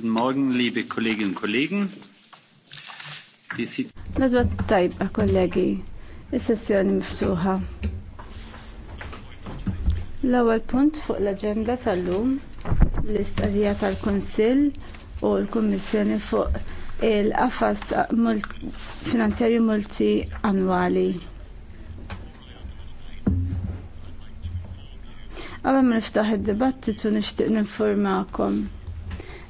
Guten Morgen, liebe Kolleginnen und Kollegen. Nadwa tajba, kollegi. Is-sessjoni miftuħa. L-ewwel punt fuq l-aġenda tal-lum l-istqarrija tal-Kunsill u l-Kummissjoni fuq il-qafas finanzjarju multi annwali. Qabel niftaħ id-dibattitu nixtieq ninformakom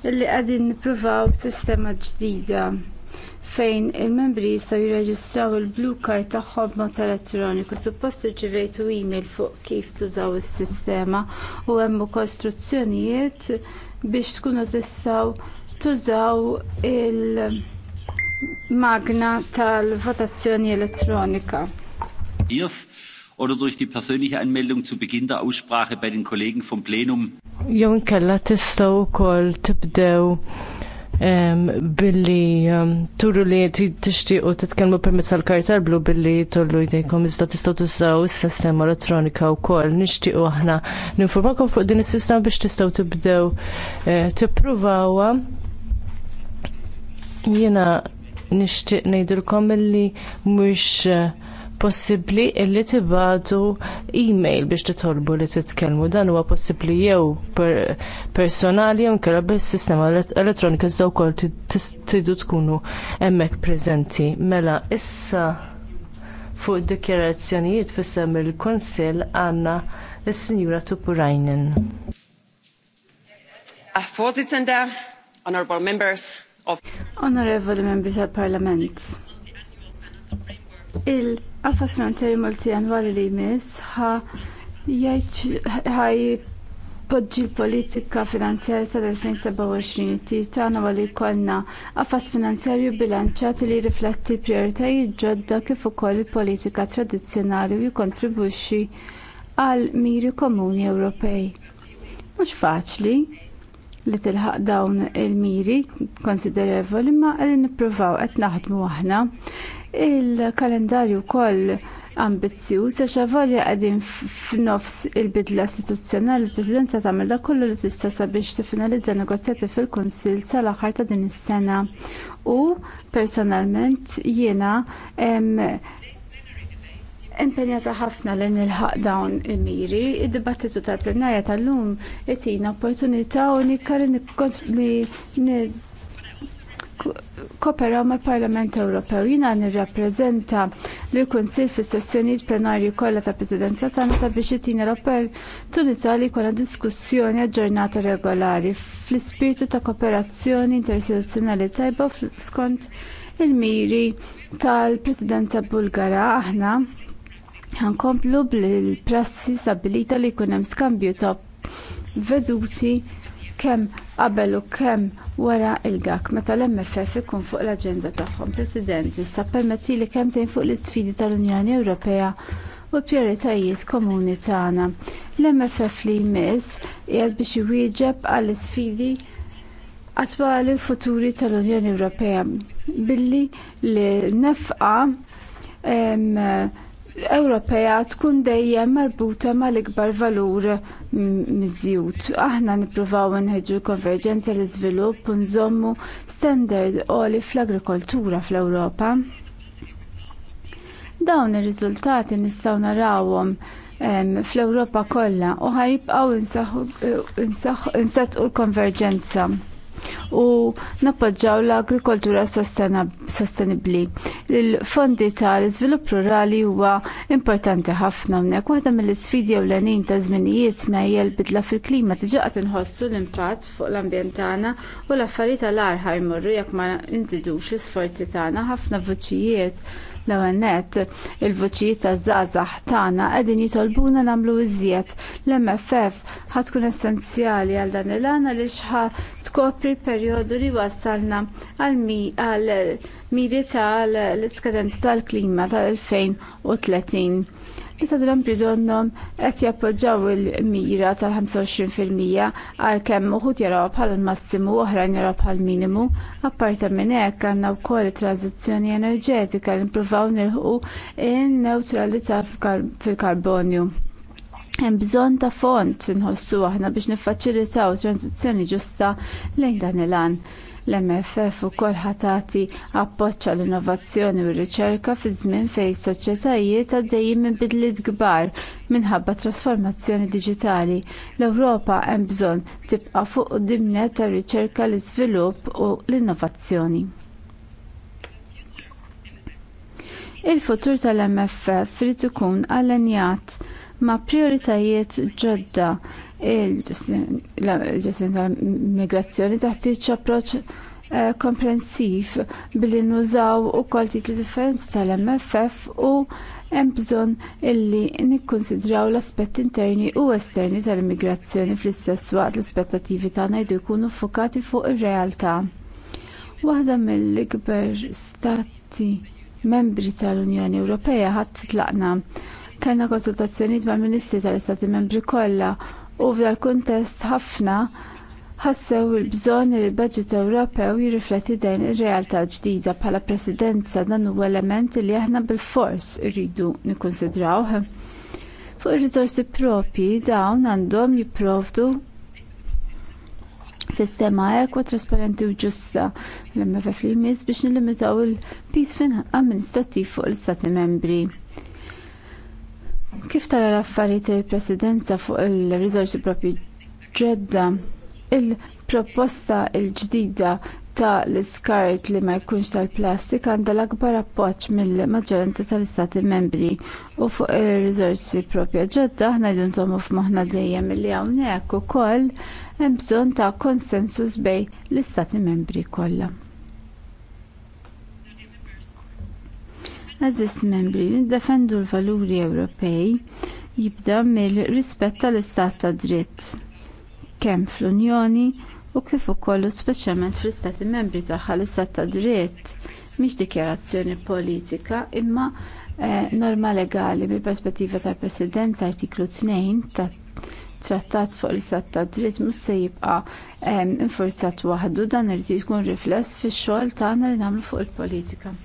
illi qegħdin nippruvaw sistema ġdida fejn il-membri jistgħu jirreġistraw il-blue card tagħhom b'mod elettroniku suppost irċivejtu email fuq kif tużaw is-sistema u hemm ukoll biex tkunu tistgħu tużaw il-magna tal-votazzjoni elettronika. Yes oder durch die persönliche Anmeldung zu Beginn der Aussprache bei den Kollegen vom Plenum. Jew inkella tistgħu wkoll tibdew billi turu li t titkellmu permezz tal-karta blu billi tollu jdejkom iżda tistgħu tużaw is-sistema elettronika wkoll nixtiequ aħna ninformakom fuq din s sistema biex t-istaw t-bdew tistgħu tibdew eh, tippruvawha. Jiena nixtieq ngħidilkom milli mhux eh, possibbli illi tibagħtu email biex titolbu li titkellmu dan huwa possibbli jew personali jew inkella bis-sistema elettronika iżda wkoll tridu tkunu hemmhekk preżenti. Mela issa fuq id dikjarazzjonijiet fissem il-Kunsill għandna is-Sinjura Tupurajnen. Uh, Vorsitzender, honorable members of Honorable members tal-Parlament il Għafas finanzjari multi għanwali li jmiss ħa ħaj podġi l-politika finanzjarja tal-2027 titana għalli jkollna qafas finanzjarju bilanċat li rifletti prioritajiet ġodda kif ukoll il-politika tradizzjonali u jikkontribwixxi għal miri komuni Ewropej. Mhux faċli li tilħaq dawn il-miri konsiderevoli ma għalin nippruvaw qed naħdmu aħna. Il-kalendarju koll ambizju se avalja qegħdin f'nofs il-bidla istituzzjonali il-Presidenza tagħmel dak kollu li tista' sabiex tiffinalizza negozjati fil-Kunsill sal-aħħar ta' din is-sena. U personalment jiena impenjata ħafna li nilħaq dawn il-miri, id-dibattitu tal-plenarja tal-lum itina opportunità u nikkar li kooperaw mal-Parlament Ewropew. Jina nirrappreżenta li kunsil fis sessjonijiet plenarju kollha ta' Presidenza tagħna ta' biex itina l-opportunità li jkollha diskussjoni aġġornata regolari fl-ispirtu ta' kooperazzjoni interistituzzjonali tajba skont il-miri tal-Presidenza Bulgara aħna ħankomplu bil-prassi stabilita li jkun hemm skambju ta' veduti kemm qabel u kemm wara l-gak meta l-mff ikun fuq l-aġenda tagħhom president issa permetti li kemm tgħin fuq l-isfidi tal-Unjoni Ewropea u l-prijoritajiet komuni tagħna. L-MFF li jmiss qiegħed biex iwieġeb għall isfidi attwali u futuri tal-Unjoni Ewropea billi li nefqa Ewropea tkun dejjem marbuta mal-ikbar valur miżjud. Aħna nippruvaw l konverġenza l iżvilupp u nżommu standard għoli fl-agrikoltura fl-Ewropa. Dawn ir-riżultati nistgħu narawhom fl-Ewropa kollha u ħajbqgħu insaħħu l-konverġenza u nappoġġaw l-agrikoltura sostenibbli. Il-fondi tal-iżvilupp rurali huwa importanti ħafna hawnhekk waħda mill-isfidi ewlenin ta' żminijietna hija l-bidla fil-klima diġà qed inħossu l-impatt fuq l-ambjent tagħna u l-affarijiet tal-arħar jmorru jekk ma nżidux l-isforzi tagħna ħafna vuċijiet. L-ewwel nett il-vuċijiet taż-żgħażagħ tagħna qegħdin jitolbuna nagħmlu iżjed. L-MFF ħad tkun essenzjali għal dan il-għana li xħa tkopri perjodu li wassalna għal miri tal-iskadenza tal-klima tal-2030 li ta' dibem bidonnom qed jappoġġaw il-mira tal-25% għal kemm uħud jaraw bħal massimu oħrajn jaraw bħal minimu. Apparta minn hekk għandna wkoll it-tranzizzjoni enerġetika li nippruvaw nilħu in-neutralità fil-karbonju. Hemm bżonn ta' font inħossu aħna biex niffaċilitaw tranzizzjoni ġusta lejn dan il-għan. L-MFF ukoll ħatati appoċċa l-innovazzjoni u r-riċerka fi żmien fejn is-soċjetajiet għaddejjin minn bidliet kbar minħabba trasformazzjoni diġitali. L-Ewropa hemm bżonn tibqa' fuq dimnet tar-riċerka l-iżvilupp u l-innovazzjoni. Il-futur tal-MFF irid ikun allenjat ma' prioritajiet ġodda il-ġestjoni tal-migrazzjoni taħtieġ approċċ eh, komprensiv billi nużaw ukoll titli differenzi tal-MFF u hemm bżonn illi nikkonsidraw l aspett interni u esterni tal-immigrazzjoni fl-istess waqt l-aspettattivi tagħna jdu jkunu ffokati fuq ir-realtà. Waħda mill-ikbar stati membri tal-Unjoni Ewropea ħadd titlaqna kellna konsultazzjonijiet mal-Ministri tal-Istati Membri kollha u f'dal kuntest ħafna ħassew il-bżonn li l-budget Ewropew jirrifletti dejn ir-realtà ġdida bħala presidenza dan huwa element li aħna bil-fors irridu nikkonsidrawh. Fuq ir-riżorsi propji dawn għandhom jipprovdu sistema ekwa trasparenti u ġusta l-MFF li jmiss biex nilimitaw il-pis fin amministrattiv fuq l-Stati membri. Kif tara l-affarijiet il-presidenza fuq il-riżorsi proprji ġedda, il-proposta il-ġdida ta' l-iskart li ma jkunx tal-plastik għandha l-akbar appoġġ mill-maġġoranza tal-istati membri u fuq ir-riżorsi proprja ġodda aħna jdu nżommu f'moħħna dejjem li hawnhekk ukoll hemm bżonn ta' konsensus bejn l-istati membri kollha. Aziz membri, niddefendu l-valuri Ewropej jibda mill-rispett tal-istat ta' dritt kemm fl-Unjoni u kif ukoll speċjalment fl-istati membri tagħha l-istat ta' dritt mhix dikjarazzjoni politika imma eh, norma legali mill-perspettiva tal-President artiklu 2 ta' trattat fuq l-istat ta' dritt mhux se jibqa' eh, infurzat waħdu dan irid jkun rifless fix-xogħol tagħna li nagħmlu fuq il-politika.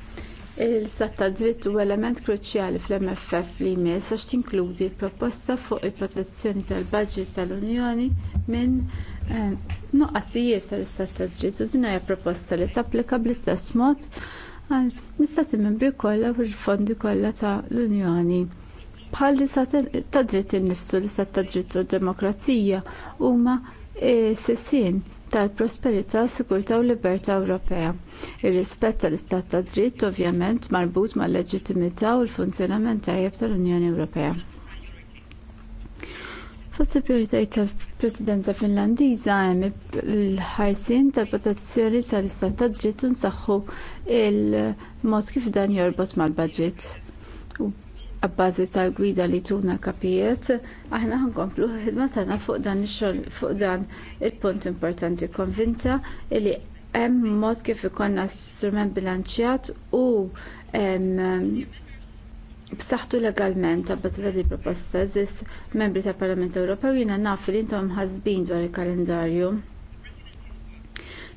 Il-sat ta' dritt huwa element kruċjali fl-MFF li jmiss għax tinkludi l-proposta fuq il-protezzjoni tal baġit tal-Unjoni minn eh, nuqqasijiet tal-istat ta' dritt u din hija proposta li tapplika bl-istess mod għal l-istati membri kollha u l-fondi kollha tal-Unjoni. Bħal l-istat ta' dritt innifsu l-istat ta' dritt u d-demokrazija huma eh, sissien tal-prosperità, sigurtà u libertà Ewropea. Ir-rispett tal-istat ta' dritt ovvjament marbut mal-leġittimità u l-funzjonament tajjeb tal-Unjoni Ewropea. Fost il-prioritajiet tal-Presidenza Finlandiża hemm il-ħarsien tal-protezzjoni tal-istat ta' dritt u nsaħħu il-mod kif dan jorbot mal-baġit. U għabbażi tal-gwida li tuna kapijiet, aħna ħankomplu ħidma tagħna fuq dan ix-xogħol fuq dan il-punt importanti konvinta li hemm mod kif ikonna strument bilanċjat u b'saħħtu legalment għabbażi tal proposta żis membri tal-Parlament Ewropew jiena naf li intom ħasbin dwar il-kalendarju.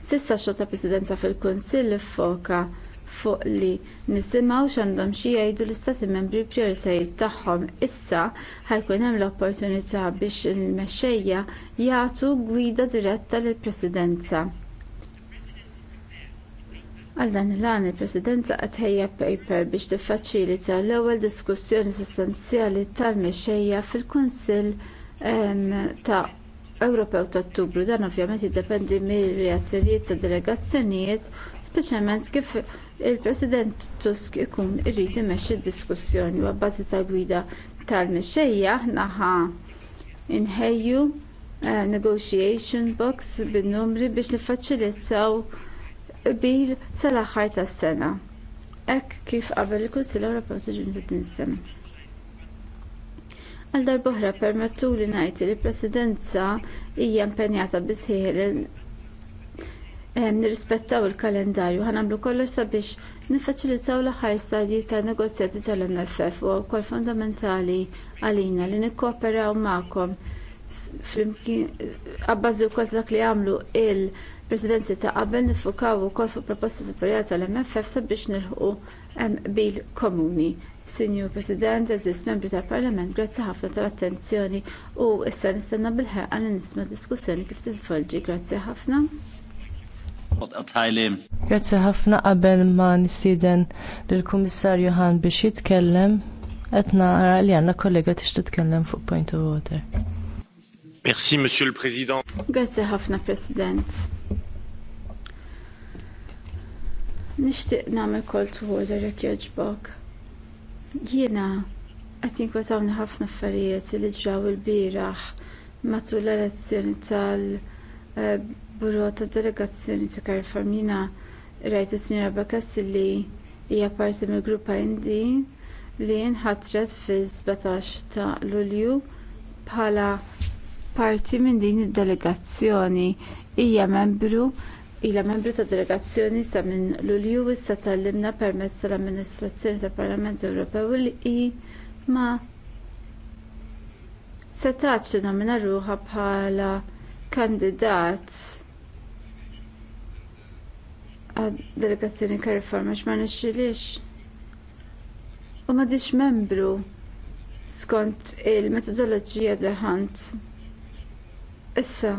Sissa xogħol ta' presidenza fil-Kunsill iffoka foka fuq li nisimgħu x'għandhom xi jgħidu l-istati membri prioritajiet tagħhom issa ħajkun hemm l-opportunità biex il-mexxejja jagħtu gwida diretta lill-presidenza għal dan il-għan il-presidenza qed tħejjeb paper biex tiffaċilita l-ewwel diskussjoni sostanzjali tal-mexxejja fil-kunsill ehm, ta' Ewropew ta' Ottubru dan ovvjament jiddependi mir-reazzjonijiet tad delegazzjonijiet speċjalment kif il-President Tusk ikun irrid imexxi d-diskussjoni u bbażi tal-gwida tal-mexxejja naħa inħejju eh, negotiation box bin-numri biex niffaċilizzaw qbil sal-aħħar tas-sena. Hekk kif qabel il-Kunsill Ewropew ta' Ġunju din is-sena. Għal darb'oħra permettuli ngħid li l-Presidenza hija impenjata bi Eh, nirrispettaw il-kalendarju ħanamlu kollox sabiex niffaċilitaw l-aħħar stadji tan negozjati tal-MFF u wkoll fundamentali għalina li nikkooperaw magħkom eh, abbażi wkoll dak li għamlu il-presidenzi ta' qabel nifukaw ukoll fuq proposta settorjali tal-MFF sabiex nilħqu bil komuni. Sinjur President, eżis membri tal-Parlament, grazzi ħafna tal-attenzjoni u issa nistenna bil-ħerqa li nisma' diskussjoni kif tiżvolġi. Grazzi ħafna. Grazzi ħafna qabel ma nistieden lill-Kummissarju Johan biex jitkellem qed nara li għandna kollega tix titkellem fuq point of order. Merci, Monsieur le Président. Grazzi ħafna, President. Nixtieq nagħmel call to order jekk jogħġbok. Jiena qed jinkwetawni ħafna affarijiet li ġraw ilbieraħ matul l-elezzjoni tal- eh, Buru tad delegazzjoni ta' Karfam rajt is-Sinjora Bakas li hija parti mill-grupp Indi li nħatret fi 17 ta' Lulju bħala parti minn din id-delegazzjoni hija membru ilha membru tad delegazzjoni sa minn Lulju issa tallimna permezz tal-Amministrazzjoni tal-Parlament Ewropew li hi ma setax nomina ruha bħala kandidat għad-delegazzjoni Kariforma ma nixxilix. U ma m'għadix membru skont il-metodoloġija deħant. Issa.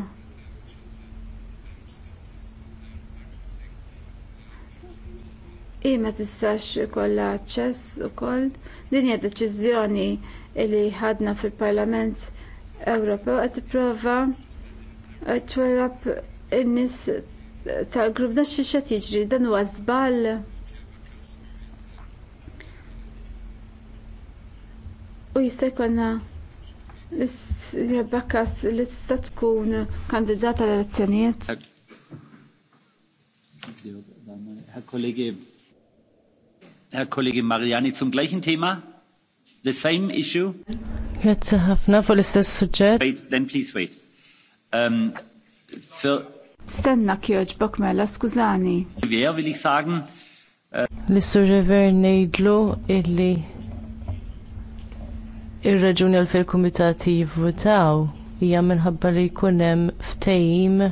I ma tistax ikollha aċċess ukoll. Din hija deċiżjoni li ħadna fil-Parlament Ewropew qed tipprova twerab in-nies ta' grupp da xiexet jiġri dan huwa żball. U jista' jkollna l-bakkas li tista' tkun kandidata l-elezzjonijiet. Herr Kollege, Herr Kollege Mariani zum gleichen Thema? The same issue? Grazie ħafna fuq l-istess then please wait. Um, for Stenna kjoġbok mela, skużani. l äh, Rever nejdlu illi ir-raġuni għal fil-kumitati jivvutaw hija minħabba li jkun hemm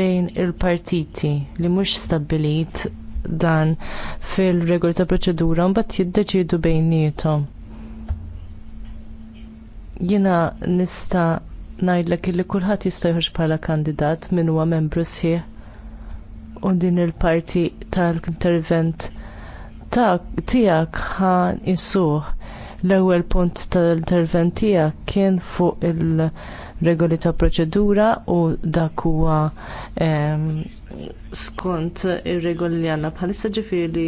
bejn il-partiti li mhux stabbilit dan fil-regoli ta' proċedura mbagħad jiddeċiedu bejniethom. Jiena nista' ngħidlek illi kulħadd jista' jħorġ bħala kandidat min huwa membru sħiħ u din il-parti tal-intervent tiegħek ħan insuh l-ewwel punt tal-intervent tiegħek kien fuq il-regoli ta' proċedura u dak huwa skont ir-regoli li għandna bħalissa ġifieri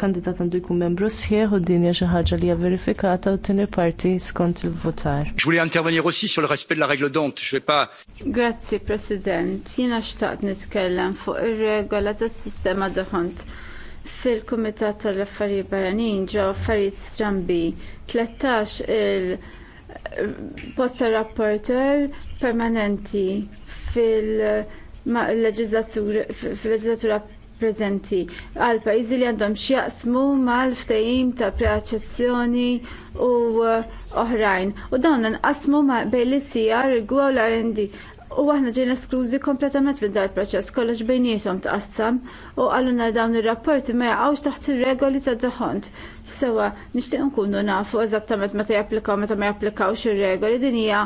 kandidat għandu jkun membru sħiħ u din hija xi ħaġa li hija verifikata u tieni parti skont il-votar. Je voulais intervenir aussi sur le respect de la règle d'ont. Je vais pas Grazzi President, jiena xtaqt nitkellem fuq ir-regola tas-sistema d'ont fil-Kumitat tal-Affarijiet Barranin ġew affarijiet strambi 13 il-posta rapporter permanenti fil- fil-leġislatura preżenti għal pajjiżi li għandhom x'jaqsmu mal-ftehim ta' preaċezzjoni u uh, oħrajn. U dawn nqasmu bejn l-ICR, il-GUA u l-R&D. U aħna ġejna skrużi kompletament minn dal proċess kollox bejnietom tqassam u għalluna dawn ir-rapporti ma jaqgħux taħt ir-regoli ta' doħont. Sewa nixtieq nkunu nafu eżattament meta japplikaw meta ma japplikawx ir-regoli din hija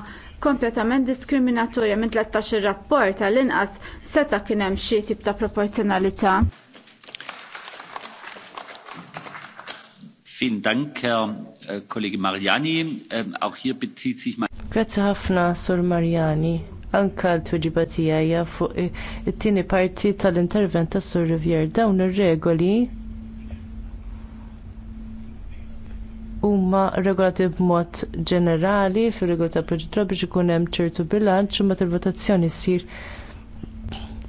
kompletament diskriminatorja minn 13 rapport għall-inqas seta' kien hemm xi tip ta' proporzjonalità. Vielen Dank, Herr äh, Kollege Mariani. Ähm, auch hier bezieht sich mein. Grazie ħafna, Sur Mariani. Anka l-tweġiba tiegħi fuq it-tieni parti tal-intervent tas Sur Rivier dawn ir-regoli huma regolati b'mod ġenerali fir-regoli ta' proċedura biex ikun hemm ċertu bilanċ u meta l-votazzjoni ssir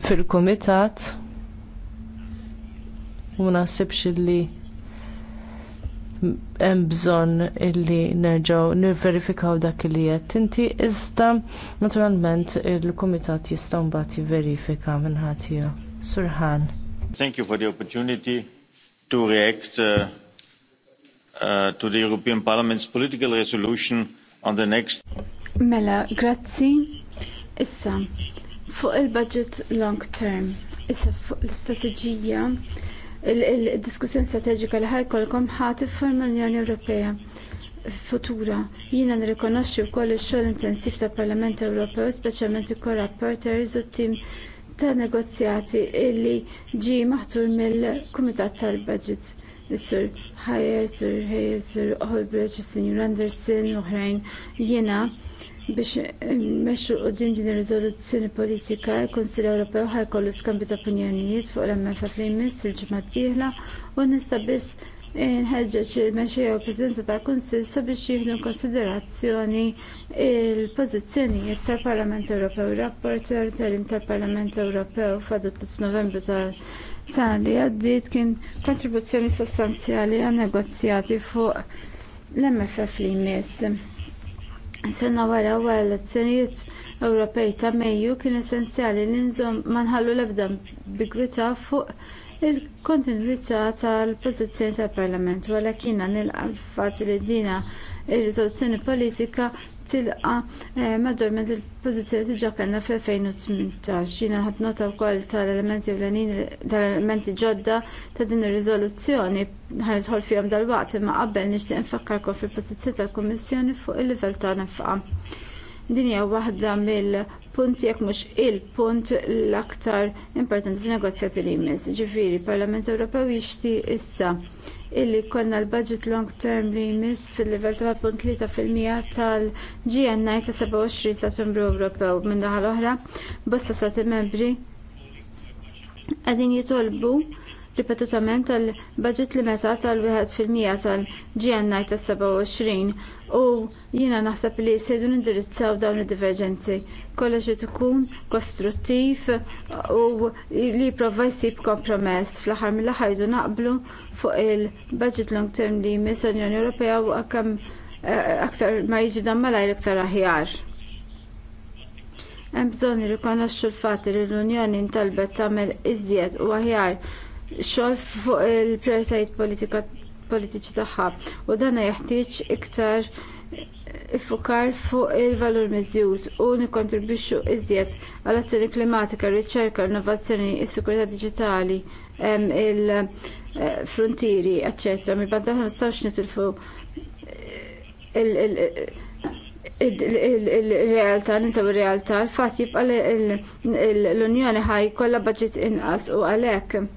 fil-kumitat u naħsibx li hemm bżonn illi nerġgħu nirverifikaw dak li qed inti iżda naturalment il-kumitat jista' mbagħad jivverifika minn ħadd Surħan. Thank you for the opportunity to react uh... Uh, to the European Parliament's political resolution on the next. Mela, grazzi. Issa, fuq il-budget long term, issa fuq l-istrateġija, il-diskussjoni strateġika li ħajkolkom ħati forma l-Unjoni Ewropea futura. Jiena nirrikonoxxi wkoll ix-xogħol intensiv tal Parlament Ewropew, speċjalment il-co-rapporters u tim ta' negozjati illi ġie maħtur mill-Kumitat tal-Budget Sur Hayer, Sur Hajer, Sur Holbrecht, Sur Anderson, uħrajn jena biex meċu u din din rizoluzzjoni politika il-Konsil Ewropew ħajkollu skambju ta' opinjonijiet fuq l-MFF li jmiss il-ġimgħa t dieħla u nista' biss inħeġġeġ eh, il-mexxejja u Presidenza tal-Kunsill sabiex jieħdu konsiderazzjoni il-pożizzjonijiet tal-Parlament Ewropew, rapporter tal-Im tal-Parlament Ewropew f'adottat Novembru tal- tali għaddiet kien kontribuzzjoni sostanzjali għan negozjati fuq l-MFF li jmiss. Sena wara wara l-elezzjonijiet Ewropej ta' Mejju kien essenzjali li nżomm ma nħallu l-ebda bigwità fuq il-kontinwità tal-pożizzjoni tal-Parlament wara kienna nilqa' fatt li dina ir-riżoluzzjoni politika tilqa eh, maġġorment il-pożizzjoni li ġa kellna fl-2018. Jiena ħadd nota wkoll tal-elementi ewlenin tal-elementi ġodda ta' din ir-riżoluzzjoni ħajdħol fihom dalwaqt imma qabel nixtieq infakkarkom fil-pożizzjoni tal-Kummissjoni fuq il-livell ta' nefqa. Din hija waħda mill-punti jekk mhux il-punt l-aktar importanti fin-negozjati li jmiss. Ġifieri, parlament Ewropew jixtieq issa illi jkollna l-budget long term li jmiss fil-livell ta' fil-mija tal-GNI ta' 27 stat membru Ewropew minn l oħra bosta stati membri qegħdin jitolbu ripetutament tal li limitat tal-1% tal-GNI tas-27 u jiena naħseb li jsiru nindirizzaw dawn id-diverġenzi. Kollox irid ikun kostruttiv u li jipprova jsib kompromess fl-aħħar mill-aħħar jdu naqblu fuq il-budget long term li jmiss l-Unjoni Ewropea u eh, aktar ma jiġi dan malajr iktar aħjar. Hemm bżonn irrikonoxxu l-fatt li l-Unjoni ntalbet tagħmel iżjed u aħjar xogħol fuq il-prioritajiet politiċi tagħha u dan jeħtieġ iktar ifukar fuq il-valur miżjud u nikkontribwixxu iżjed għall azzjoni klimatika, riċerka, innovazzjoni, is-sikurità diġitali, il-frontieri, eh, eċċetera. Mill-banda ma nistgħux nitilfu il-realtà, ninsabu il-realtà, l-fatt jibqa l-Unjoni ħaj kollha budget inqas u għalhekk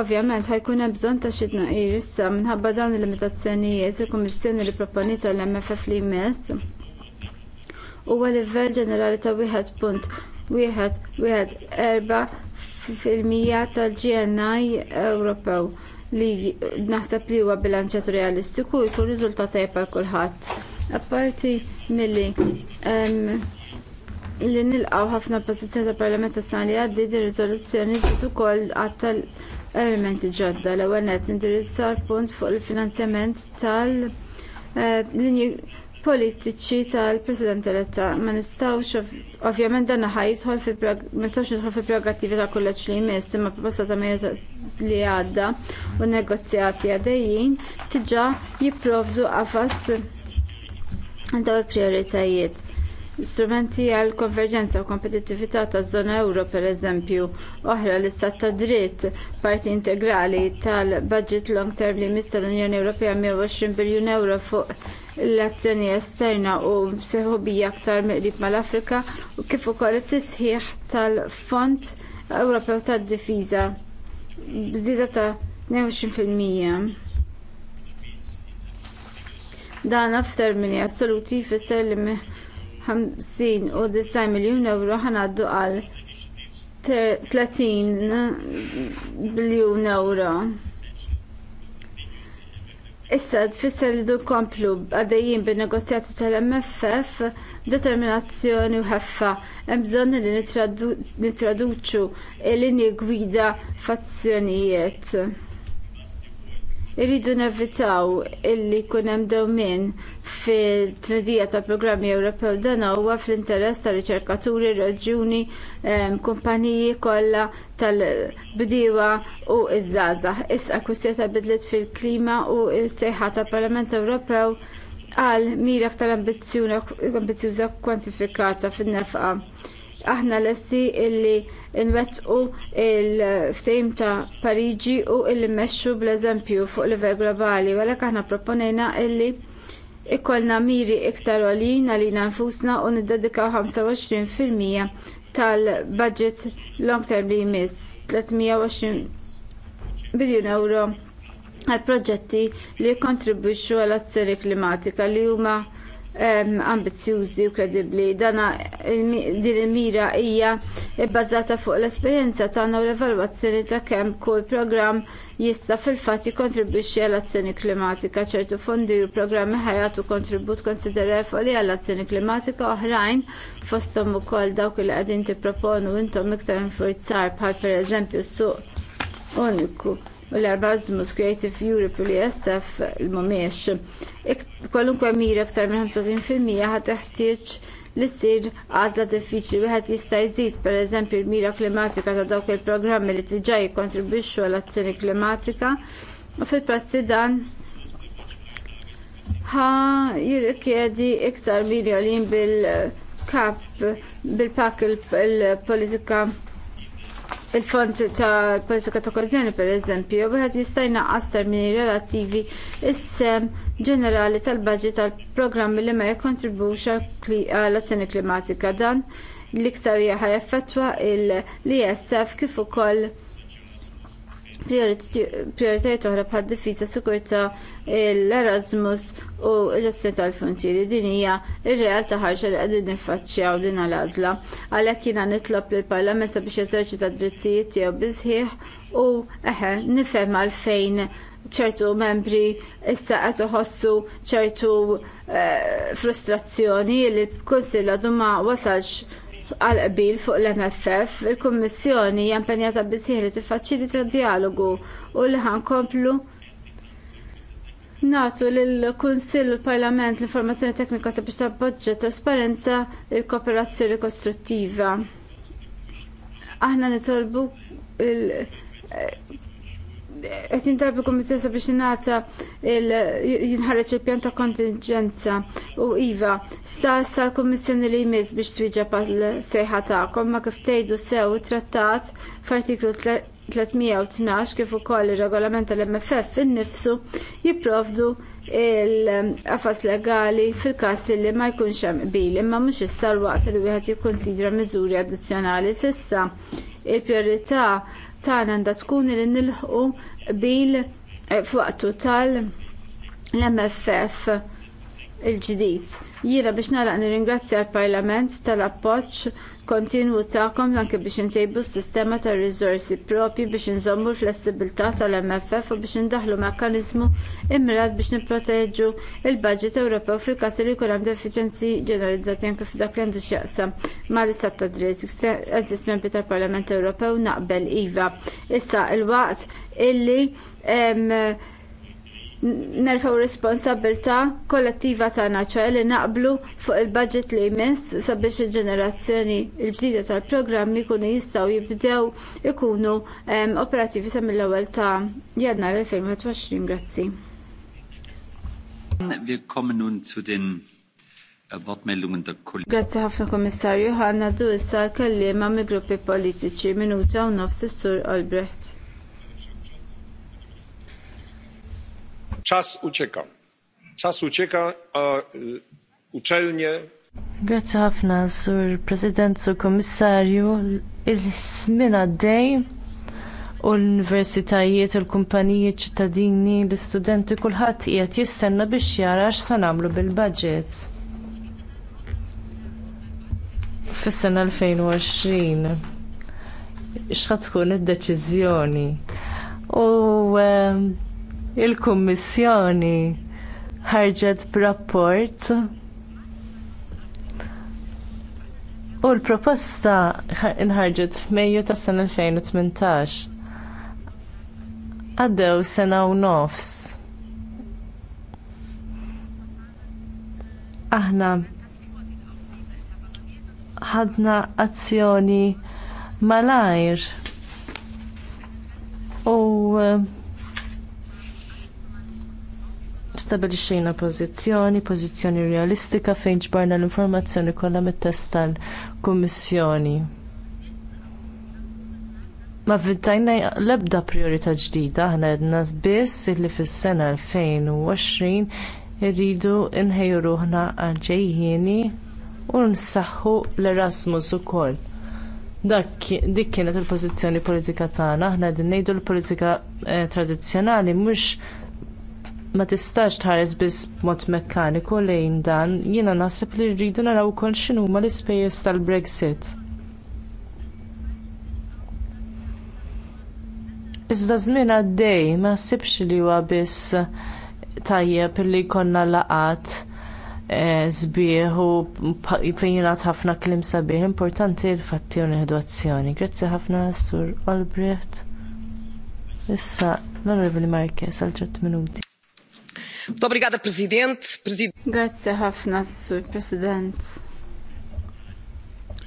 Ovvjament ħajkun hemm bżonn ta' xi tnaqqis issa minħabba dawn il-limitazzjonijiet il-Kummissjoni li proponiet l-MFF li jmiss huwa livell ġenerali ta' wieħed punt wieħed fil-mija tal-GNI Ewropew li naħseb li huwa bilanċat realistiku jkun riżultat tajjeb għal kulħadd. Apparti milli li nilqgħu ħafna oppożizzjoni tal-Parlament tas-sena li għaddiet ir riżoluzzjoni żied ukoll għad elementi ġodda l-ewwel nett nindirizza l-punt fuq il-finanzjament tal-linji eh, politiċi tal-President eletta ma nistgħux ovvjament dan ħaj jidħol fi ma nistgħux nidħol fi prerogattivi ta' kulleġġ li jmiss imma proposta ta' mejda li għadda u n negozjati għaddejjin diġà jipprovdu qafas dawn il-prijoritajiet strumenti għal konverġenza u kompetittività taż-żona euro pereżempju oħra l-istat ta' dritt parti integrali tal-budget long term li jmiss tal-Unjoni Ewropea 120 biljun euro fuq l-azzjoni esterna u bija aktar miqrib mal-Afrika u kif ukoll it-tisħiħ tal-Fond Ewropew tad-Difiża bżieda ta' 22%. Dan f'termini assoluti jfisser li 50 miljun euro ħanaddu għal 30 biljun euro. Issa tfisser li dun komplu għaddejjin bin-negozjati tal-MFF determinazzjoni u ħeffa. Hemm bżonn li nitraduċu l-linji gwida f'azzjonijiet. Irridu nevitaw illi jkun hemm dewmien fil-tnedija ta' programmi Ewropew dan huwa fl-interess ta' riċerkaturi, raġuni, kumpaniji kollha tal-bdiewa u iż-żgħażagħ. Issa kwistjoni ta' bidlet fil-klima u s-sejħa tal Parlament Ewropew għal mira aktar ambizzjuża kwantifikata fin-nefqa aħna lesti illi nwettqu il-ftejm ta' Pariġi u illi mmexxu bl-eżempju fuq livell globali, għalhekk aħna proponejna illi ikollna miri iktar għolin għalina nfusna u niddedikaw 25% tal-budget long term li jmiss 320 biljun euro għal proġetti li jikkontribwixxu għall azzjoni klimatika li huma ambizzjużi u kredibbli. Dana din il-mira hija bbażata fuq l-esperjenza tagħna u l-evalwazzjoni ta' kemm kull programm jista' fil-fatt jikkontribwixxi għall azzjoni klimatika. ċertu fondi u programmi ħajatu kontribut konsiderevoli għall azzjoni klimatika oħrajn fosthom ukoll dawk li qegħdin tipproponu intom iktar infurzar bħal pereżempju suq uniku l-Erasmus Creative Europe u l-ISF il-mumiex kwalunkwe mira aktar minn 35% ħat teħtieġ li ssir għażla diffiċli wieħed jista' jżid pereżempju l-mira klimatika ta' dawk il-programmi li diġà jikkontribwixxu għall azzjoni klimatika u fil-prassi dan ħa jirrikjedi iktar mirjolin bil-kap bil-pak il-politika il politika il-fond ta' politika ta' kozjoni per eżempju, wieħed jista' jnaqqas termini relattivi is-sem ġenerali tal-baġit tal-programmi li ma jikkontribwux għall-azzjoni klimatika dan l-iktar jaħa effettwa l-ISF kif ukoll prioritajiet oħra bħad difiża sikurtà l-Erasmus u l-ġestjoni tal-frontieri. Din hija r-realtà ħarġa li qegħdin niffaċċjaw din għal-għażla. Għalhekk jiena nitlob lill parlament sabiex jeżerċita drittijiet tiegħu biżħieħ u eħe nifhem għalfejn ċertu membri issa qed iħossu ċertu eh, frustrazzjoni li l-Kunsill għadu ma wasalx għal qbil fuq l-MFF, il-Kummissjoni hija impenjata bisieħ li tiffaċilita dialogu u li nkomplu nagħtu lill-Kunsill u l-Parlament l-informazzjoni teknika sabiex t trasparenza l kooperazzjoni kostruttiva. Aħna nitolbu qed jintalbu kummissessa biex ingħata jinħareġ il-pjan ta' kontingenza u iva sta sta l-kummissjoni li jmiss biex twieġeb għall-sejħa tagħkom ma kif tgħidu sew it-trattat f'artiklu 312 kif ukoll ir-regolament tal-MFF innifsu jipprovdu il-qafas legali fil-każ li ma jkunx hemm qbil imma mhux issa l-waqt li wieħed jikkonsidra miżuri addizzjonali s'issa il-prijorità tagħna għandha tkun li nilħqu bil fuqtu tal-MFF il-ġdid. Jiena biex naraq nirringrazzja l-Parlament tal-appoġġ kontinwu tagħkom anke biex intejbu s-sistema tar riżorsi propji biex inżommu l-flessibilità tal-MFF u biex indaħħlu mekkaniżmu immirat biex nipproteġu l-baġit Ewropew fil-każ li jkun hemm defiċjenzi ġeneralizzati anke f'dak li għandu x'jaqsam mal-istat ta' dritt. Eżis membri tal-Parlament Ewropew naqbel iva. Issa l waqt illi nerfaw responsabilta kollettiva tagħna ċe li naqblu fuq il-budget li jmiss sabiex il-ġenerazzjoni l-ġdida tal-programmi jkunu jistgħu jibdew ikunu operattivi sa mill-ewwel ta' jannar 2020. Grazzi. Äh, Grazzi ħafna Kommissarju, ħanna du issa kelliema mill-gruppi politiċi minuta u nofs is-Sur Albrecht. Czas ucieka. Czas ucieka, a uczelnie Grazzi ħafna, Sur President, Sur Kommissarju. il smina għaddej u l-universitajiet, u l-kumpaniji, ċittadini, l studenti kullħat qiegħed jistenna biex jara għax sanamlu bil-budget. Fis-sena 2020 xħat tkun id deċizjoni U ehm, il-Kummissjoni ħarġet b'rapport u l-proposta inħarġet f'Mejju tas-sena 2018. Għaddew sena u nofs. aħna ħadna azzjoni malajr u stabilixxejna pożizzjoni, pożizzjoni realistika fejn ġbarna l-informazzjoni kollha mit-test tal-Kummissjoni. Ma vittajna l-ebda priorità ġdida aħna għedna biss li fis-sena 2020 irridu nħejju ruħna għal ġejjieni u nsaħħu l-Erasmus ukoll. Dak dik kienet il-pożizzjoni politika tagħna, aħna qegħdin ngħidu l-politika eh, tradizzjonali mhux ma tistax tħares biss b'mod mekkaniku lejn dan, jiena naħseb li rridu naraw ukoll x'inhuma l-ispejjeż tal-Brexit. Iżda żmien għaddej ma ħsibx li huwa biss tajjeb li jkollna laqat sbieħ e, u fejjina ħafna kliem sabiħ importanti l-fatti u nieħdu azzjoni. Grazzi ħafna Sur Albrecht. Issa, l-Onorevoli Marquez għal 3 minuti. Obrigada, President. Grazie ħafna, Sur President.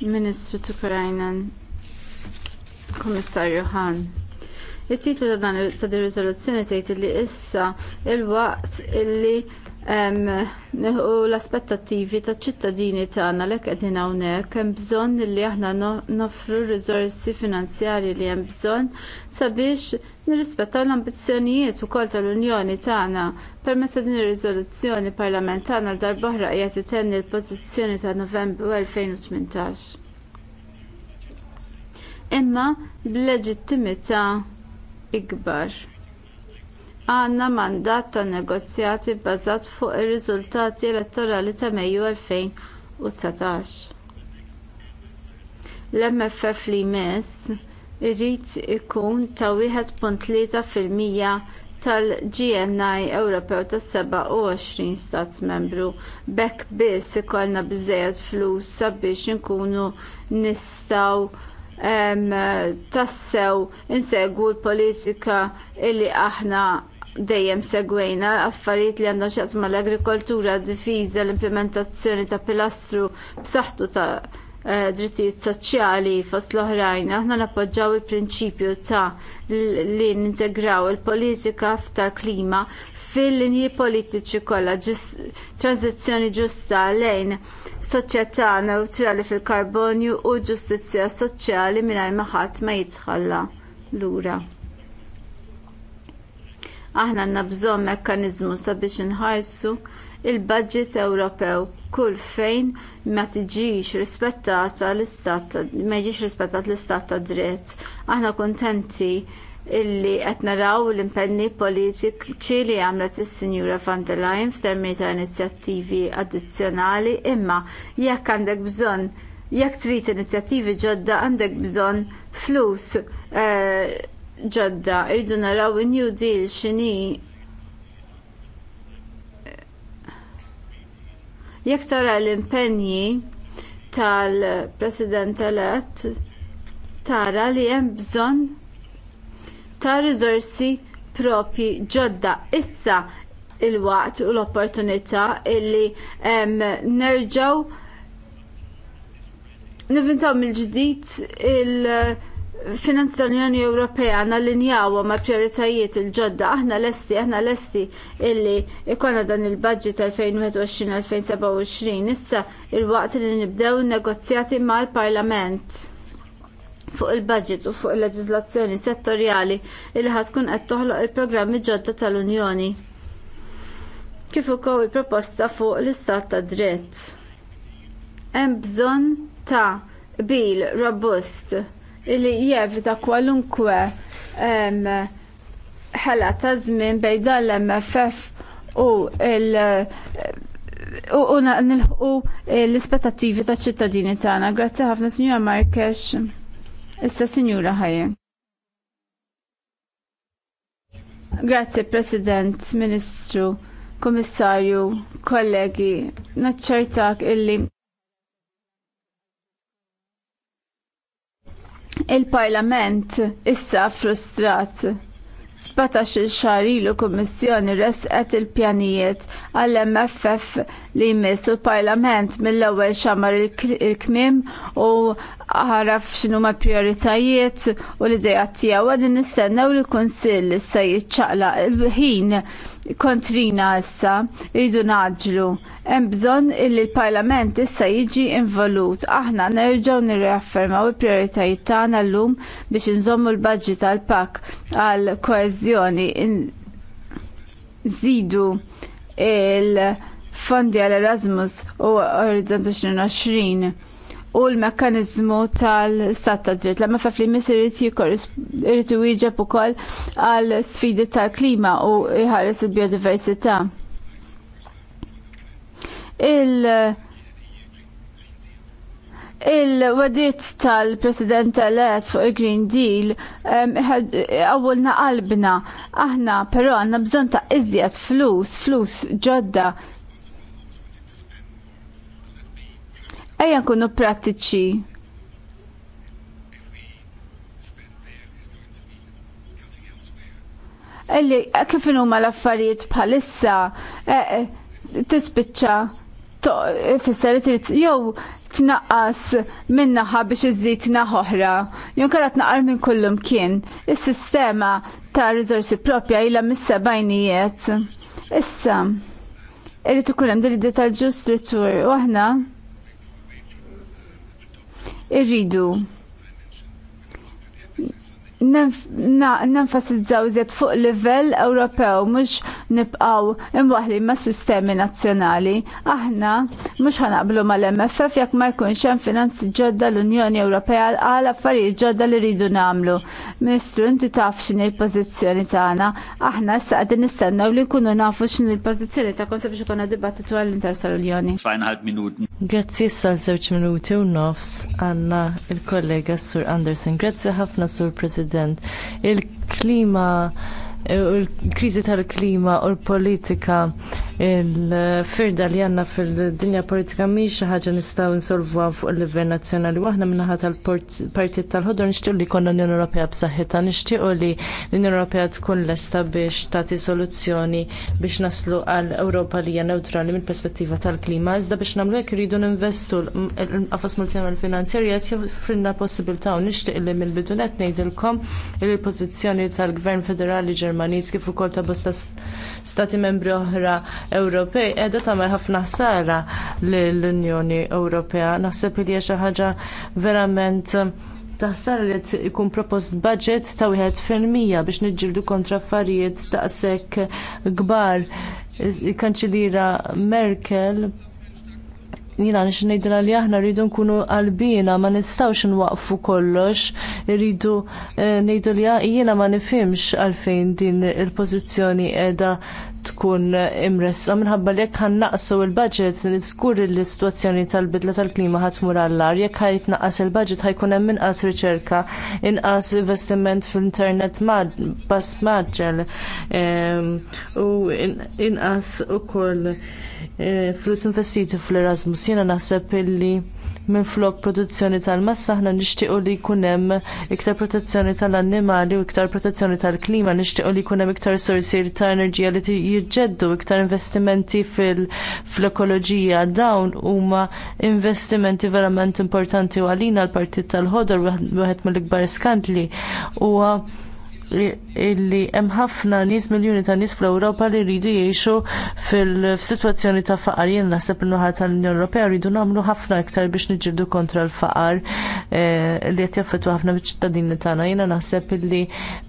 Ministru Tukurajnan, Komissarju Han. it titlu ta' dan ta' di riżoluzzjoni tgħid li issa il-waqt illi U l-aspettattivi taċ ċittadini tagħna lek qegħdin hawnhekk hemm bżonn li aħna noffru r-riżorsi finanzjarji li hemm bżonn sabiex nirrispettaw l-ambizzjonijiet ukoll tal-Unjoni tagħna. Permezz din ir-riżoluzzjoni parlamentana għal darb'oħra qiegħed itenni l-pożizzjoni ta' Novembru 2018. Imma b'leġittimità ikbar għandna mandat ta' negozjati bbażat fuq ir-riżultati elettorali ta' mejju 2019 l-mff li jmiss irid ikun ta' 1.3 fil-mija tal-gni ewropew tas-27 stat membru b'hekk biss ikollna biżżejjed flus sabiex inkunu nistgħu tassew insegwu l-politika li aħna dejjem segwejna affarijiet li għandhom xaqs mal agrikoltura difiża l-implementazzjoni ta' pilastru b'saħħtu ta' eh, drittijiet soċjali fost l-oħrajn, aħna nappoġġaw il-prinċipju ta' li nintegraw il-politika tal klima fil-linji politiċi kollha tranzizzjoni ġusta lejn soċjetà neutrali fil-karbonju u ġustizzja soċjali mingħajr ma ħadd ma jitħalla lura. Aħna għandna bżonn mekkaniżmu sabiex inħarsu il-budget Ewropew kull fejn ma tiġix rispettata l-istat ma jiġix rispettat l-istat ta' dritt. Aħna kuntenti illi qed naraw l-impenni politiċi li għamlet is-Sinjura van der Leyen f'termini ta' inizjattivi addizzjonali imma jekk għandek bżonn jekk trid inizjattivi ġodda għandek bżonn flus eh, ġodda irridu naraw in-New Deal x'inhi jekk tara l-impenji tal-President elett tara li hemm bżonn ta' riżorsi proprji ġodda issa il-waqt u l-opportunità illi nerġgħu nivintaw mill-ġdid il-, -ġdid il finanz tal-Unjoni Ewropea nallinjawa ma' prioritajiet il-ġodda, aħna lesti, aħna lesti illi ikonna dan il-budget 2021-2027, issa il-waqt li nibdew negozjati mal parlament fuq il-budget u fuq il-leġizlazzjoni settorjali illi ħatkun qed toħloq il-programmi ġodda tal-Unjoni. Kif ukoll il-proposta fuq l-istat ta' dritt. Hemm bżonn ta' bil robust jiev jevita kwalunkwe ħela ta' żmien bejda l-MFF u l u nilħu l-ispettattivi ta' ċittadini tagħna. Grazzi ħafna Sinjura Markex. Issa Sinjura ħajja. Grazzi President, Ministru, Kummissarju, kollegi, naċċertak illi Il-Parlament issa frustrat. 17 il xahar ilu Kummissjoni resqet il-pjanijiet għall-MFF li jmissu l-Parlament mill-ewwel xamar il-kmim u ħaraf xinu ma prioritajiet u l-idea tiegħu għadin nistennew li l li issa jiċċaqla il-ħin kontrina issa jridu naġlu. Hemm bżonn li l-Parlament issa jiġi involut. Aħna nerġgħu nirraffermaw il prioritajiet tagħna llum biex inżommu l-baġġi tal-pak għal koeżjoni żidu il- fondi għal Erasmus u Horizon 2020 u l-mekkanizmu tal-stat ta' dritt. Lamma faf li misir irrit wieġeb ukoll għal sfidi tal-klima u jħares il-biodiversità. Il- Il-wadiet tal-President elett fuq il-Green Deal għawulna qalbna aħna però għandna bżonn ta' iżjed flus, flus ġodda Ejja nkunu prattiċi. Eli, kif huma l-affarijiet bħalissa e, e, tispiċċa e, fisser trid jew tnaqqas minn naħa biex iżid naħa oħra. Jew kara tnaqar minn kullum kien. Is-sistema ta' riżorsi propja ilha missa bajnijiet. Issa, irid ikun hemm dil-detal ġust u aħna irridu nenfasizzaw iżjed fuq livell Ewropew mhux nibqgħu imwaħli ma' sistemi nazzjonali. Aħna mhux ħanaqblu mal-MFF jekk ma jkunx hemm finanzi ġodda l-Unjoni Ewropea għal affarijiet ġodda li rridu nagħmlu. Ministru inti taf x'inhi l-pożizzjoni tagħna. Aħna issa qegħdin nistennew li nkunu nafu x'inhi l-pożizzjoni ta' konsa biex ikolna dibattitu għall-interess tal-Unjoni. Grazzi issa żewġ minuti u nofs għandna il-kollega Sur Anderson. Grazzi ħafna Sur President President. Il-klima il-kriżi eh, tal-klima u l-politika il-firda li għandna fil-dinja politika mhix xi ħaġa nistgħu nsolvuha fuq il-livell nazzjonali u aħna minnaħa tal-partit tal-ħodor nixtiequ li jkollna l-Unjoni Ewropea b'saħħitha nixtiequ li l-Unjoni Ewropea tkun lesta biex tagħti soluzzjoni biex naslu għal Ewropa li hija neutrali mill-perspettiva tal-klima iżda biex nagħmlu hekk iridu ninvestu l-qafas multinazzjonali finanzjarji qed joffrilna possibilità u nixtieq li mill-bidu qed ngħidilkom li l-pożizzjoni tal-Gvern Federali Ġermani Ġermaniż kif ukoll ta' bosta stati membri oħra Ewropej qiegħda tagħmel ħafna ħsara lill-Unjoni Ewropea. Naħseb li hija xi ħaġa verament taħsar li ikun propost budget ta' wieħed fil-mija biex niġġieldu kontra affarijiet daqshekk kbar. Il-Kanċiliera Merkel jina nix nejdra li aħna rridu nkunu qalbina ma nistawx nwaqfu kollox, rridu eh, nejdu li jina ma nifimx għalfejn din il-pozizjoni edha tkun imressa minħabba li jekk ħannaqsu il-budget niskur li situazzjoni tal-bidla tal-klima ħatmur għall-ar jekk ħajtnaqas il-budget ħajkun hemm inqas riċerka, inqas investiment fl-internet bas maġġel ehm, u inqas ukoll eh, flus investiti fl-Erasmus jiena naħseb illi minflok produzzjoni tal-massa aħna nixtiequ li jkun hemm iktar protezzjoni tal-annimali u iktar protezzjoni tal-klima, nixtiequ li jkun hemm iktar sorsi ta' enerġija li jiġġeddu iktar investimenti fil-ekoloġija dawn huma investimenti verament importanti u għalina l-partit tal-ħodor waħed mill-ikbar skandli huwa illi hemm ħafna nies miljuni ta' nies fl-Ewropa li jridu jgħixu fil-sitwazzjoni ta' faqar jien naħseb il nuħa tal-Unjoni Ewropea rridu nagħmlu ħafna iktar biex niġġieldu kontra l-faqar eh, li qed jaffettwa ħafna biċ-ċittadini tagħna. Jiena naħseb illi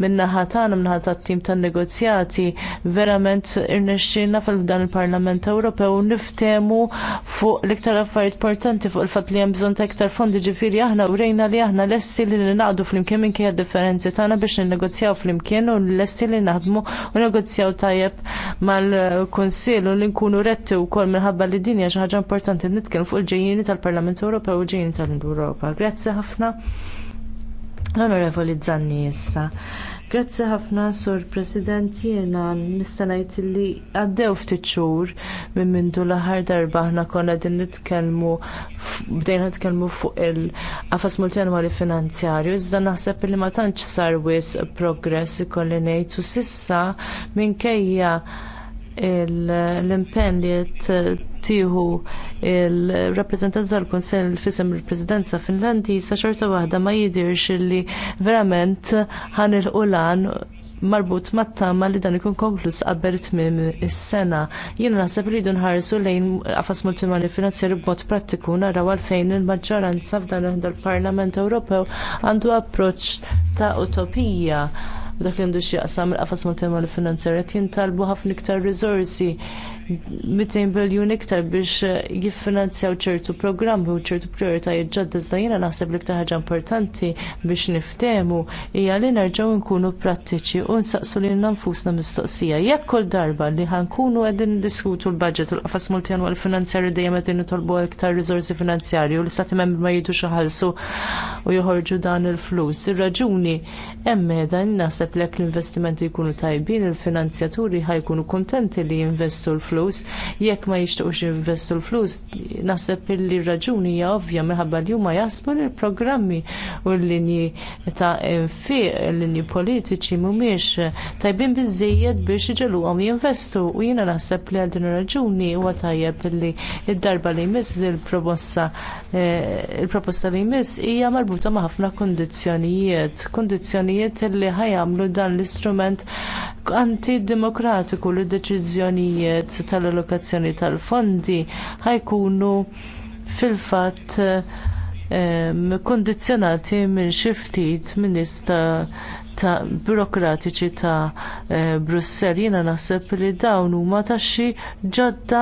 min-naħa tagħna min-naħa tat-tim tan-negozjati verament irnexxielna fil-dan il-Parlament Ewropew niftehmu fuq l-iktar affarijiet importanti fuq il-fatt li hemm bżonn ta' iktar fondi ġifieri aħna urejna li aħna lessi li ningħaqdu flimkien minkejja differenzi tagħna biex ninnegozjaw nirriflettaw flimkien u lesti li naħdmu u negozjaw tajjeb mal-Kunsill u li nkunu retti wkoll minħabba li dinja xi ħaġa importanti nitkellmu fuq il-ġejjieni tal-Parlament Ewropew u ġejjieni tal-Europa. Grazzi ħafna. L-Onorevoli Zanni issa. Grazzi ħafna, Sur President, jena nistanajt li għaddew ftit xhur minn mindu l-aħħar darba aħna konna din nitkellmu bdejna nitkellmu fuq il-qafas multjanwali finanzjarju, iżda naħseb li ma tantx sar wis progress ikolli ngħid u sissa minkejja l-impenn li tieħu l-rappreżentanti tal kunsell fisem il-Presidenza sa xorta waħda ma jidhirx li verament ħanilqu lan marbut mat-tama li dan ikun konklus qabel tmiem is-sena. Jiena naħseb li nħarsu lejn qafas Multimani finanzjarju b'mod prattiku naraw għalfejn il-maġġoranza f'dan il-Parlament Ewropew għandu approċċ ta' utopija u dak li għandu xi jaqsam il-qafas materjali finanzjarja jintalbu ħafna iktar riżorsi 200 biljun iktar biex jiffinanzjaw ċertu programmi u ċertu prioritajiet ġodda jiena naħseb li iktar ħaġa importanti biex niftehmu hija li nerġgħu nkunu prattiċi u nsaqsu lil nfusna mistoqsija. Jekk kull darba li ħankunu qegħdin niddiskutu l-budget u l-qafas multjanwal finanzjarju dejjem qegħdin nitolbu iktar riżorsi finanzjarji u l-istati membri ma jidux iħallsu u joħorġu dan il-flus. Ir-raġuni hemm dan naħseb li jekk l-investimenti jkunu tajbin il-finanzjaturi ħajkunu kuntenti li jinvestu l-flus flus jekk ma jixtiequx jinvestu l-flus naħseb li r-raġuni hija ovvja minħabba li huma jasbu li l-programmi u l-linji ta' infiq l-linji politiċi mhumiex tajbin biżżejjed biex iġeluhom jinvestu u jiena naħseb li għal din ir-raġuni huwa tajjeb li id-darba li jmiss l-proposta eh, il-proposta li jmiss hija marbuta ma' ħafna kundizzjonijiet, kundizzjonijiet li ħajamlu dan l-istrument antidemokratiku li deċiżjonijiet tal-allokazzjoni tal-fondi ħajkunu fil-fatt eh, kundizzjonati minn xi ftit minn ta' burokratiċi ta' eh, Brussell jiena naħseb li dawn huma taxxi ġodda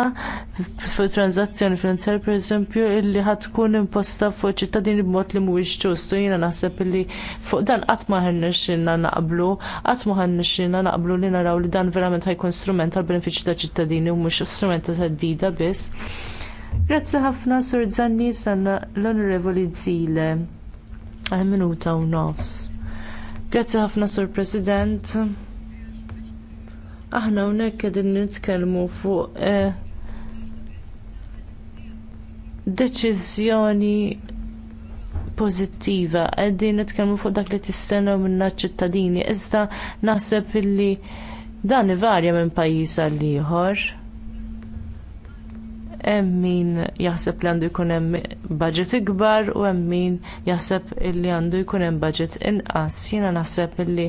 fuq transazzjoni finanzjarji pereżempju illi ħatkun tkun imposta fuq ċittadini b'mod li mhuwiex ġust u jiena naħseb li fuq dan qatt ma ħannexxilna naqblu qatt ma inna naqblu li naraw li dan verament ħajkun strument tal-benefiċċju ta' ċittadini u mhux strument ta' teddida biss. Grazzi ħafna Sur Zanni sanna l-Onorevoli Zile għal minuta u nofs. Grazzi ħafna Sur President. Aħna hawnhekk qegħdin nitkellmu fuq eh, deċiżjoni pożittiva qegħdin nitkellmu fuq dak li tistennew minna ċittadini iżda naħseb illi dan ivarja minn pajjiż għal ieħor hemm min jaħseb li għandu jkun hemm budget ikbar u hemm min jaħseb li għandu jkun hemm budget inqas. Jiena naħseb li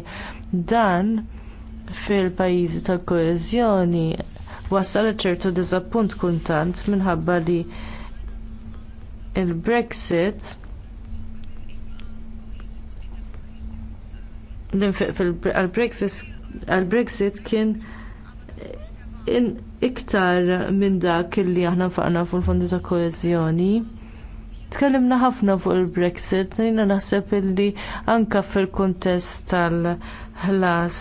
dan fil-pajjiżi tal-koeżjoni wasal ċertu diżappunt kuntant minħabba li l brexit l-infiq għall brexit kien iktar minn dak illi aħna nfaqna fuq il-fondi ta' koeżjoni. Tkellimna ħafna fuq il-Brexit, jiena naħseb illi anke fil-kuntest tal-ħlas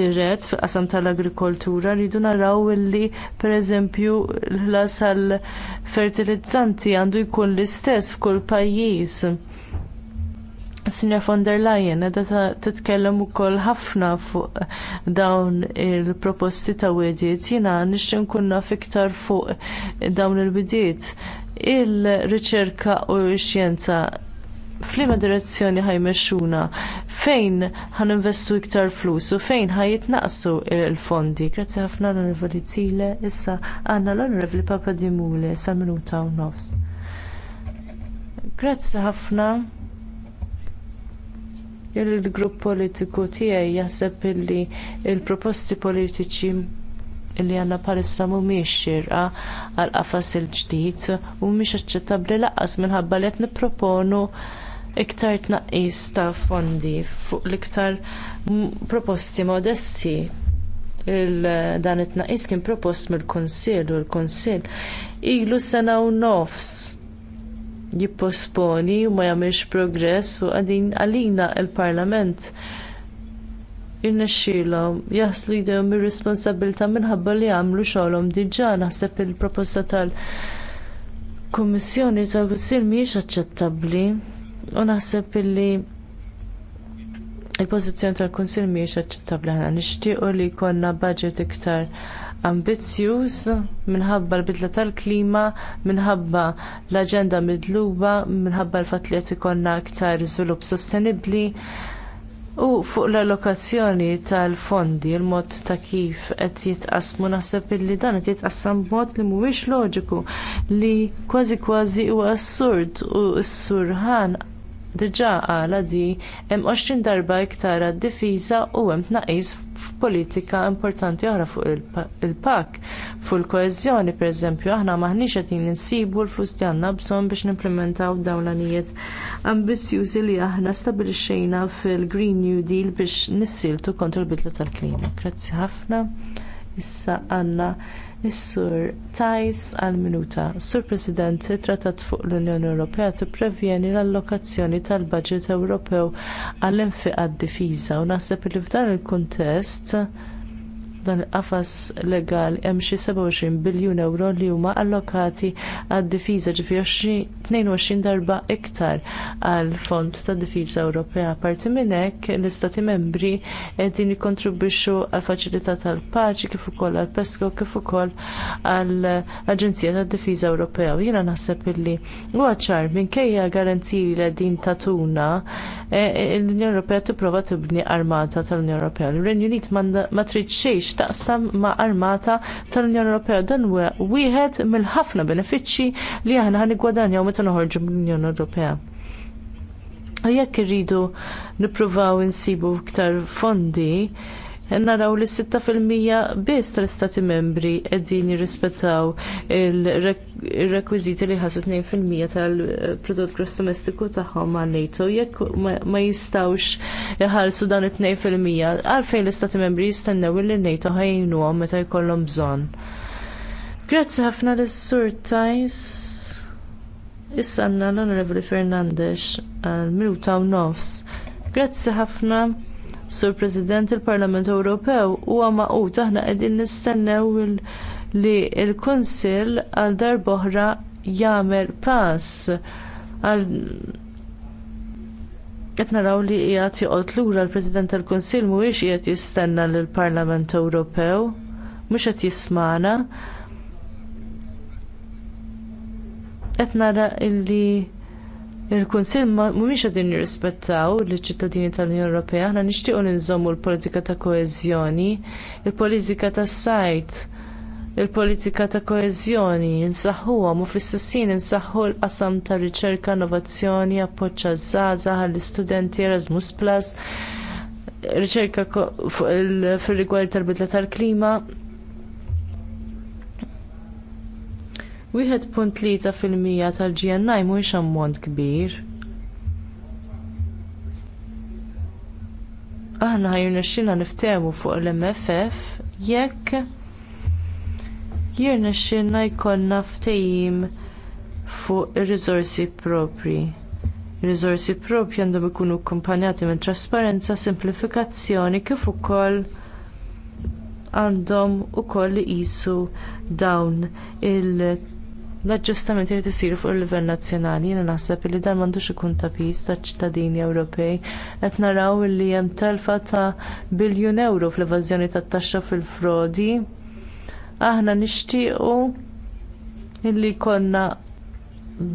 dirett f'qasam qasam tal-agrikoltura rridu naraw illi pereżempju l-ħlas għall fertilizzanti għandu jkun l-istess f'kull pajjiż Signor von der Leyen edha titkellem ukoll ħafna fuq dawn il-proposti ta' wedjiet jiena nixtieq nkun f'iktar fuq dawn il-bidiet. Il-riċerka u x-xjenza f'liema direzzjoni ħajmexxuna fejn ħan investu iktar flus u fejn ħajitnaqsu il-fondi. Grazzi ħafna l-Onorevoli Zile, issa għandna l-Onorevoli Papadimule sa' minuta u nofs. Grazzi ħafna il-grupp politiku tiegħi jaħseb illi l proposti politiċi li għandna bħalissa mhumiex xirqa għal qafas il-ġdid u mhumiex aċċettabbli lanqas minħabba li qed nipproponu iktar tnaqqis ta' fondi fuq l-iktar proposti modesti dan it-tnaqqis kien propost mill-kunsill u l-kunsill ilu sena u nofs jipposponi u ma jagħmilx progress fuq qegħdin għalina l-Parlament irnexxielhom jaħslu jdejhom ir-responsabbiltà minħabba li għamlu xogħolhom diġà naħseb il-proposta tal-Kummissjoni tal-Kunsill mhijiex aċċettabbli u naħseb illi il-pożizzjoni tal-Kunsill mhijiex aċċettabbli aħna nixtiequ li jkollna budget iktar ambizzjuż minħabba l-bidla tal-klima, minħabba l-aġenda midluba, minħabba l-fatt li qed ikollna aktar iżvilupp sostenibbli. U fuq l-allokazzjoni tal-fondi, il-mod ta' kif qed jitqasmu naħseb illi dan qed jitqassam b'mod li mhuwiex loġiku li kważi kważi huwa assurd u s-surħan diġà qala di hemm 20 darba iktar għad-difiża u hemm tnaqqis f'politika importanti oħra fuq il-pak. Fuq il-koeżjoni pereżempju aħna maħniex qed insibu l-flus li għandna bżonn biex nimplementaw dawn l-anijiet ambizjużi li aħna stabbilixxejna fil-Green New Deal biex nissiltu kontra l-bidla tal-klima. Grazzi ħafna. Issa għandna Is-Sur Tajs għal minuta. Sur President, it-Trattat fuq l-Unjoni Ewropea tipprevjeni l-allokazzjoni tal-Baġit Ewropew għall-infiq għad-difiża u naħseb li f'dan il-kuntest f'dan il-qafas legali hemm xi 27 biljun euro li huma allokati għad-difiża ġifieri 22 darba iktar għal fond tad-difiża Ewropea. Parti minn hekk l-istati membri qegħdin jikkontribwixxu għall faċilità tal-paċi kif ukoll għall pesco kif ukoll għall aġenzija tad-Difiża Ewropea. U jiena naħseb illi huwa ċar minkejja garanziji li qegħdin tagħtuna eh, l-Unjoni Ewropea tipprova tibni armata tal-Unjoni Ewropea. L-Renju Unit ma tridx. xejn Taqsam ma' armata tal-Unjoni Ewropea dan huwa wieħed mill-ħafna benefiċċji li aħna nigwadanjaw meta noħorġu mill-Unjoni Ewropea. Jekk irridu nippruvaw insibu iktar fondi naraw li 6% biss tal-istati membri qegħdin jirrispettaw ir-rekwiżiti li ħassu 2% tal-prodott gross domestiku tagħhom ma' NATO jekk ma jistgħux iħallsu dan it-2% għalfejn l-istati membri jistennew li NATO ħajnuhom meta jkollhom bżonn. Grazzi ħafna lis-Sur Tajs. Issa għandna l-Onorevoli Fernandez għal minuta u nofs. Grazzi ħafna. Sur President il-Parlament Ewropew huwa maqut aħna qegħdin nistennew li l-Kunsill għal darb'oħra jagħmel pass għal qed naraw li qiegħed joqgħod lura l-President tal-Kunsill mhuwiex qiegħed jistenna lill-Parlament Ewropew mhux qed jismana qed nara illi Il-Kunsill mhumiex qegħdin jirrispettaw liċ-ċittadini tal-Unjoni Ewropea, aħna nixtiequ ninżommu l-politika ta' koeżjoni, il-politika tas-sajt, il-politika ta' koeżjoni, insaħħuha mu fl-istessin insaħħu l-qasam ta' riċerka, innovazzjoni, appoġġa żgħażagħ għall-istudenti Erasmus Plus, riċerka fir rigward tal-bidla tal-klima, 1.3 fil-mija tal-GNI mhuwiex ammont kbir. Aħna ħajrna xilna niftehmu fuq l-MFF jekk jirna xilna jkollna ftehim fuq ir-riżorsi propri. Ir-riżorsi propri għandhom ikunu kkumpanjati minn trasparenza, simplifikazzjoni kif ukoll għandhom ukoll iqisu dawn il- l aġġustamenti irid isiru fuq il-livell nazzjonali jiena naħseb li dan m'għandux ikun ta' tapis taċ-ċittadini Ewropej qed naraw li hemm telfa ta' biljun euro fl-evażjoni tat-taxxa fil-frodi. Aħna nixtiequ li jkollna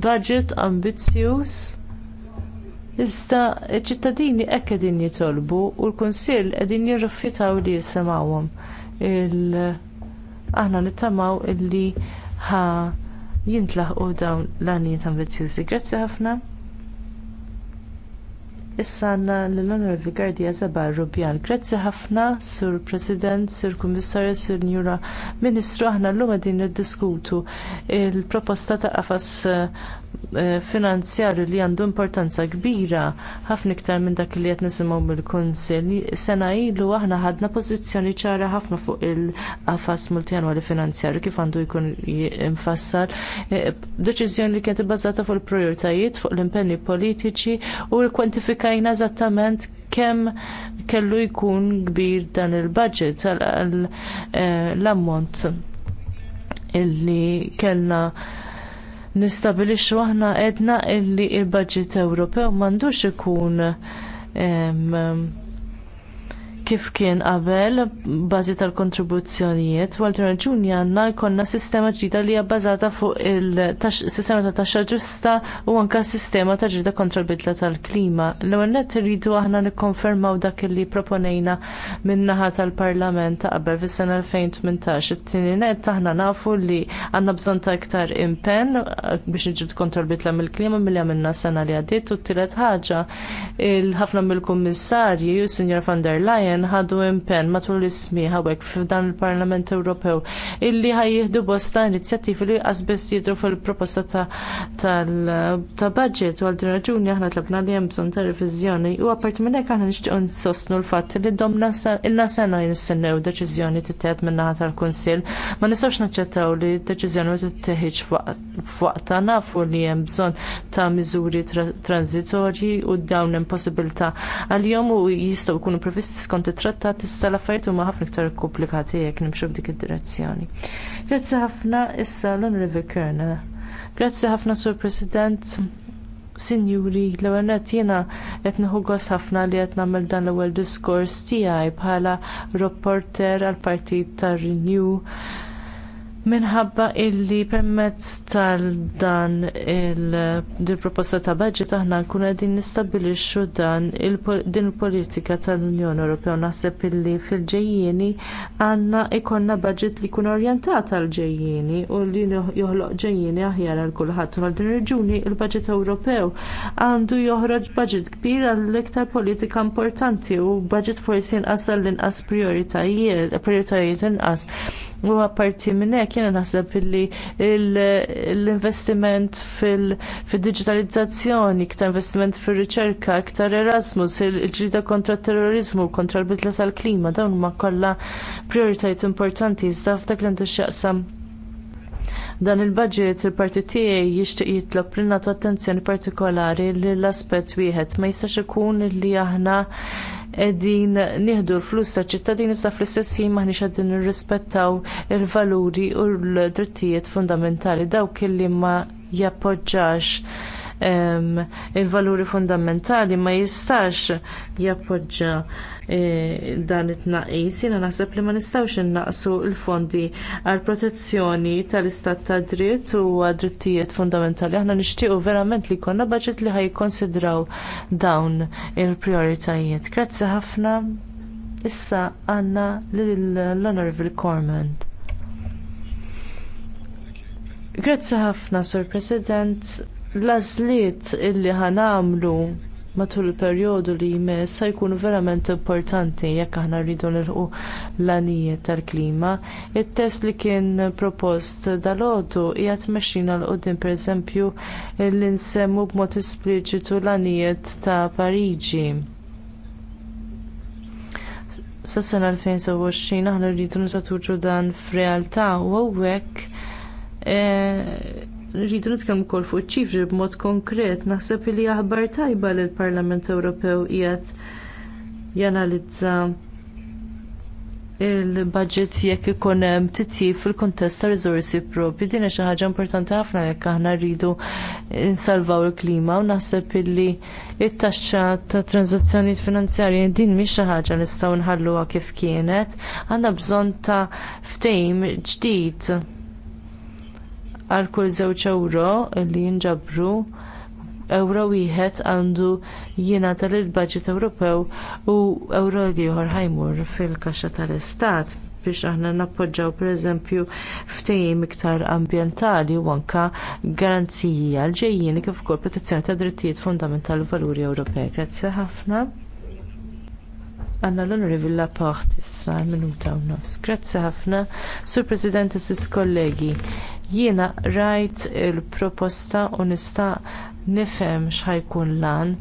budget ambizzjuż iżda ċ-ċittadini hekk qegħdin jitolbu u l-Kunsill qegħdin jirrifjutaw li jisimgħuhom. Aħna nittamaw illi ħa jintlaħqu dawn l-għanijiet ambizzjużi. Grazzi ħafna. Issa għandna l-Onorevoli Gardia Zabar Rubjan. Grazzi ħafna, Sur President, Sur Kummissarju, Sur Njura Ministru, aħna l-lum għadin niddiskutu il-proposta ta' qafas Eh, finanzjarju li għandu importanza kbira ħafna iktar minn dak li qed nisimgħu mill-Kunsill. Sena ilu aħna ħadna pożizzjoni ċara ħafna fuq il-qafas multjanwali finanzjarju kif għandu jkun mfassal. Eh, deċiżjoni li kienet ibbażata fuq il-prijoritajiet, fuq l-impenni politiċi u kwantifikajna eżattament kemm kellu jkun kbir dan il-budget eh, l-ammont illi kellna nistabilixxu aħna għedna illi l il budget Ewropew m'għandux ikun kif kien qabel bażi tal-kontribuzzjonijiet Walter għal raġuni għandna jkollna sistema ġdida li hija bbażata fuq il-sistema ta' taxxa ġusta u anke sistema ta' ġdida kontra l-bidla tal-klima. L-ewwel nett irridu aħna nikkonfermaw dak li proponejna min-naħa tal-Parlament ta' qabel fis-sena 2018. It-tieni nett aħna nafu li għandna bżonn ta' iktar impenn biex niġġieldu kontra l-bidla mill-klima milli għamilna s-sena li għaddiet u t-tielet ħaġa il-ħafna mill-kummissarji u Sinjor van der Leyen ħadu impenn matul is-smieħ hawnhekk f'dan il-Parlament Ewropew illi ħajjieħdu bosta inizjattivi li qasbis jidhru fil-proposta ta' budget u għal raġuni aħna tlabna li hemm bżonn ta' revizjoni. u apparti minn hekk aħna nixtiequ nsostnu l-fatt li domna ilna sena jinstennew deċiżjoni tittieħed min-naħa tal-Kunsill ma nistgħux naċċettaw li d-deċiżjoni tittieħiġ f'waqta nafu li hemm bżonn ta' miżuri transitorji u dawn hemm possibilità għalihom u jistgħu jkunu previsti skont kont it-trattat issa l-affarijiet huma ħafna iktar komplikati jekk nimxu f'dik id-direzzjoni. Grazzi ħafna issa l-Onorevoli Kerna. Grazzi ħafna Sur President. Sinjuri, l-ewwel nett jiena qed nieħu gost ħafna li qed nagħmel dan l-ewwel diskors tiegħi bħala rapporter għall partit tar-Renew Minħabba illi permezz tal-dan il-proposta ta' budget aħna nkunu qegħdin nistabbilixxu dan din il-politika tal-Unjoni Ewropea naħseb illi fil-ġejjieni għandna jkollna budget li jkun orjentat għal ġejjieni u li joħloq ġejjieni aħjar għal kulħadd. Għal din ir-raġuni il-budget Ewropew għandu joħroġ budget kbir għall iktar politika importanti u budget forsi inqas għall inqas prioritajiet inqas U apparti minn hekk jiena naħseb illi l-investiment fil-digitalizzazzjoni, iktar investiment fir-riċerka, iktar Erasmus, il ġrida kontra t terrorizmu, kontra l-bidla tal-klima, dawn huma kollha prioritajiet importanti iżda f'dak li x'jaqsam dan il-budget il-partit tiegħi jixtieq jitlob li nagħtu attenzjoni partikolari lill aspett wieħed ma jistax ikun li aħna qegħdin nieħdu l-flus taċ ċittadini sa fl-istess ħin maħniex qegħdin nirrispettaw il-valuri u l-drittijiet fundamentali dawk li ma jappoġġax ehm, il-valuri fundamentali ma jistax jappoġġa E, dan it-tnaqqis, jiena naħseb li ma nistgħux innaqsu l-fondi għall protezzjoni tal-istat tad dritt u għad-drittijiet fundamentali. Aħna nixtiequ verament li jkollna budget li ħajkonsidraw dawn il-prioritajiet. Grazzi ħafna. Issa għandna l-Honorable Cormand. Grazzi ħafna, Sur President. L-azliet illi ħanamlu matul il-perjodu li jmiss se jkunu verament importanti jekk aħna rridu nilħu l-għanijiet tal-klima. it test li kien propost dal-għodu jgħat għal l pereżempju per li nsemmu b'mod espliċitu l-għanijiet ta' Pariġi. sas sena 2020 aħna rridu nitatuġu dan f'realtà u għawek rridu nitkellmu wkoll fuq ċifri b'mod konkret naħseb li aħbar tajba li l-Parlament Ewropew qiegħed janalizza il-budget jekk ikun hemm titjib fil-kuntest ta' riżorsi propri din xi ħaġa importanti ħafna jekk aħna rridu nsalvaw il-klima u naħseb illi it-taxxa ta' transazzjonijiet finanzjarji din mhix xi ħaġa nistgħu nħalluha kif kienet għandna bżonn ta' ftehim ġdid għal kull żewġ ewro li jinġabru ewro wieħed għandu jingħata lill-baġit Ewropew u ewro ieħor ħajmur fil-kaxxa tal-istat biex aħna nappoġġjaw pereżempju ftehim iktar ambjentali u anke garanziji għal ġejjin kif ukoll protezzjoni tad drittijiet fundamentali u valuri Ewropej. Grazzi ħafna. Għanna l villa Paħt issa minuta u nofs. Grazzi ħafna, Sur President Assis kollegi. Jiena rajt il-proposta u nista' nifhem x'ħajkun lan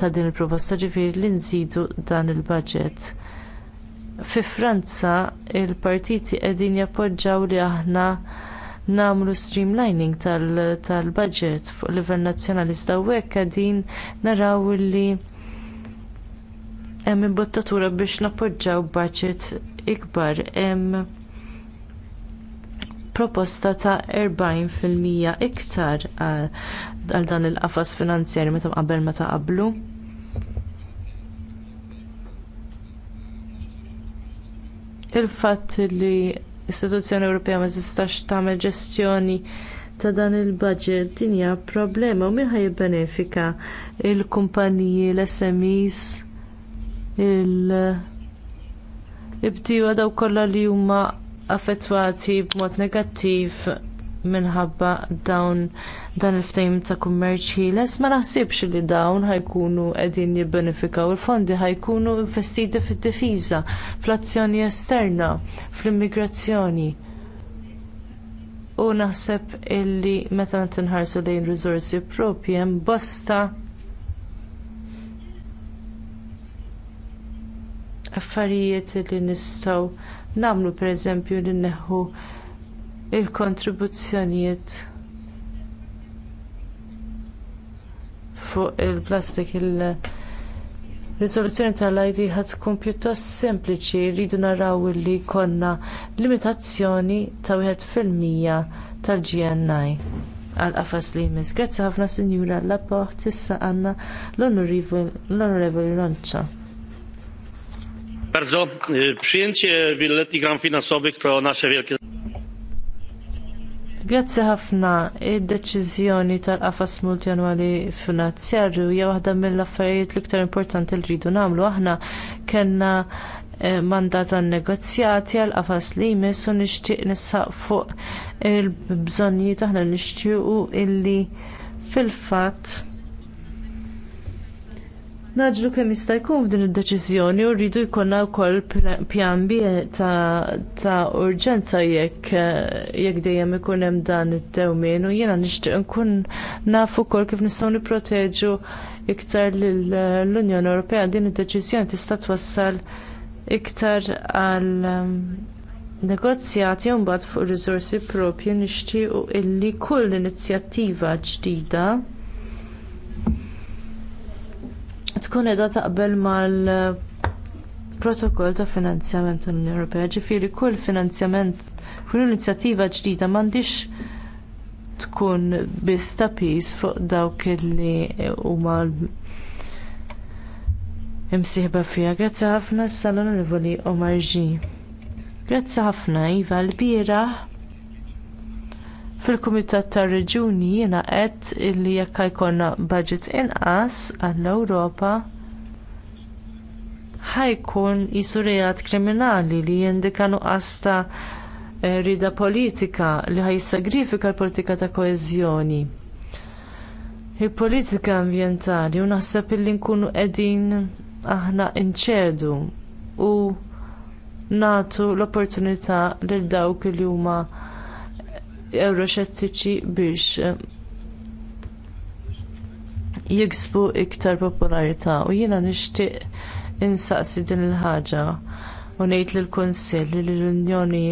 ta' din il-proposta ġifir li nżidu dan il-budget. Fi Franza il-partiti qegħdin jappoġġaw li aħna nagħmlu streamlining tal-budget tal fuq livell nazzjonali iżda hekk qegħdin naraw li hemm imbottatura biex nappoġġjaw baġit ikbar hemm proposta ta' 40% iktar għal dan il-qafas finanzjarji meta qabel meta qablu. il-fatt li l-istituzzjoni Ewropea ma tistax tagħmel ġestjoni ta' dan il-budget din hija problema u min benefika il-kumpaniji l-SMEs. il-kumpaniji l-SMEs il-ibtiwa daw kollha li huma affettwati b'mod negattiv minħabba dawn dan il-ftehim ta' kummerċ ħieles ma naħsibx li dawn ħajkunu qegħdin jibbenefikaw il-fondi ħajkunu investiti fid-difiża, fl-azzjoni esterna, fl-immigrazzjoni. U naħseb illi meta tinħarsu lejn riżorsi propri hemm bosta affarijiet li nistgħu nagħmlu pereżempju li nneħħu l kontribuzzjonijiet fuq il-plastik il-riżoluzzjoni tal-id ħad tkun pjuttost sempliċi rridu naraw li jkollna limitazzjoni ta' wieħed fil-mija tal-GNI għal qafas li jmiss. Grazzi ħafna Sinjura Laporte issa għandna l-Onorevoli Lonċa bardzo. Przyjęcie wieloletnich ram finansowych to nasze wielkie. Grazzi ħafna id-deċiżjoni tal-qafas multjanwali finanzjarju hija waħda mill-affarijiet l-iktar importanti li rridu nagħmlu aħna kellna e, mandat għan negozjati għal qafas li jmiss u nixtieq nisaq fuq il-bżonnijiet aħna nixtiequ illi fil-fatt naġlu kemm jista' jkun f'din id-deċiżjoni u rridu jkollna wkoll pjan B ta' urġenza jekk jekk dejjem ikun hemm dan id-dewmien u jiena nixtieq nkun naf ukoll kif nistgħu nipproteġu iktar lill-Unjoni Ewropea din id-deċiżjoni tista' twassal iktar għal um, negozjati mbagħad fuq riżorsi propri nixtiequ illi kull inizjattiva ġdida tkun edha taqbel mal-protokoll ta' finanzjament tal-Unjoni Ewropea, ġifieri kull finanzjament, kull inizjattiva ġdida m'għandix tkun biss ta' pis fuq dawk li huma imsieħba fiha. Grazzi ħafna s-salon Rivoli Omar G. Grazzi ħafna, Iva, l Fil-Kumitat tar-Reġuni jiena qed illi jekk jkollna budget inqas għall-Ewropa ħajkun qisu reat kriminali li jindika nuqqas ta' eh, rida politika li ħajsagrifika l-politika ta' koeżjoni. Il-politika ambjentali u naħseb illi nkunu qegħdin aħna inċedu u nagħtu l-opportunità lil dawk li huma euroxettiċi biex eh, jiksbu iktar popolarità u jiena nixtieq insaqsi din il-ħaġa u ngħid lill-kunsill li l-Unjoni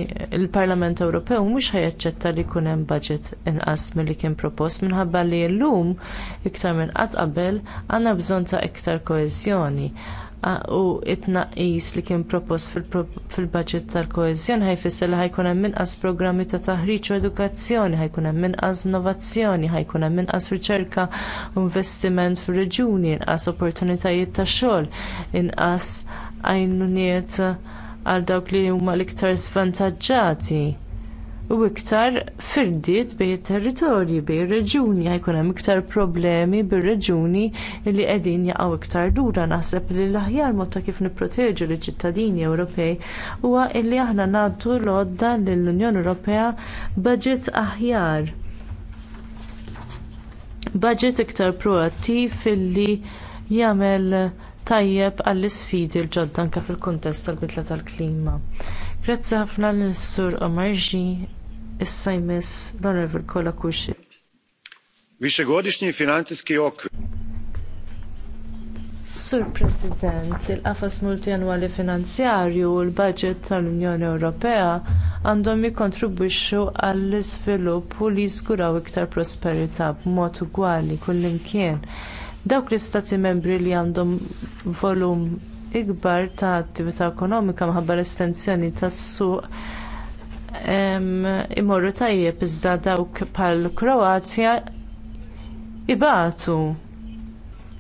l parlament Ewropew mhux ħajaċċetta li jkun hemm budget inqas milli kien propost minħabba li llum iktar minn qatt qabel għandna bżonn ta' iktar koeżjoni u t tnaqqis li kien propost fil-baġit tal-koeżjoni ħajfisser li ħajkun hemm inqas programmi ta' taħriġ u edukazzjoni, ħajkun hemm inqas innovazzjoni, ħajkun hemm inqas riċerka u investiment fir-reġuni, inqas opportunitajiet ta' xogħol, inqas għajnuniet għal dawk li huma l-iktar svantaġġati u iktar firdiet bejn it-territorji bejn ir-reġuni jkun hemm iktar problemi bir-reġuni li qegħdin jaqgħu iktar lura naħseb li l-aħjar mod ta' kif nipproteġu liċ-ċittadini Ewropej huwa li aħna nagħtu l-għodda lill-Unjoni Ewropea budget aħjar. Budget iktar proattiv filli jagħmel tajjeb għall isfidi l-ġodda anke fil-kuntest tal-bidla tal-klima. Grazzi ħafna lis sur Omarġi Issa jmiss l-Onorevol Kola Kuxi. finanziski ok. Sur President, il-qafas multianwali finanzjarju u l-budget tal-Unjoni Ewropea għandhom jikkontribwixxu għall-iżvilupp u li jiżguraw iktar prosperità b'mod ugwali kullimkien. Dawk l-istati membri li għandhom volum ikbar ta' attività ekonomika minħabba l-estensjoni tas-suq imorru tajjeb iżda dawk bħall Kroazja ibatu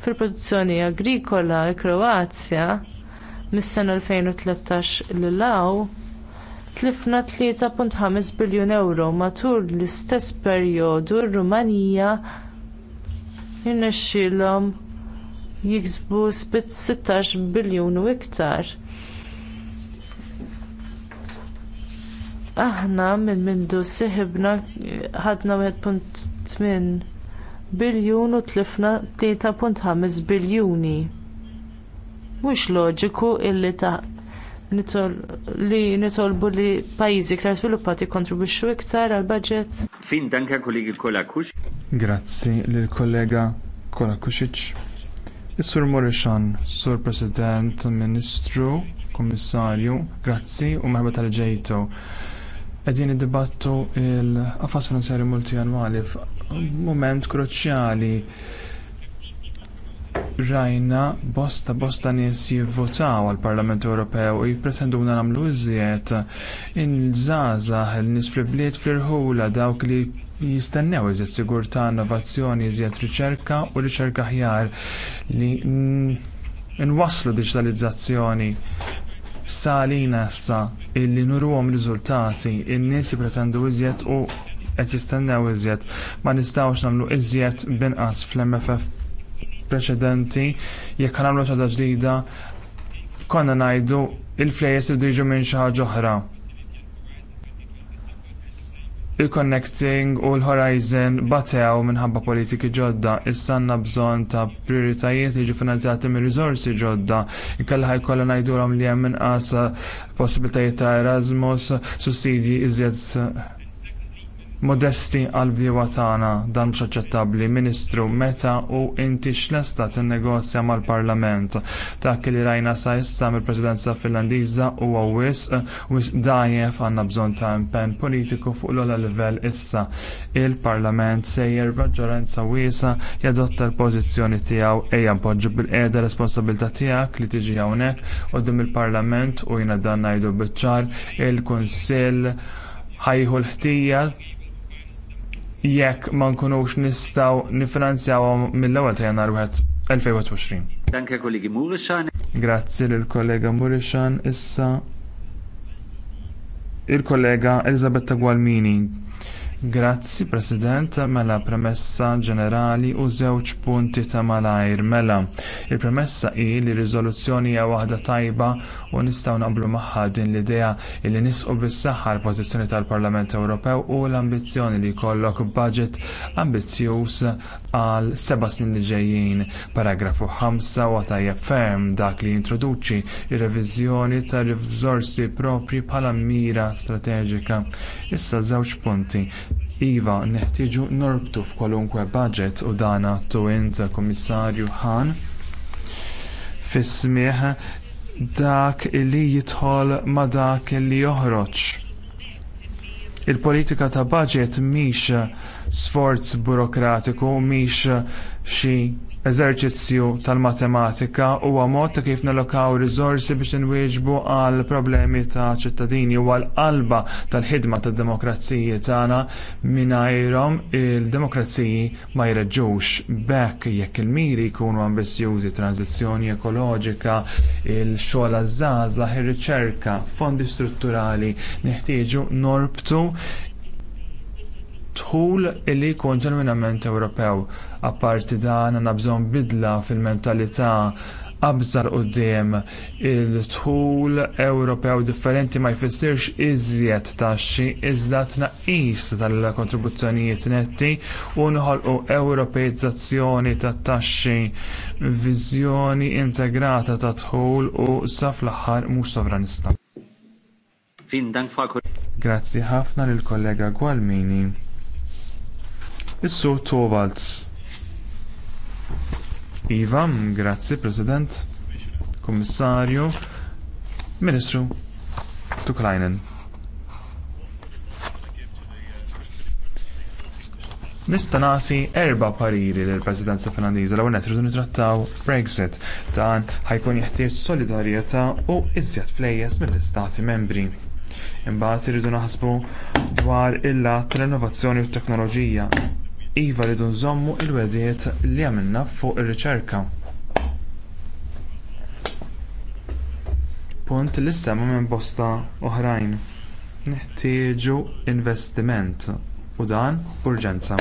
fil-produzzjoni agrikola l-Kroazja mis-sena 2013 lilaw tlifna 3.5 biljun euro matul l-istess perjodu r-Rumanija jirnexxielhom jiksbu 16 biljun u iktar. aħna minn mindu siħibna ħadna 1.8 biljun u tlifna 3.5 biljuni. Mhux loġiku illi ta' li nitolbu li pajjiżi iktar sviluppati kontribwixxu iktar għal budget. Fin danka kollegi Kolakux. Grazzi lill kollega Kolakuxic. Is-Sur Morishan, Sur President, Ministru, Kommissarju, grazzi u meħba tal-ġejtu. Qegħdin iddibattu l-qafas finanzjari multijanwali f'mument kruċjali rajna bosta bosta nies jivvotaw għall parlament Ewropew u għuna nagħmlu iżjed il-żgħażagħ il-nies fl-bliet fl-irħula dawk li jistennew iżjed sigurtà, innovazzjoni, iżjed riċerka u riċerka aħjar li nwasslu diġitalizzazzjoni Salina issa illi nurhom riżultati, in-nies jippretendu iżjed u qed jistennew iżjed. Ma nistgħux nagħmlu iżjed binqas fl-MFF preċedenti jekk nagħmlu ċada ġdida konna ngħidu l flejes irdu jiġu minn xi ħaġa oħra il-Connecting u l-Horizon batew minħabba politiki ġodda. Issa għandna bżonn ta' prioritajiet li ġi finanzjati minn riżorsi ġodda. Inkella ħajkollha ngħidulhom li hemm inqas possibilitajiet ta' Erasmus, sussidji iżjed modesti għall-bdiewa tagħna dan mhux aċċettabbli ministru meta u inti x'lesta tinnegozja mal-parlament dak li rajna sa issa mill-presidenza finlandiża huwa wisq wisq dajjef għandna bżonn ta' impenn politiku fuq l-ogħla livell issa il-parlament sejjer maġġoranza wiesa jadotta l-pożizzjoni tiegħu ejja mpoġġi bil-qiegħda responsabilità tiegħek li tiġi hawnhekk quddiem il-parlament u jiena dan ngħidu biċ-ċar il-kunsill ħajħu l-ħtija jekk ma nkunux nistgħu nifinanzjawhom mill-ewwel ta' Jannar 2020. Danke kollegi Murishan. Grazzi lill kollega Murishan issa il-kollega Elizabetta Gualmini Grazzi President, mela premessa ġenerali u żewġ punti ta' malajr mela. Il-premessa hi li r riżoluzzjoni hija waħda tajba u nistgħu naqblu magħha din l-idea li nisqu bis-saħħa l-pożizzjoni tal-Parlament Ewropew u l-ambizzjoni li jkollok budget ambizzjuż għal seba' snin li ġejjin. Paragrafu 5 huwa tajjeb ferm dak li jintroduċi ir-reviżjoni tar-riżorsi propri bħala mira strateġika. Issa żewġ punti Iva, neħtieġu norbtu f'kwalunkwe budget u dan għattu inza Kummissarju Hahn fis smigħ dak li jidħol ma dak li joħroġ. Il-politika ta' budget mhix sforz burokratiku, mhix xi eżerċizzju tal-matematika huwa mod ta' kif nallokaw riżorsi biex inwieġbu għal problemi ta' ċittadini u għal qalba tal-ħidma tad-demokrazija tagħna mingħajrhom il-demokraziji ma jreġġux b'hekk jekk il-miri jkunu ambizzjużi tranzizzjoni ekoloġika, il-xogħol għaż-żgħażagħ, ir-riċerka, fondi strutturali, neħtieġu norbtu dħul li jkun ġenwinament Ewropew. Apparti dan għandna bżonn bidla fil-mentalità qabżar quddiem il-dħul Ewropew differenti ma jfissirx iżjed taxxi iżda tnaqis tal-kontribuzzjonijiet netti u nħolqu Ewropeizzazzjoni tat-taxxi viżjoni integrata ta' dħul u sa fl-aħħar mhux sovranista. Grazzi ħafna lill kollega Gwalmini. Is-Sur Torvalds. Iva, grazzi President, Kummissarju, Ministru Tuklajnen. Nista' nagħti erba' pariri lill presidenza Finlandiża l-ewwel qed irridu nitrattaw Brexit dan ħajkun jeħtieġ solidarjetà u iżjed flejjes mill-istati membri. Imbagħad iridu naħsbu dwar il-lat tal-innovazzjoni u t-teknoloġija iva rridu nżommu l-wegħdiet li għamilna fuq ir-riċerka punt li sema minn bosta oħrajn neħtieġu investiment u dan b'urġenza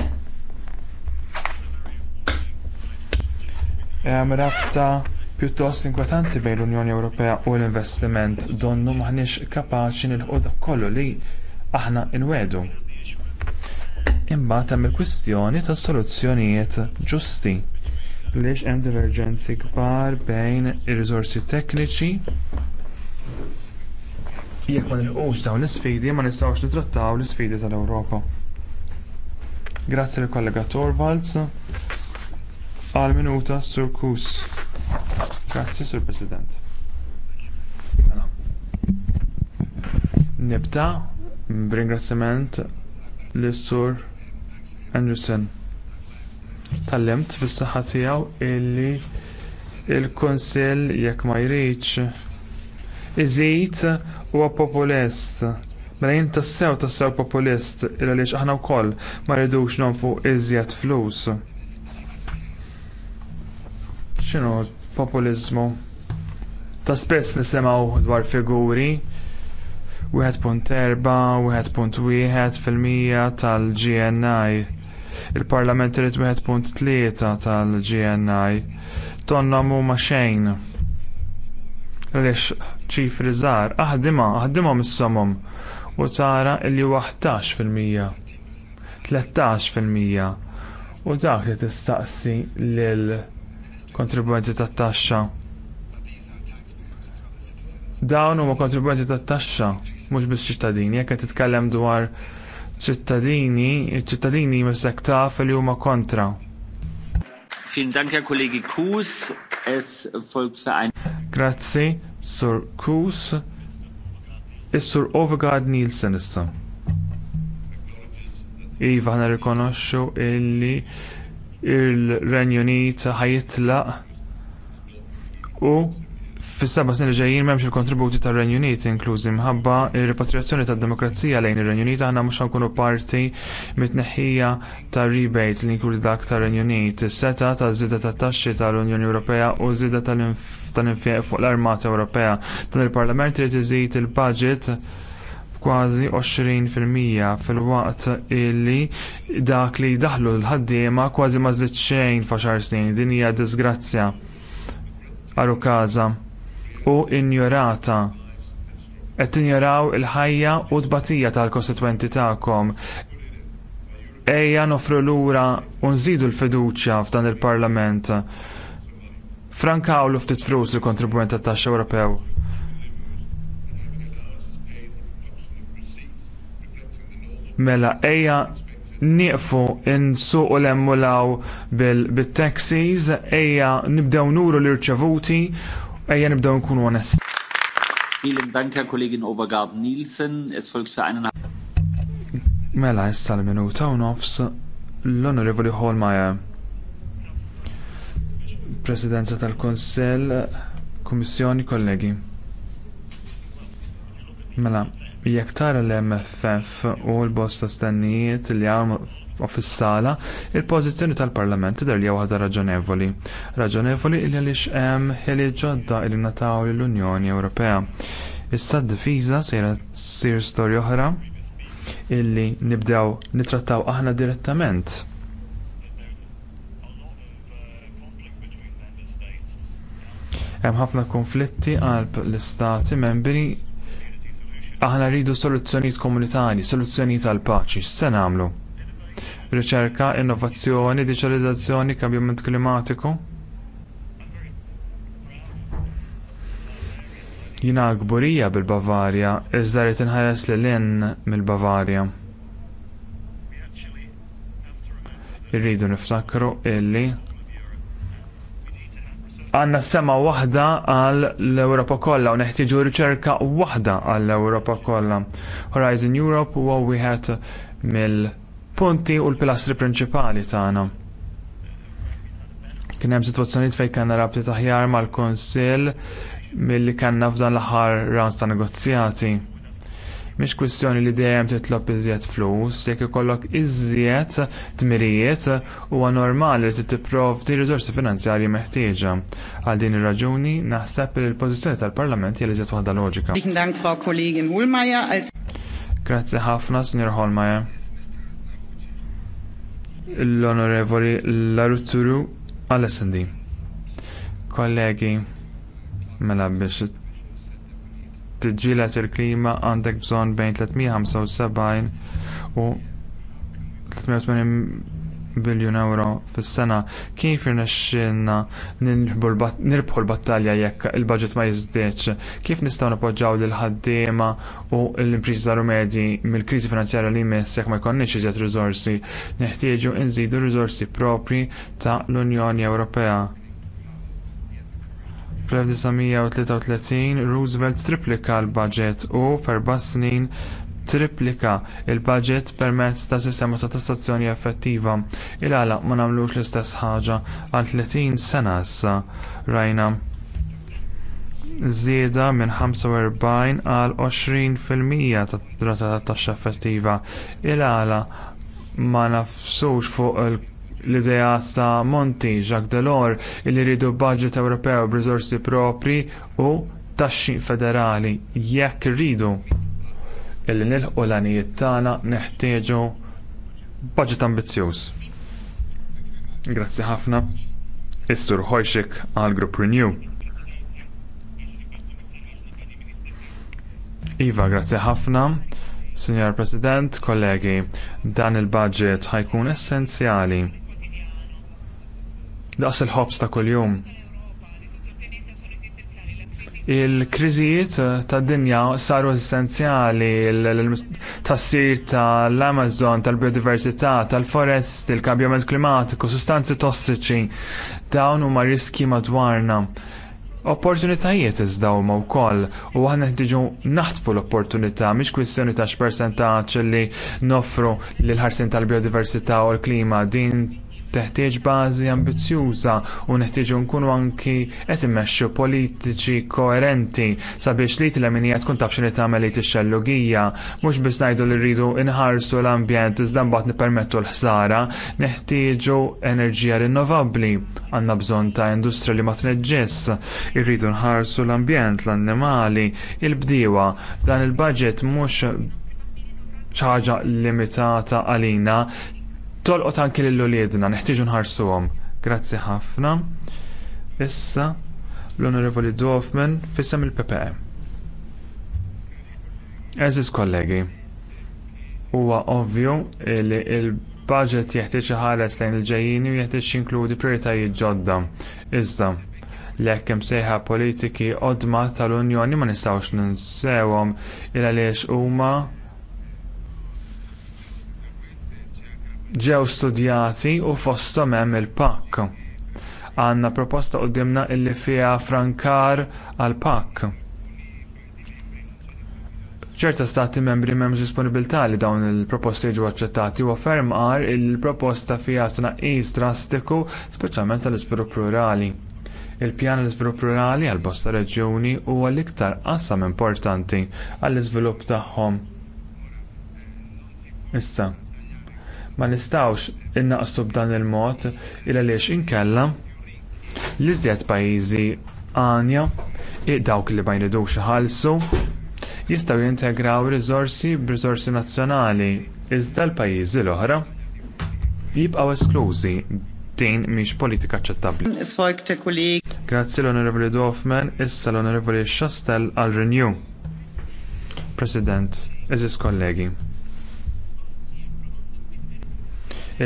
hemm rabta pjuttost inkwetanti bejn l-unjoni ewropea u l-investiment donnu m'aħniex kapaċi nilħqu dak kollu li aħna nwedu Imbagħad hemm il-kwistjoni tas soluzzjonijiet ġusti għaliex hemm diverġenzi kbar bejn ir-riżorsi tekniċi jekk ma nilqux dawn l-isfidi ma nistgħux nittrattaw l-isfidi tal-Ewropa. Grazzi lill kollega Torvalds għal minuta Sur Kus. Grazzi Sur President. Mela. Nibda b'ringrazzjament lis-sur anderson tallemt fis-saħħa tiegħu illi l-kunsill jekk ma jridx iżid huwa populist mela jien tassew tassew populist il għaliex aħna wkoll ma rridux nonfqu iżjed flus x'inhu populiżmu ta' spess nisimgħu dwar figuri 1.4 1.1 fil-mija tal-GNI. Il-Parlament irid 1.3 tal-GNI. Tonna huma xejn. Għaliex ċifri żgħar, aħdimha, ah, aħdimhom is somom u tara li 11 fil-mija. 13 fil-mija. U dak li tistaqsi lil kontribwenti tat-taxxa dawn huma kontribwenti tat-taxxa mhux biss ċittadini, jekk qed titkellem dwar ċittadini, ċittadini mistek taf li huma kontra. Grazzi, Sur Kus, Es Grazie, Is-Sur Overgard Nielsen issa. Iva ħana rikonoxxu illi il-Renju Unit ħajitlaq u fis-seba' snin li ġejjin m'hemmx il-kontributi tar-Renju Unit inklużi minħabba r repatriazzjoni tad-demokrazija lejn ir-Renju Unit aħna mhux nkunu parti mit-tneħħija tar-rebates li jkunu dak tar-Renju Unit. Is-seta taż-żieda tat-taxxi tal-Unjoni Ewropea u żieda tal-infjeq fuq l-Armata Ewropea. Dan il-Parlament irid iżid il-budget kważi 20% fil-waqt illi dak li daħlu l-ħaddiema kważi ma żidt xejn fa' xar snin. Din hija disgrazzja. Arukaza u injorata qed tinjoraw il-ħajja u t-tbatija tal-kostitwenti tagħkom. Ejja nofru lura u nżidu l-fiduċja f'dan il-Parlament. Frankawlu ftit frus il-kontribwent tat-taxxa Ewropew. Mela ejja nieqfu insuqu l-emmulaw bil-taxis, ejja nibdew nuru l-irċevuti Ejja nibdew nkunu onest. Vielen Dank, Herr Kollegin Obergard Nielsen. Es folgt für einen. Mela, issa l-minuta u nofs l-Onorevoli Holmaja. Presidenza tal-Konsell, Kummissjoni, kollegi. Mela, jekk tara l-MFF u l-bosta stennijiet li għal u fis-sala, il-pożizzjoni tal-Parlament tidher li waħda raġonevoli. Raġonevoli li għaliex hemm ħeli ġodda li nataw lill-Unjoni Ewropea. Issa d-difiża sir storja oħra illi nibdew nitrattaw aħna direttament. Hemm ħafna konflitti qalb l-istati membri aħna rridu soluzzjonijiet komunitarji, soluzzjonijiet għall paċi, se nagħmlu? riċerka, innovazzjoni, diġitalizzazzjoni, kambjament klimatiku. Jina kburija bil-Bavarja, iżda rrid inħares lil hinn mill-Bavarja. Irridu niftakru illi għandna sema waħda għal l-Ewropa kollha u neħtieġu riċerka waħda għall ewropa kollha. Horizon Europe huwa wieħed mill- punti u l-pilastri prinċipali tagħna. Kien hemm sitwazzjonijiet fejn kellna rabti taħjar mal-Kunsill milli kellna f'dan l-aħħar rounds ta' negozjati. Mhix kwistjoni li dejjem titlob iżjed flus, jekk ikollok iżjed tmirijiet huwa normali li tipprovdi riżorsi finanzjarji meħtieġa. Għal din ir-raġuni naħseb li l-pożizzjoni tal-Parlament hija li iżjed waħda loġika. Grazzi ħafna, Sinjor Holmeyer l-Onorevoli Laruturu għal-SND. Kollegi, mela biex tiġġielet il-klima għandek bżonn bejn 375 u 380 biljun euro fis-sena kif irnexxielna nirbħu l-battalja jekk il-baġit ma jiżdiedx, kif nistgħu nappoġġjaw lil ħaddiema u l-impriżi tar medji mill-kriżi finanzjarja li jmiss jekk ma jkollniex iżjed riżorsi, neħtieġu nżidu riżorsi propri ta' l-Unjoni Ewropea. Fl-1933 Roosevelt triplika l-baġit u f'erba' snin triplika l-baġit permezz ta' sistema ta' tassazzjoni effettiva ilgħalaq ma nagħmlux l-istess ħaġa għal 30 sena issa rajna żieda minn 45 għal 20% tad rata tat-taxxa effettiva il-għala ma nafsux fuq l-idea ta' Monti, Jacques Delors, li jridu budget Ewropew b'riżorsi propri u taxxi federali jekk irridu illi nilħqu l-għanijiet tagħna neħtieġu budget ambizzjuż. Grazzi ħafna. Istur Hojxik għal Group Renew. Iva, grazzi ħafna. Signor President, kollegi, dan il-budget ħajkun essenzjali. Daqs il-ħobs ta' kuljum Il-kriżijiet tad dinja saru essenzjali tas-sir tal-Amazon, tal-biodiversità, tal-forest, il-kambjament klimatiku, sustanzi tossiċi, dawn huma riski madwarna. Opportunitajiet iżda huma wkoll u aħna ħtiġu naħtfu l-opportunità mhix kwistjoni ta' x'persentaġġ li noffru lil ħarsien tal-biodiversità u l-klima din teħtieġ bażi ambizzjuża u neħtieġu nkunu anki qed immexxu politiċi koerenti sabiex li t-leminija tkun taf xi tagħmel li tixxellugija. Mhux biss ngħidu li rridu nħarsu l-ambjent iżda mbagħad nippermettu l-ħsara, neħtieġu enerġija rinnovabbli. Għandna bżonn ta' industrija li ma tneġġess, irridu nħarsu l-ambjent, l-annimali, il-bdiewa. Dan il-budget mhux ċaġa limitata għalina tolqot anki lill-uliedna, neħtiġu nħarsuhom. Grazzi ħafna. Issa l-Onorevoli Dorfman fissam il-PPE. Eżis kollegi, huwa ovvju li l budget jeħtieġ ħares lejn il-ġejjini u jeħtieġ inkludi prioritajiet ġodda. Iżda, l-hekk hemm sejħa politiki qodma tal-Unjoni ma nistgħux ninsewhom il għaliex huma ġew studjati u fosthom hemm il-pakk. Għandna proposta qudiemna illi fiha frankar għall pakk. ċerta stati membri m'hemmx disponibilità li dawn il-proposti jiġu aċċettati u ferm qar il-proposta fiha tnaqqis drastiku speċjalment għall iżvilupp rurali. Il-pjan l-iżvilupp rurali għal bosta reġjuni huwa l-iktar qasam importanti għall-iżvilupp tagħhom. Issa, ma nistgħux innaqsu b'dan il-mod il għaliex inkella l-iżjed pajjiżi għanja dawk li ma jridux iħallsu jistgħu jintegraw riżorsi b'riżorsi nazzjonali iżda l-pajjiżi l-oħra jibqgħu esklużi din mhix politika aċċettabbli. Grazzi l-Onorevoli Dorfman, issa l-Onorevoli Chastel għal Renew. President, eżis kollegi.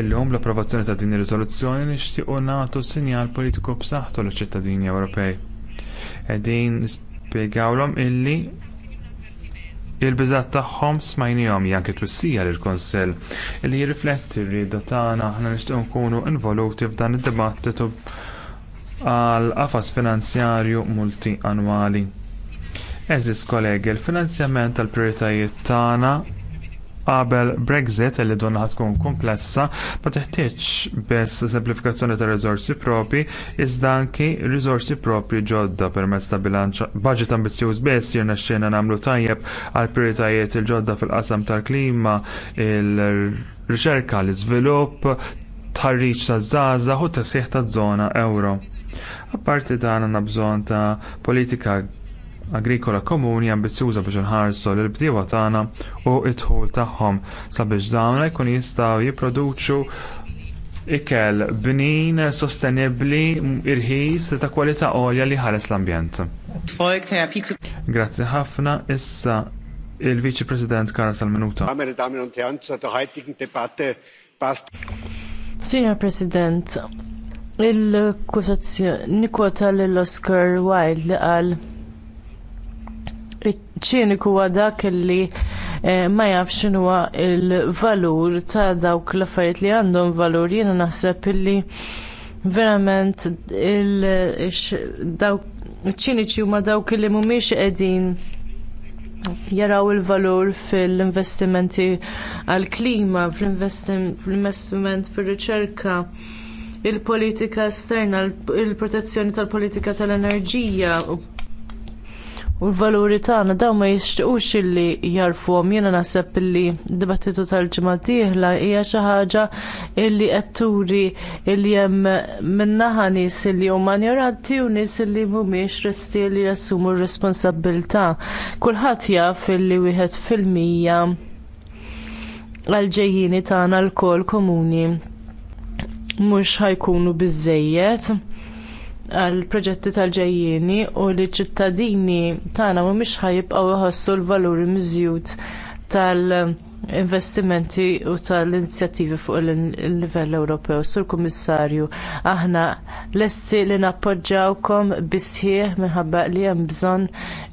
Illum l-approvazzjoni ta' din ir-riżoluzzjoni nixtiequ nagħtu sinjal politiku b'saħħtu liċ-ċittadini Ewropej. Qegħdin nispjegawlhom illi il-biżgħat tagħhom smajnihom hija anke twissija lill-kunsill li jirrifletti r-rieda tagħna aħna nixtieq nkunu involuti f'dan id-dibattitu għall qafas finanzjarju multianwali. Eżis kollegi, il-finanzjament tal prioritajiet tagħna qabel Brexit li donna tkun komplessa ma teħtieġ biss semplifikazzjoni ta' riżorsi propri iżda anki riżorsi propri ġodda permezz ta' bilanċ budget ambizzjuż biss jirnexxielna nagħmlu tajjeb għal prijoritajiet il-ġodda fil-qasam tal-klima il-riċerka l-iżvilupp tħarriġ taż-żgħażagħ u t-tisħiħ taż-żona ewro. Apparti dan għandna bżonn ta' politika agrikola komuni ambizzjuża biex nħarsu lill bdiewa tagħna u t dħul tagħhom sabiex dawn jkun jistgħu jipproduċu ikel bnin sostenibbli irħis ta' kwalità għolja li ħares l-ambjent. Grazzi ħafna issa il-Viċi President Karas minuta Signor President, il-kwotazzjoni nikkwota lill oscar Wilde li qal ċiniku huwa dak li eh, ma jafx x'inhuwa il-valur ta' dawk l-affarijiet li għandhom valur jiena naħseb illi verament il-ċiniċi huma dawk li mhumiex qegħdin jaraw il-valur fil-investimenti għall klima fl-investiment fir-riċerka il-politika esterna, il-protezzjoni tal-politika tal-enerġija, U l-valuri tagħna dawn ma jixtiequx illi jarfuhom jiena naħseb illi dibattitu tal-ġimgħa dieħla hija xi ħaġa illi qed turi illi hemm minnaħa nies illi huma ignoranti u nies illi mhumiex resti li jassumu r-responsabbiltà. Kulħadd jaf illi wieħed fil-mija għal-ġejjini tagħna lkoll komuni mhux ħajkunu biżżejjed għal proġetti tal-ġejjieni u li ċ-ċittadini tagħna mhumiex ħajibqgħu iħossu l-valuri miżjud tal-investimenti u tal-inizjattivi fuq il-livell Ewropew. Sur Kummissarju, aħna lesti li nappoġġawkom bisħieħ minħabba li hemm bżonn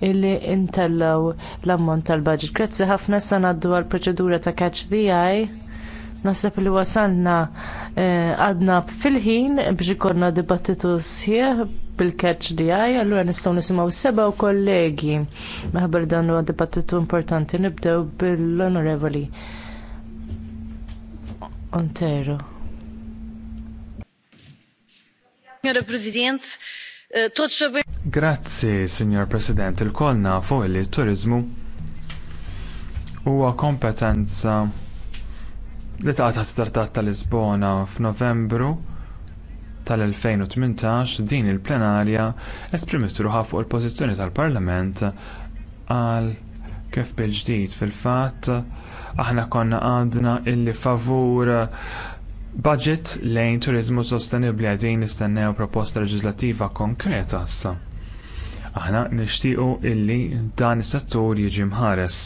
illi intellaw l-ammont tal-budget. Grazzi ħafna sa ngħaddu għall proċedura ta' catch the eye nasab li wasalna eh, għadna fil-ħin biex ikonna dibattitu sħiħ bil-catch di għaj, allura nistaw nisimaw seba u kollegi. Meħabel dan u dibattitu importanti nibdew bil-onorevoli. Ontero. Eh, Grazzi, signor President, il-kolna fuq il turizmu huwa kompetenza li ta' taħt trattat ta' lisbona f'Novembru tal-2018 din il-plenarja esprimet ruħha fuq il-pożizzjoni tal-Parlament għal kif bil-ġdid fil-fatt aħna konna għandna illi favur budget lejn turiżmu sostenibbli għadin nistennew proposta leġislattiva konkreta issa. Aħna nixtiequ illi dan is-settur jiġi mħares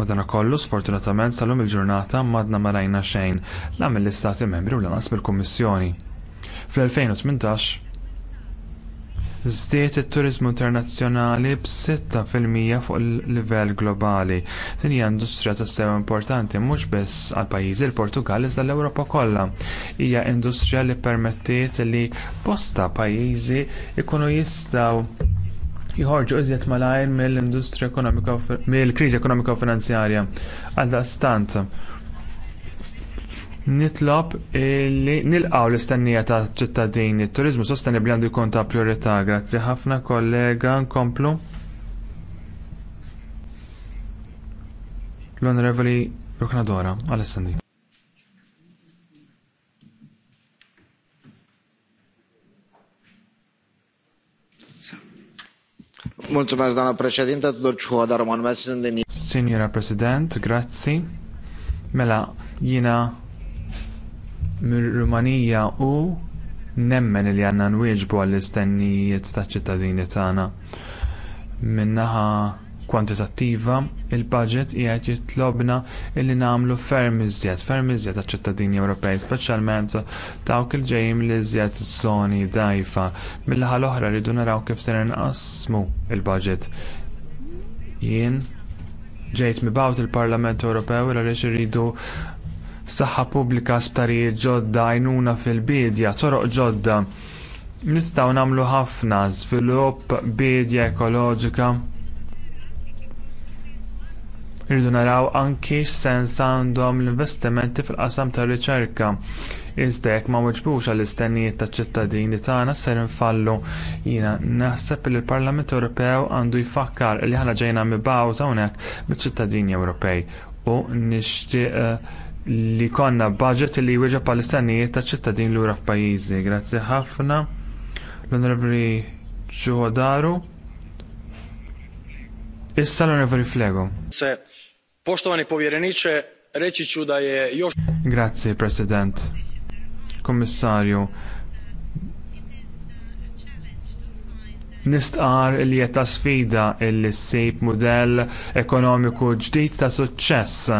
Madankollu sfortunatament sal-lum il-ġurnata m'għadna ma rajna xejn la mill-istati membri u lanqas mill-Kummissjoni. Fl-2018 Żdiet it-turiżmu internazzjonali fil-mija fuq il-livell globali. Din hija industrija tassew importanti mhux biss għal pajjiżi l-Portugal iżda l-Ewropa kollha. Hija industrija li permettiet li bosta pajjiżi jkunu jistgħu jħorġu iżjed malajr mill-industrija ekonomika mill-kriżi ekonomika u finanzjarja għaldaqstant nitlob li nilqgħu l-istennija taċ-ċittadini it-turiżmu sostenibbli għandu jkun ta' prijorità grazzi ħafna kollega nkomplu l-onorevoli Ruknadora Alessandri. Mulțumesc, doamna președintă, mă numesc, din... Signora President, grazzi. Mela, jina rumanija u nemmen li għanna nwieġbu għall-istennijiet ta' ċittadini tagħna. min kwantitattiva il-baġit qiegħed jitlobna li nagħmlu ferm iżjed ferm iżjed għaċ-ċittadini ewropej speċjalment dawk li ġejjin minn iżjed żoni dgħajfa mill aħħar l-oħra rridu naraw kif se inqasmu l-baġit jien ġejt mibgħut il-parlament ewropew għaliex iridu saħħa pubblika sptarijiet ġodda għajnuna fil-bidja toroq ġodda nistgħu nagħmlu ħafna żvilupp bidja ekoloġika irridu naraw anki x'sens għandhom l-investimenti fil-qasam tar-riċerka iżda jekk ma weġbux għall-istennijiet taċ-ċittadini tagħna ser infallu jiena naħseb li l-parlament ewropew għandu jfakkar li aħna ġejna mibgħut hawnhekk biċ-ċittadini ewropej u nixtieq eh, li jkollna budget li jwieġeb għall-istennijiet taċ-ċittadin lura f'pajjiżi. Grazzi ħafna l-Onorevoli Ġuħodaru. Issa l-Onorevoli Flego. Poštovani povjereniče, reći ću da je još... Grazie, President. Kommissarju, nistqar li ta' sfida il ssib mudell ekonomiku ġdid ta' suċċess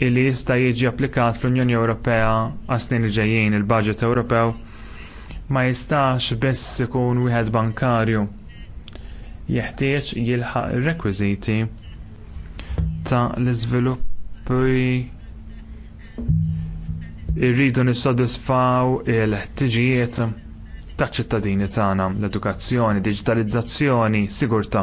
li jista' jiġi applikat fl-Unjoni Ewropea għas snin li ġejjin il budget Ewropew ma jistax biss ikun wieħed bankarju. Jeħtieġ jilħaq ir-rekwiżiti ta' l-iżviluppi irridu nissodisfaw il-ħtiġijiet taċ ċittadini tagħna l-edukazzjoni, diġitalizzazzjoni, sigurtà.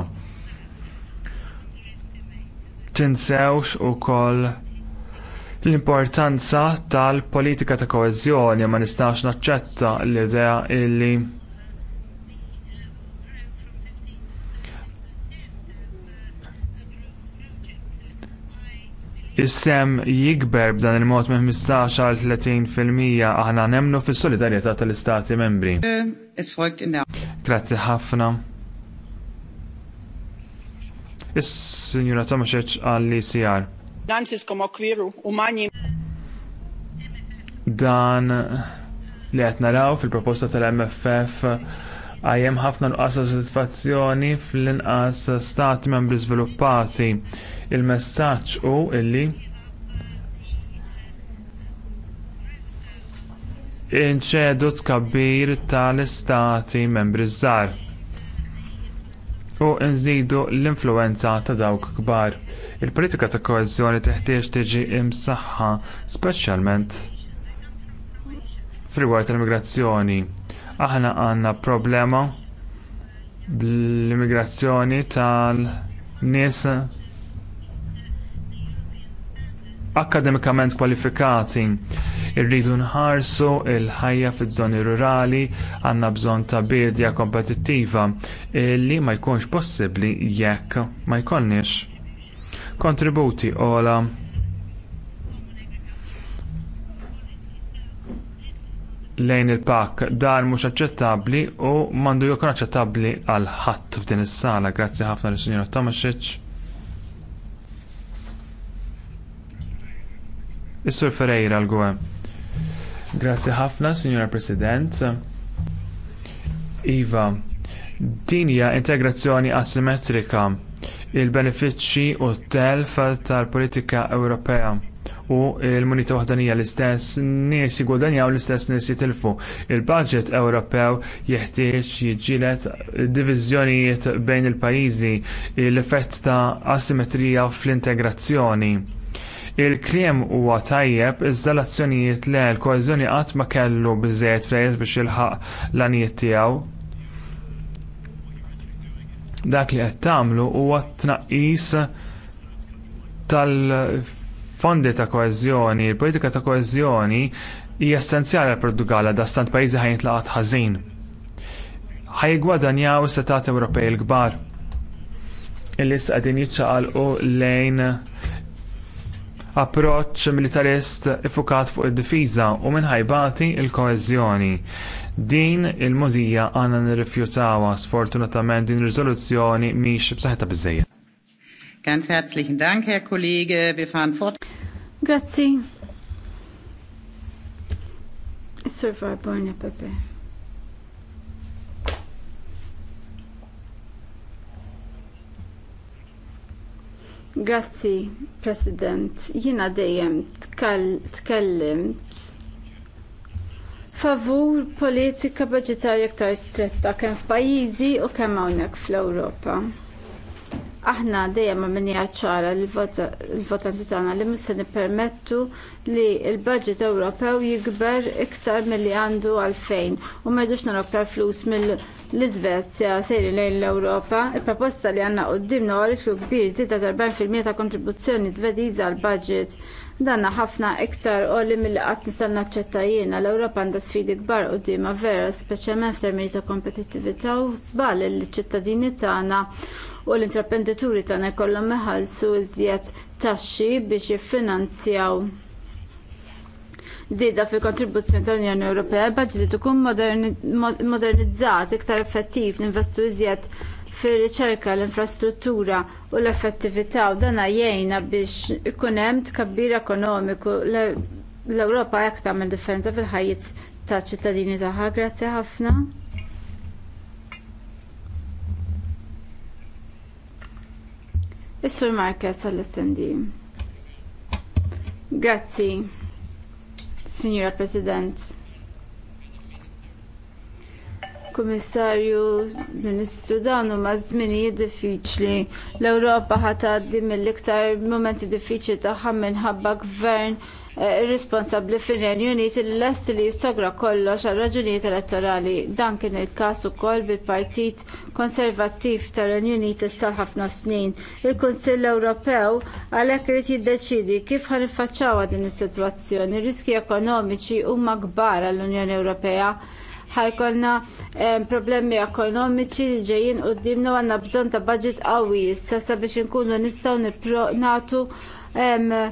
Tinsewx ukoll l-importanza tal-politika ta' koeżjoni ma nistax naċċetta l-idea illi is-sem jikber b'dan il-mod minn 15 għal 30% aħna nemnu fis-solidarjetà tal-istati membri. Eh, Grazzi ħafna. Is-Sinjura Tomaxeċ għall-ICR. Dan li qed naraw fil-proposta tal-MFF għajjem ħafna nuqqas satisfazzjoni fl-inqas stati membri żviluppati il-messaġġ hu li inċedu tkabbir tal-istati membri żgħar u nżidu l-influwenza ta' dawk kbar. Il-politika ta' koeżjoni teħtieġ tiġi msaħħa speċjalment fil-rigward tal-immigrazzjoni. Aħna għandna problema bl-immigrazzjoni tal-nies akademikament kwalifikati. Irridu nħarsu l ħajja fiż-żoni rurali għandna bżonn ta' biedja kompetittiva li ma jkunx possibbli jekk ma jkollniex. Kontributi ola lejn il-pak dar mhux aċċettabbli u m'għandu jkun aċċettabbli għal ħadd f'din is-sala. Grazzi ħafna lis-Sinjora Tomasic. Is-Sur Ferreira l-Gwe. Grazzi ħafna, Signora President. Iva, din hija integrazzjoni asimetrika il-benefiċċji u t-telf tal-politika Ewropea u l-munita waħdanija l-istess nies u l-istess nies jitilfu. Il-budget Ewropew jeħtieġ jiġilet diviżjonijiet bejn il-pajjiżi l-effett ta' asimetrija fl-integrazzjoni Il-kliem huwa tajjeb, iżda l-azzjonijiet le l-koeżjoni qatt ma kellu biżżejjed flejjes biex jilħaq l għanijiet tiegħu. Dak li qed tagħmlu huwa tnaqqis tal-fondi ta' koeżjoni, il-politika ta' koeżjoni hija essenzjali għall Portugala da stant pajjiżi ħajn tlaqat ħażin. Ħajgwadanjaw is-setat Ewropej il kbar illi qegħdin jiċċaqalqu lejn approċċ militarist iffukat fuq id-difiża u minħajbati l koeżjoni Din il-mużija għandna nirrifjutawha sfortunatament din ir-riżoluzzjoni mhix b'saħħitha biżżejjed. Ganz herzlichen Dank, Herr Kollege. Wir fahren fort. Grazie. Grazzi, President. Jiena dejjem tkellimt favur politika budgetarja aktar stretta kemm f'pajjiżi u kemm hawnhekk fl-Ewropa aħna dejjem għamilni ċara l-votanti tagħna li mhux se nippermettu li l-budget Ewropew jikber iktar milli għandu għalfejn u m'għadux nara aktar flus mill-Iżvezja sejri lejn l-Ewropa. Il-proposta li għandna qudiemna huwa riskju kbir żieda 40% ta' kontribuzzjoni Żvediża għall budget danna ħafna iktar qoli milli qatt nista' naċċetta jiena l-Ewropa għandha sfidi kbar qudiemha vera speċjalment f'termini ta' kompetittività u żball il ċittadini tagħna u l-intraprenditori tagħna jkollhom iħallsu iżjed taxxi biex jiffinanzjaw Żieda fil kontribuzzjoni tal-Unjoni Ewropea il-budget ikun modernizzat iktar effettiv ninvestu iżjed fir-riċerka l-infrastruttura u l-effettività u dan jgħinna biex ikun hemm tkabbir ekonomiku l-Ewropa hekk tagħmel differenza fil-ħajjiet taċ ċittadini tagħha. Grazzi ħafna. Is-Sur Marquez għall Grazzi, Signora President. Komissarju, Ministru, dan huma żminijiet diffiċli. L-Ewropa ħatgħaddi mill-iktar mumenti diffiċli tagħha minħabba gvern Eh, responsabbli fir-Renju Unit lest li jissogra kollox għal raġunijiet elettorali. Dan kien il-każ ukoll bil-Partit Konservattiv tar-Renju Unit issa ħafna snin. Il-Kunsill Ewropew għalhekk irid jiddeċiedi kif ħanifaċċawha din is-sitwazzjoni. Riski ekonomiċi huma kbar għall-Unjoni Ewropea ħajkolna eh, problemi ekonomiċi li ġejjin qudiemna għandna bżonn ta' budget qawwi issa sabiex inkunu nistgħu nagħtu eh,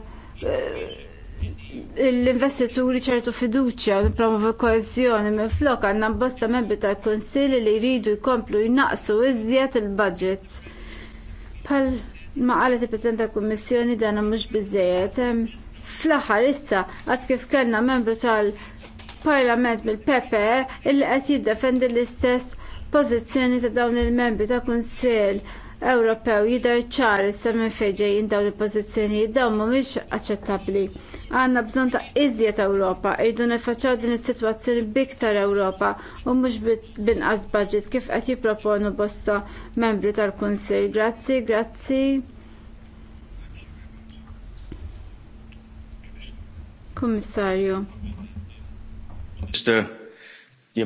l-investituri ċertu fiduċja u promovu koezjoni minn flok għandna bosta membri tal-Kunsilli li jridu jkomplu jnaqsu iżjed il-budget. Pal ma qalet il-President tal-Kummissjoni dan mhux biżejjed. Fl-aħħar issa għad kif kellna membru tal-Parlament mill pepe illi qed jiddefendi l-istess pożizzjoni ta' dawn il-membri tal-Kunsill Ewropew jidher ċar semmi fejn ġejjin dawn il-pożizzjonijiet dawn mhumiex aċċettabbli. Għandna bżonn ta' iżjed Ewropa, irdu nifaċċaw din is-sitwazzjoni biktar Ewropa u mhux binqas budget kif qed jipproponu bosta membri tal-Kunsill. Grazzi, grazzi. Kummissarju. Mr.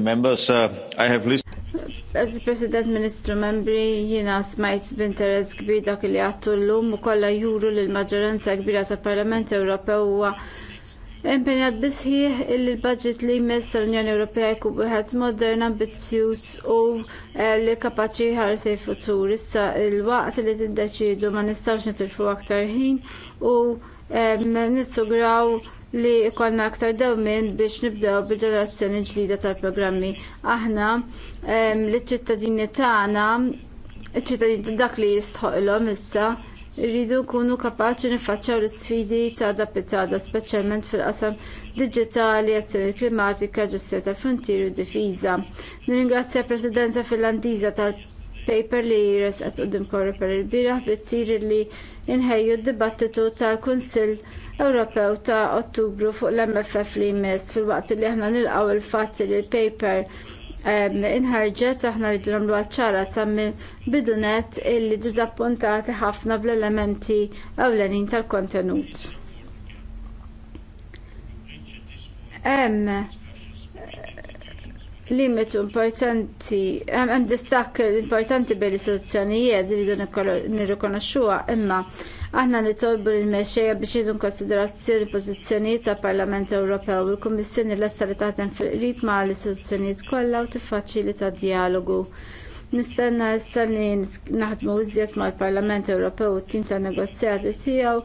Members, uh, I have listened Għazi President Ministru Membri, jina smajt b'interess kbir dak li għattu l-lum u kolla juru li l-maġġoranza kbira ta' Parlament Ewropew huwa impenjat bisħiħ li l-budget li jmiss tal-Unjoni Ewropea jkun wieħed modern, ambizzjuż u eh, li kapaċi ħarsej futur. Issa il-waqt li t-deċidu ma nistgħux nitilfu aktar ħin u eh, nissugraw li jkollna aktar dewmien biex nibdew bil-ġenerazzjoni ġdida tal-programmi. Aħna liċ ċittadini tagħna iċ-ċittadini dak li jistħoqilhom issa jridu nkunu kapaċi niffaċċjaw l-isfidi ta' dapitada, speċjalment fil-qasam diġitali, azzjoni klimatika, ġestjoni tal frontieri u difiża. Nirringrazzja Presidenza Finlandiża tal-paper li jires qed quddiem korri per il-bieraħ bit li inħejju d-dibattitu tal-Kunsill Ewropew ta' Ottubru fuq l-MFF li jmiss filwaqt li aħna nilqgħu il-fatt li l-paper inħarġet aħna rridu nagħmlu ċara sammi bidunet illi diżappuntati ħafna bl-elementi ewlenin tal-kontenut. Hemm limitu importanti, hemm distakk importanti bejn l-istituzzjonijiet li rridu nirrikonoxxuha imma Aħna nitolbu l mexxejja biex jidu konsiderazzjoni pożizzjonijiet tal Parlament Ewropew u l-Kummissjoni lesta li taħdem fil-qrib ma' l-istituzzjonijiet kollha u tiffaċilita dialogu. Nistenna issa li naħdmu iżjed mal-Parlament Ewropew u t-tim ta' negozjati tiegħu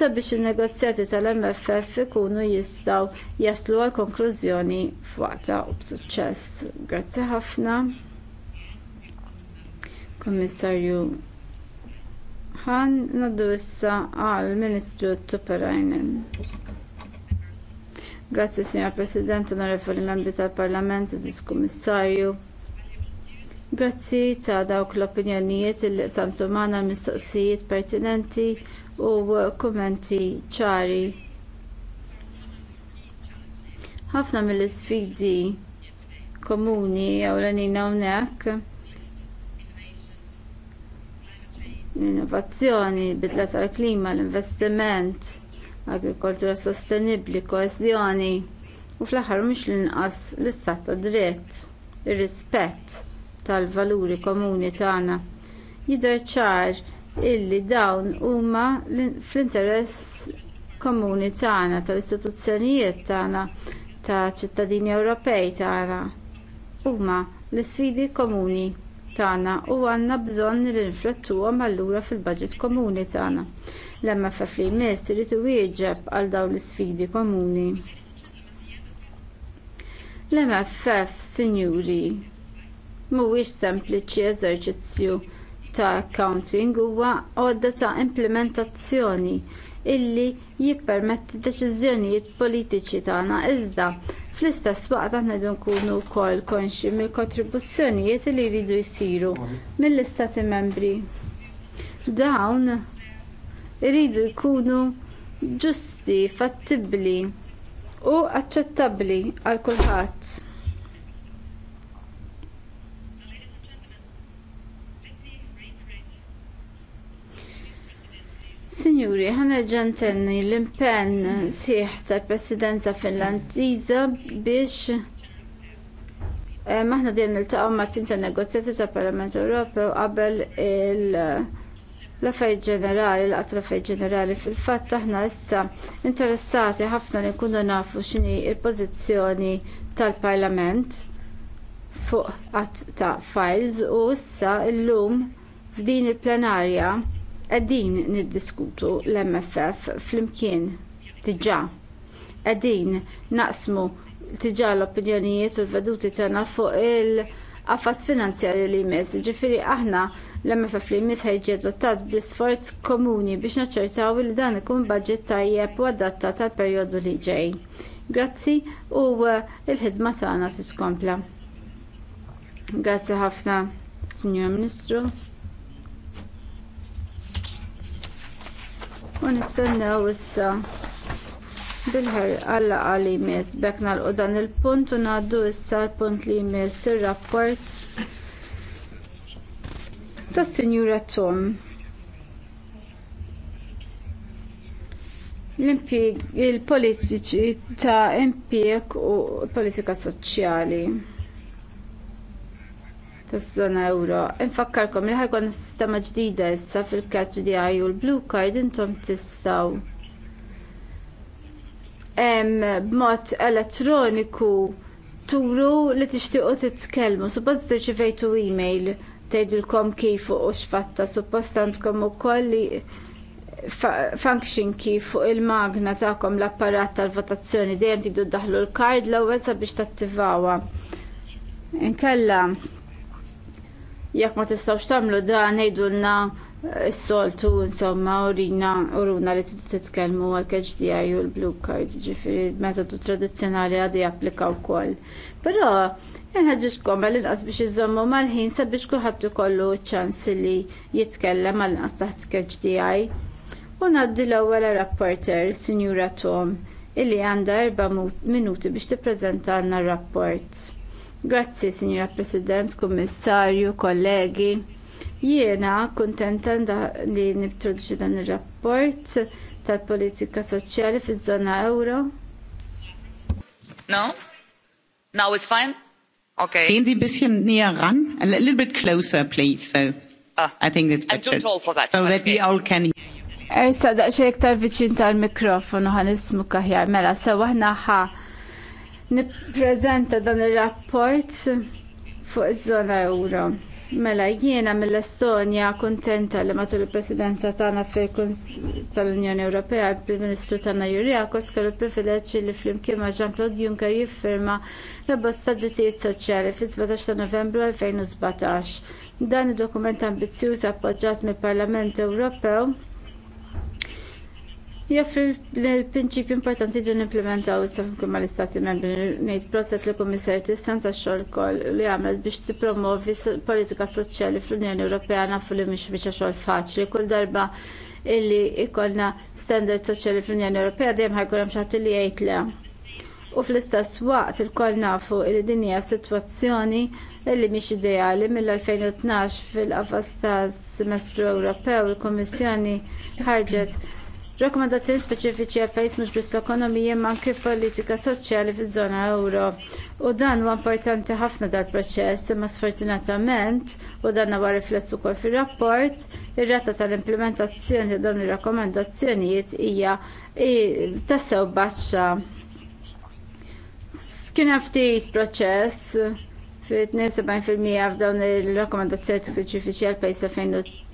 sabiex in-negozjati tal-MFF ikunu jistgħu jaslu għal konklużjoni f'waqta u b'suċċess. Grazzi ħafna. Kommissarju ħan naddu issa għal Ministru Tuperajnen. Grazzi, Signor President, onorevoli membri tal-Parlament, Aziz Kummissarju. Grazzi ta' dawk l-opinjonijiet li samtu magħna mistoqsijiet pertinenti u kummenti ċari. Ħafna mill-isfidi komuni ewlenin hawnhekk l-innovazzjoni, bidla tal-klima, l-investiment, agrikoltura sostenibbli, koeżjoni u fl-aħħar mhux l-inqas l-istat ta' dritt, ir-rispett tal-valuri komuni tagħna. Jidher ċar illi dawn huma fl-interess komuni tagħna tal-istituzzjonijiet tagħna ta' ċittadini Ewropej tagħna huma l-isfidi komuni tagħna u għandna bżonn li nirriflettuhom allura fil-baġit komuni tagħna. L-MFF li jmiss irid iwieġeb għal dawn l-isfidi komuni. L-MFF, sinjuri, mhuwiex sempliċi eżerċizzju ta' accounting huwa għodda ta' implementazzjoni illi jippermetti deċiżjonijiet politiċi tagħna iżda Fl-istess waqt aħna qed nkunu wkoll konxi mill-kontribuzzjonijiet li jridu jsiru mill-istati membri. Dawn iridu jkunu ġusti, fattibbli u aċċettabbli għal kulħadd. Signori, ħanerġa' ntenni l-impenn sieħ tal-Presidenza Finlandiża biex eh, maħna dejjem niltaqgħu ma' tim tan-negozjati tal-Parlament Ewropew qabel l-affarijiet ġenerali, l-qatt affarijiet ġenerali fil-fatt aħna issa interessati ħafna li nkunu nafu x'inhi l-pożizzjoni tal-Parlament fuq qatt ta' files u issa llum f'din il-plenarja qegħdin niddiskutu l-MFF flimkien diġà qegħdin naqsmu diġà l-opinjonijiet u l-veduti tagħna fuq il-qafas finanzjarju li jmiss. Ġifieri aħna l-MFF li jmiss ħejġi adottat bl-isforz komuni biex naċċertaw li dan ikun budget tajjeb u adattat għall perjodu li ġej. Grazzi u uh, l ħidma tagħna skompla. Grazzi ħafna, Signor Ministru. U nistennew issa bil-ħer għalla għali mis bekna l dan il-punt u ngħaddu issa l-punt li jmiss ir rapport tas Sinjura Tom. l il-politiċi ta' impjeg u politika soċjali tas-żona euro. Infakkarkom li ħajkun sistema ġdida issa fil-catch di u l-blue card intom tistgħu b'mod elettroniku turu li tixtiequ titkellmu. Suppost tirċivejtu email tgħidilkom kif u x'fatta, suppost għandkom ukoll function key fuq il-magna tagħkom l-apparat tal-votazzjoni dejjem tidu ddaħlu l-kard l-ewwel sabiex tattivawha. Inkella Jekk ma tistgħux tagħmlu dan ngħidulna s-soltu insomma urina uruna li tidu titkellmu għal KHDI u l-blue cards ġifiri il-metodu tradizzjonali għadi japplika wkoll. Però xkom għal-inqas biex iżommu mal-ħin sabiex kuħadd kollu ċans li jitkellem għal-inqas taħt għaj. U naddi l-ewwel rapporter, Sinjura Tom, illi għandha erba' minuti biex tippreżentalna r-rapport. Grazzi, Signora President, Kummissarju, kollegi. Jiena kuntenta li niptroduċi dan ir-rapport tal-politika soċjali fiż-żona Ewro. No? Now it's fine? Okay. a little bit closer please. So ah. I think it's better. I'm too tall for that. So okay. that we all can hear. Ersa daqxie iktar viċin tal-mikrofonu ismu mela, ħa nippreżenta dan ir-rapport fuq iż-żona euro. Mela jiena mill-Estonja kuntenta li matul il-Presidenza tagħna tal-Unjoni Ewropea il-Prim Ministru tagħna Juriakos kellu privileġġ li flimkien ma' Jean-Claude Juncker jiffirma l-abbozz ta' soċjali fi 17 ta' Novembru 2017. Dan id-dokument ambizzjuż appoġġjat mill-Parlament Ewropew Jaffri l-prinċipju importanti ġen implementaw s-samkum mal istati membri ngħid proset li komissar tissan ta' xogħol ukoll li għamel biex t-promovi politika soċjali fl-Unjoni Ewropea nafu li mhix biex xogħol faċli kull darba illi jkollna standard soċjali fl-Unjoni Ewropea dejjem ħajkun hemm xi li jgħid le. U fl-istess waqt il nafu li din hija sitwazzjoni illi mhix ideali mill-2012 fil-qafas ta' semestru Ewropew il-Kummissjoni ħarġet Rakkomandazzjoni speċifiċi għal pajjiż mhux biss ekonomija ma anke politika soċjali fiż-żona euro. U dan huwa importanti ħafna dal-proċess, imma sfortunatament, u dan huwa rifless ukoll fir-rapport, ir-rata tal-implementazzjoni ta' dawn ir-rakkomandazzjonijiet hija tassew baxxa. Kien hemm ftit proċess fi 72% f'dawn ir rakkomandazzjoni speċifiċi għal fejn 2000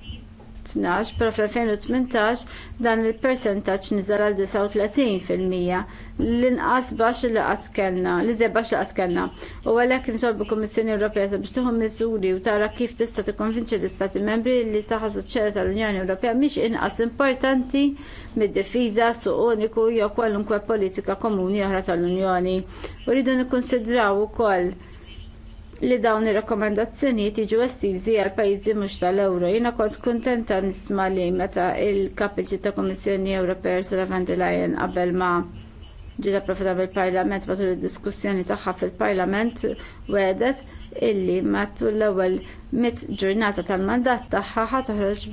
2012, però fl-2018 dan il-persentaġġ niżel għal 39% l-inqas bax li qatt kellna, li żebax li qatt kellna. U għalhekk nitolbu Kummissjoni Ewropea sabiex tieħu misuri u tara kif tista' tikkonvinċi l-Istati Membri li saħa suċċess għall unjoni Ewropea mhix inqas importanti mid-difiża suq uniku jew kwalunkwe politika komuni oħra tal-Unjoni. U rridu nikkonsidraw ukoll li dawn ir-rakkomandazzjonijiet jiġu estiżi għal pajjiżi mhux tal-ewro. Jiena kont kuntenta nisma' li meta l kapiċi ta' Kummissjoni Ewropea Ursula von der Leyen qabel ma ġiet approvata bil-Parlament matul id-diskussjoni tagħha fil-Parlament wedet illi matul l-ewwel mit ġurnata tal-mandat tagħha ħa toħroġ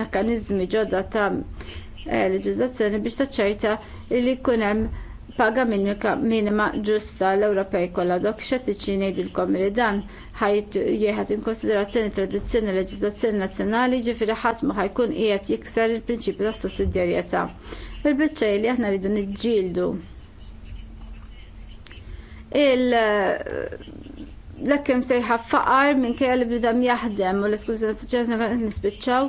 mekkaniżmi ġodda ta' eh, leġiżlazzjoni biex taċċerta li jkun hemm paga minima ġusta l-Ewropej kollha dok xettiċi ngħidilkom li dan ħajt jieħed inkonsiderazzjoni tradizzjoni leġiżlazzjoni nazzjonali ġifieri ħadd ma ħajkun qiegħed jikser il-prinċipju tas sussidjarjetà. Il-biċċej li aħna rridu niġġieldu il l-ekkim sejħa faqar minn kajja li bidam jaħdem u l-eskuza s-sġazna nispiċċaw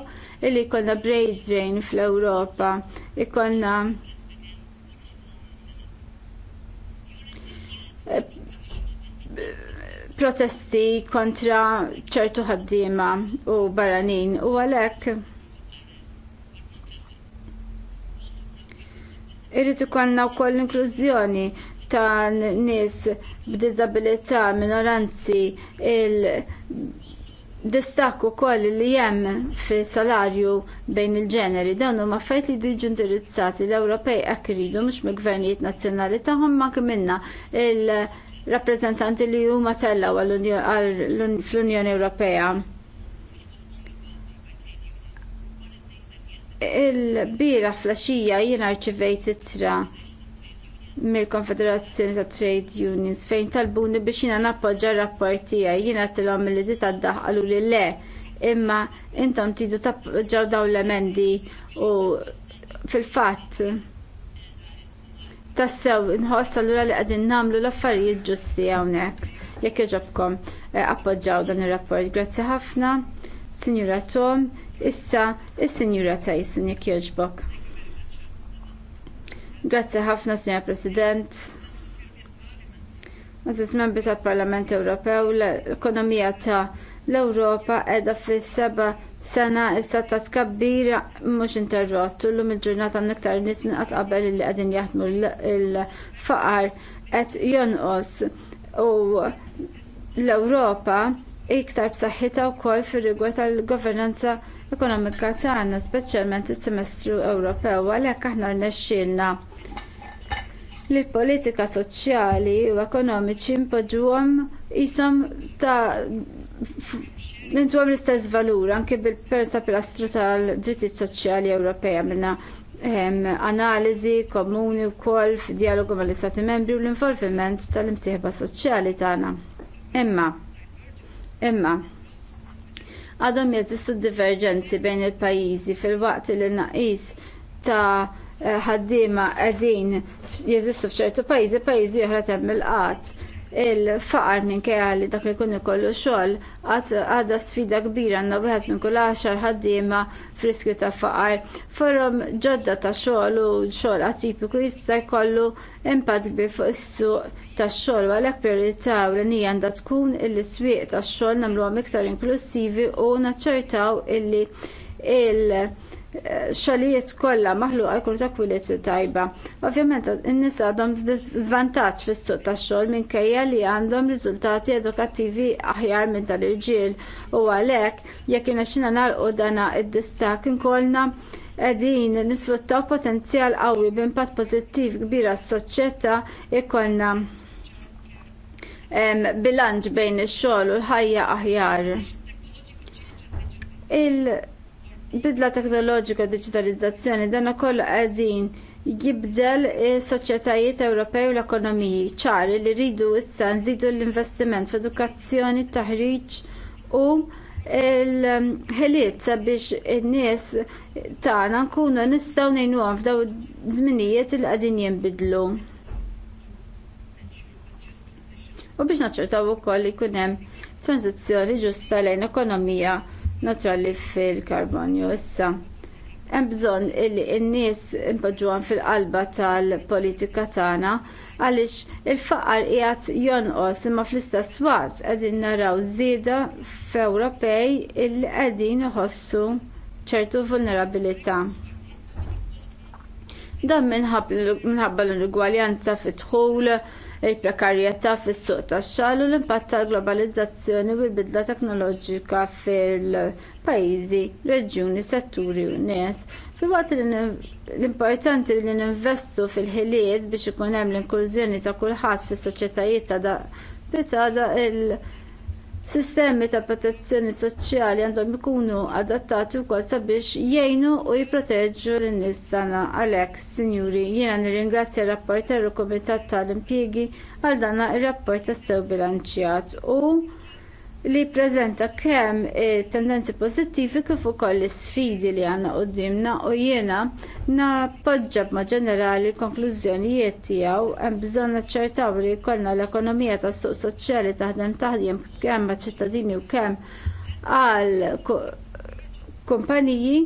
illi konna braid drain fl-Europa ikonna protesti kontra ċertu ħaddiema u barranin u għalhekk irrid u wkoll inklużjoni ta' nies b'diżabilità minoranzi il Distakk ukoll li hemm fi salarju bejn il-ġeneri dawn huma affarijiet li jiġu indirizzati l-Ewropej hekk iridu mhux mill-gvernijiet nazzjonali tagħhom ma minna il-rappreżentanti li huma tellgħu fl-Unjoni Ewropea. Il-bira flaxija jiena rċivejt ittra mill-Konfederazzjoni tat Trade Unions fejn talbuni biex jiena nappoġġa r-rapport tiegħi jien tilhom li di tad qalu li le imma intom tidu tappoġġaw dawn l-emendi u fil-fatt tassew inħoss allura li qegħdin nagħmlu l-affarijiet ġusti hawnhekk jekk iġobkom eh, appoġġaw dan ir-rapport. Grazzi ħafna, Sinjura Tom, issa is-Sinjura Tyson jekk jogħġbok. Grazzi ħafna, Signor President. Għaziz membri tal Parlament Ewropew, l-ekonomija ta' l-Ewropa edha fis seba sena issa ta' tkabbira mhux interrott. Llum il-ġurnata iktar nies minn qatt qabel li qegħdin jaħdmu l-faqar qed jonqos u l-Ewropa iktar b'saħħitha wkoll fir-rigward tal-governanza ekonomika tagħna, speċjalment is-semestru Ewropew għalhekk aħna rnexxielna li l-politika soċjali u ekonomiċi mpoġġuhom qishom ta' intuhom l-istess valur anke bil-persa pilastru tal-drittijiet soċjali Ewropea minna ehm, analiżi komuni wkoll f'dialogu mal-Istati Membri u l-involviment tal-imsieħba soċjali tagħna. Imma imma għadhom jeżistu diverġenzi bejn il-pajjiżi fil-waqt li naqis ta' ħaddiema qegħdin jeżistu f'ċertu pajjiżi, pajjiżi oħra hemm il-qatt. Il-faqar minkejja li dak li jkun ikollu xogħol għadha sfida kbira għandna wieħed minn kull għaxar ħaddiema friskju ta' faqar. Forum ġodda ta' xogħol u xogħol atipiku jista' jkollu impatt kbir fuq is-suq tax-xogħol għalhekk li hija għandha tkun il iswieq tax-xogħol nagħmluhom iktar inklusivi u naċċertaw illi il- xalijiet kollha maħluqa jkunu ta' kwiliet tajba. Ovvjament, in-nies għadhom żvantaġġ fis-suq tax-xogħol minkejja li għandhom riżultati edukattivi aħjar minn tal-irġiel u għalhekk jekk inaxxina nagħlqu dana id-distak inkolna qegħdin nisfruttaw potenzjal qawwi b'impatt pożittiv kbir għas-soċjetà ikollna bilanċ bejn ix-xogħol u l-ħajja aħjar. Il- bidla teknoloġika u diġitalizzazzjoni dan ukoll qegħdin jibdel is-soċjetajiet Ewropej u l-ekonomiji ċari li rridu issa nżidu l-investiment f'edukazzjoni, taħriġ u l-ħiliet sabiex in-nies tagħna nkunu nistgħu ngħinuhom f'daw żminijiet li qegħdin jinbidlu. U biex naċċertaw ukoll li jkun hemm tranzizzjoni ġusta lejn ekonomija naturali fil-karbonju. Issa, hemm bżonn li n-nies impoġġuhom fil-qalba tal-politika tagħna għaliex il-faqar qiegħed jonqos imma fl-istess waqt qegħdin naraw żieda f'Ewropej illi qegħdin iħossu ċertu vulnerabilità. Dan minħabba l-ingwaljanza fit-dħul, il-prekarjetà fis-suq tax-xogħol u l-impatt tal-globalizzazzjoni u l-bidla teknoloġika fil-pajjiżi, reġjuni, setturi u nies. Filwaqt l-importanti li ninvestu fil-ħiliet biex ikun hemm l-inklużjoni ta' kulħadd fis-soċjetajiet ta' il- Sistemi ta' protezzjoni soċjali għandhom ikunu adattati wkoll sabiex jgħinu u jipproteġġu lin-nies tagħna għalhekk, sinjuri, jiena nirringrazzja r-rapporter u kumitat tal-impjiegi għal dan ir-rapport tas-sew bilanċjat u li jippreżenta kemm eh, tendenzi pożittivi kif ukoll is-sfidi li għandna qudiemna u jiena nappoġġa ma' ġenerali l-konklużjonijiet tiegħu hemm bżonn naċċertaw li jkollna l-ekonomija tas-suq soċjali taħdem taħdem kemm ma' ċittadini u kemm għal kumpaniji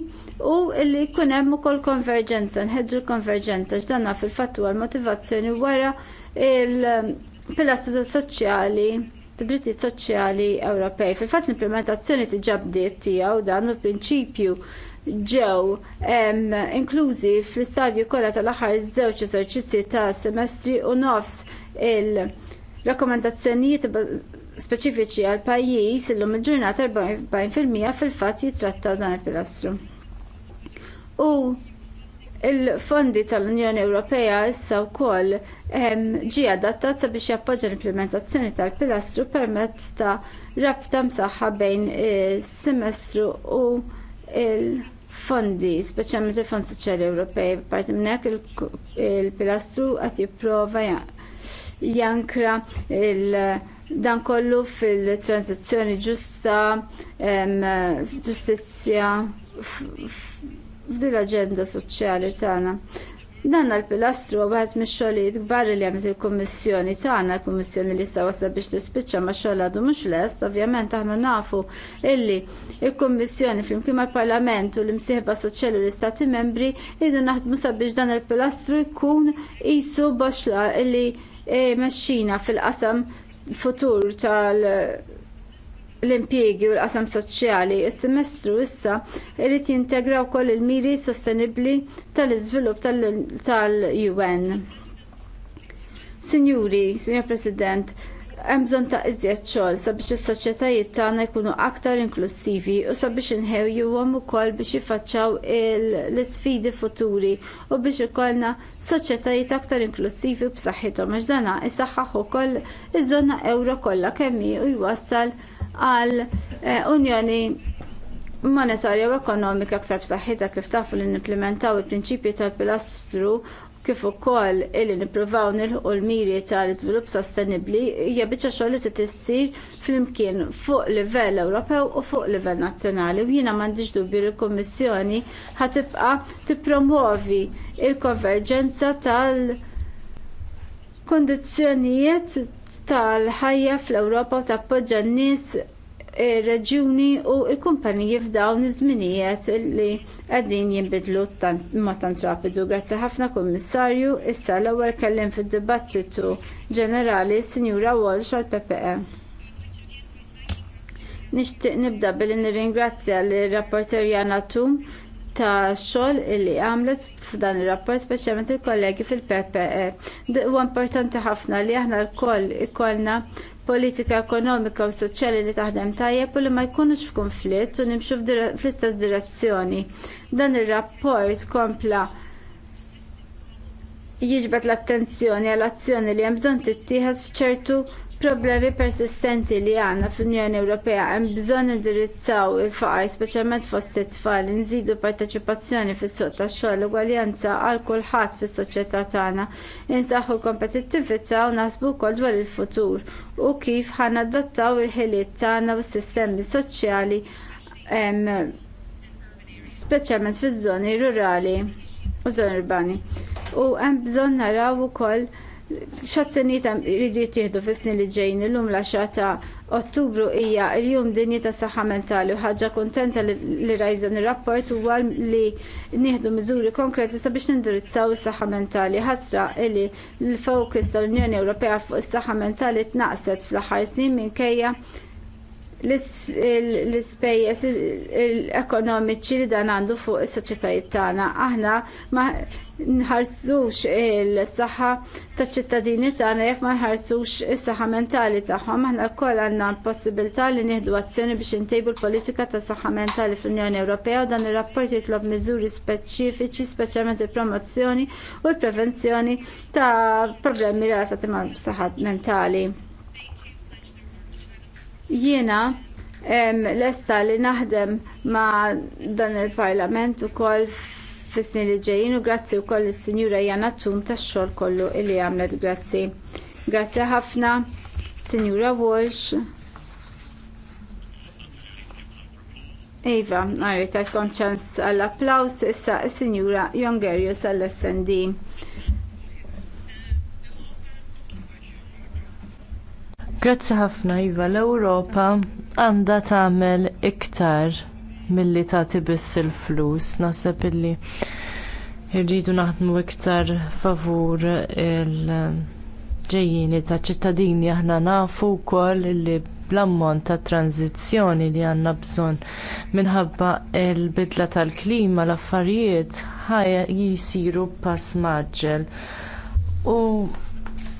u li jkun hemm ukoll konverġenza, nħeġġu konverġenza x'danna fil-fatt huwa l-motivazzjoni wara il-pilastri soċjali ta' drittijiet soċjali Ewropej. Fil-fatt l-implementazzjoni tiġa bdiet tiegħu dan il prinċipju ġew inklużi fl-istadju kollha tal-aħħar żewġ eżerċizzji tas semestri u nofs il-rakkomandazzjonijiet speċifiċi għal pajjiż illum il-ġurnata 40% fil-fatt jitrattaw dan il-pilastru. U Il-fondi tal-Unjoni Ewropea issa wkoll ġie adattata biex jappoġġa l-implementazzjoni tal-pilastru permezz ta' rabta msaħħa bejn is-semestru u l fondi speċjalment il-Fond Soċjali Ewropej. Parti minn hekk il-pilastru qed jipprova jankra dan kollu fil-transizzjoni ġusta, ġustizzja din l-aġenda soċjali tagħna. Dan l-pilastru waħed mis xogħlijiet kbar li għamilt il-Kummissjoni tagħna, l-Kummissjoni li sa wasla biex tispiċċa ma xogħol għadu mhux lest, ovvjament aħna nafu illi il-Kummissjoni flimkien mal-Parlament u l-imsieħba soċjali u l-Istati membri jridu naħdmu sabiex dan il-pilastru jkun qisu boxla illi eh, meċċina fil-qasam futur tal- l-impjegi u l-qasam soċjali, is-semestru issa irid jintegra wkoll il-miri sostenibbli tal-iżvilupp tal-UN. Sinjuri, Signor President, hemm bżonn ta' iżjed xogħol sabiex is-soċjetajiet tagħna jkunu aktar inklusivi u sabiex inħejjuhom ukoll biex jiffaċċjaw l-isfidi futuri u biex ikollna soċjetajiet aktar inklusivi b'saħħithom għax dan isaħħaħ ukoll iż-żona ewro kollha kemm hi u jwassal għal eh, Unjoni monetarja u ekonomika ksar b'saħħita kif tafu li nimplementaw il-prinċipji tal-pilastru kif ukoll illi nippruvaw nilħu l-miri tal-iżvilupp sostenibbli hija biċċa xogħol li tissir flimkien fuq livell Ewropew u fuq livell nazzjonali u jiena m'għandix dubju li l-Kummissjoni ħatibqa' tippromuovi l konverġenza tal- kundizzjonijiet tal-ħajja fl-Ewropa u tappoġġa n-nies ir-reġjuni u l-kumpaniji f'dawn iż-żminijiet li qegħdin jinbidlu ma' tant rapidu. Grazzi ħafna Kummissarju, issa l-ewwel kellim fid-dibattitu ġenerali Sinjura Walsh għall PPE. Nixtieq nibda billi nirringrazzja lir rapporter Jana Tum ta' xogħol illi għamlet f'dan ir-rapport speċjalment il-kollegi fil-PPE. Huwa importanti ħafna li aħna lkoll ikollna politika ekonomika u soċjali li taħdem tajjeb u li ma jkunux f'kunflitt u nimxu fl-istess direzzjoni. Dan ir-rapport kompla jiġbed l-attenzjoni għall azzjoni li hemm bżonn tittieħed f'ċertu problemi persistenti li għandna fl-Unjoni Ewropea hemm bżonn indirizzaw il-faqar speċjalment fost it-tfal nżidu parteċipazzjoni fis-suq tax-xogħol ugwaljanza għal kulħadd fis-soċjetà tagħna, insaħħu l-kompetittività u naħsbu wkoll dwar il-futur u kif ħanadattaw il-ħiliet tagħna u s-sistemi soċjali speċjalment fiż-żoni rurali u żoni urbani. U hemm bżonn naraw ukoll xazzjonijiet jridu jittieħdu fis-snin li ġejjin illum l-10 ta' Ottubru hija l-jum dinji ta' saħħa mentali u ħaġa kuntenta li rajt dan ir-rapport huwa li nieħdu miżuri konkreti sabiex nindirizzaw is-saħħa mentali. Ħasra li l-fokus tal-Unjoni Ewropea fuq is-saħħa mentali tnaqset fl-aħħar snin minkejja l-ispejjeż ekonomiċi li dan għandu fuq is-soċjetajiet tagħna. Aħna ma nħarsux il-saħħa taċ ċittadini tagħna jekk ma nħarsux is-saħħa mentali tagħhom. Aħna wkoll għandna l-possibilità li nieħdu azzjoni biex intejbu l-politika tas saħħa mentali fl-Unjoni Ewropea u dan ir-rapport jitlob miżuri speċifiċi speċjalment il-promozzjoni u l-prevenzjoni ta' problemi relatati ma' saħħa mentali. Jiena lesta li naħdem ma' dan il-Parlament ukoll fis-snin li ġejjin u grazzi wkoll is-Sinjura Jana Tum tax-xogħol kollu li għamlet grazzi. Grazzi ħafna, Sinjura Walsh. Iva, għarri tkun ċans għall-applaus issa s-Sinjura Jongerius għall-SND. Grazzi ħafna Iva l-Ewropa għandha tagħmel iktar milli tagħti biss il-flus. Naħseb illi rridu naħdmu iktar favur il-ġejjini ta' ċittadini aħna nafu wkoll li bl-ammont ta' tranzizzjoni li għandna bżonn minħabba l-bidla tal-klima l-affarijiet ħajja jisiru pass maġġel. U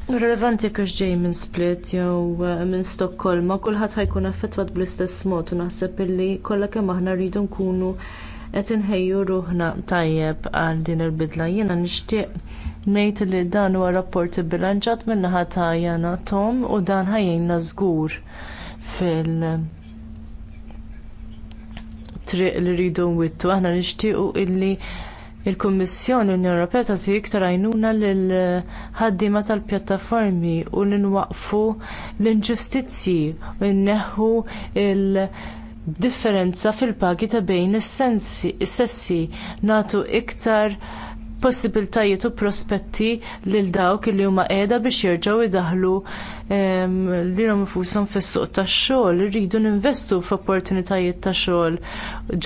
Relevanti kax ġej minn Split jew eh, minn Stokkolma, kulħadd ħajkun affettwat bl-istess mod u naħseb illi kollha kemm aħna rridu nkunu qed inħejju ruħna tajjeb għal din il-bidla. Jiena nixtieq ngħid li dan huwa rapport ibbilanċat min-naħa ta' Jana Tom u dan ħajjinna żgur fil- triq li rridu nwittu aħna nixtiequ illi il-Kummissjoni unjoni Ewropea tagħti iktar għajnuna lil ħaddiema tal-pjattaformi u li nwaqfu l-inġustizzji u nneħħu l differenza fil-pagi ta' bejn is-sessi nagħtu iktar possibiltajiet u prospetti lil dawk li huma qiegħda biex jerġgħu jdaħlu ehm, lilhom infushom fis-suq tax-xogħol, irridu ninvestu f'opportunitajiet ta' xogħol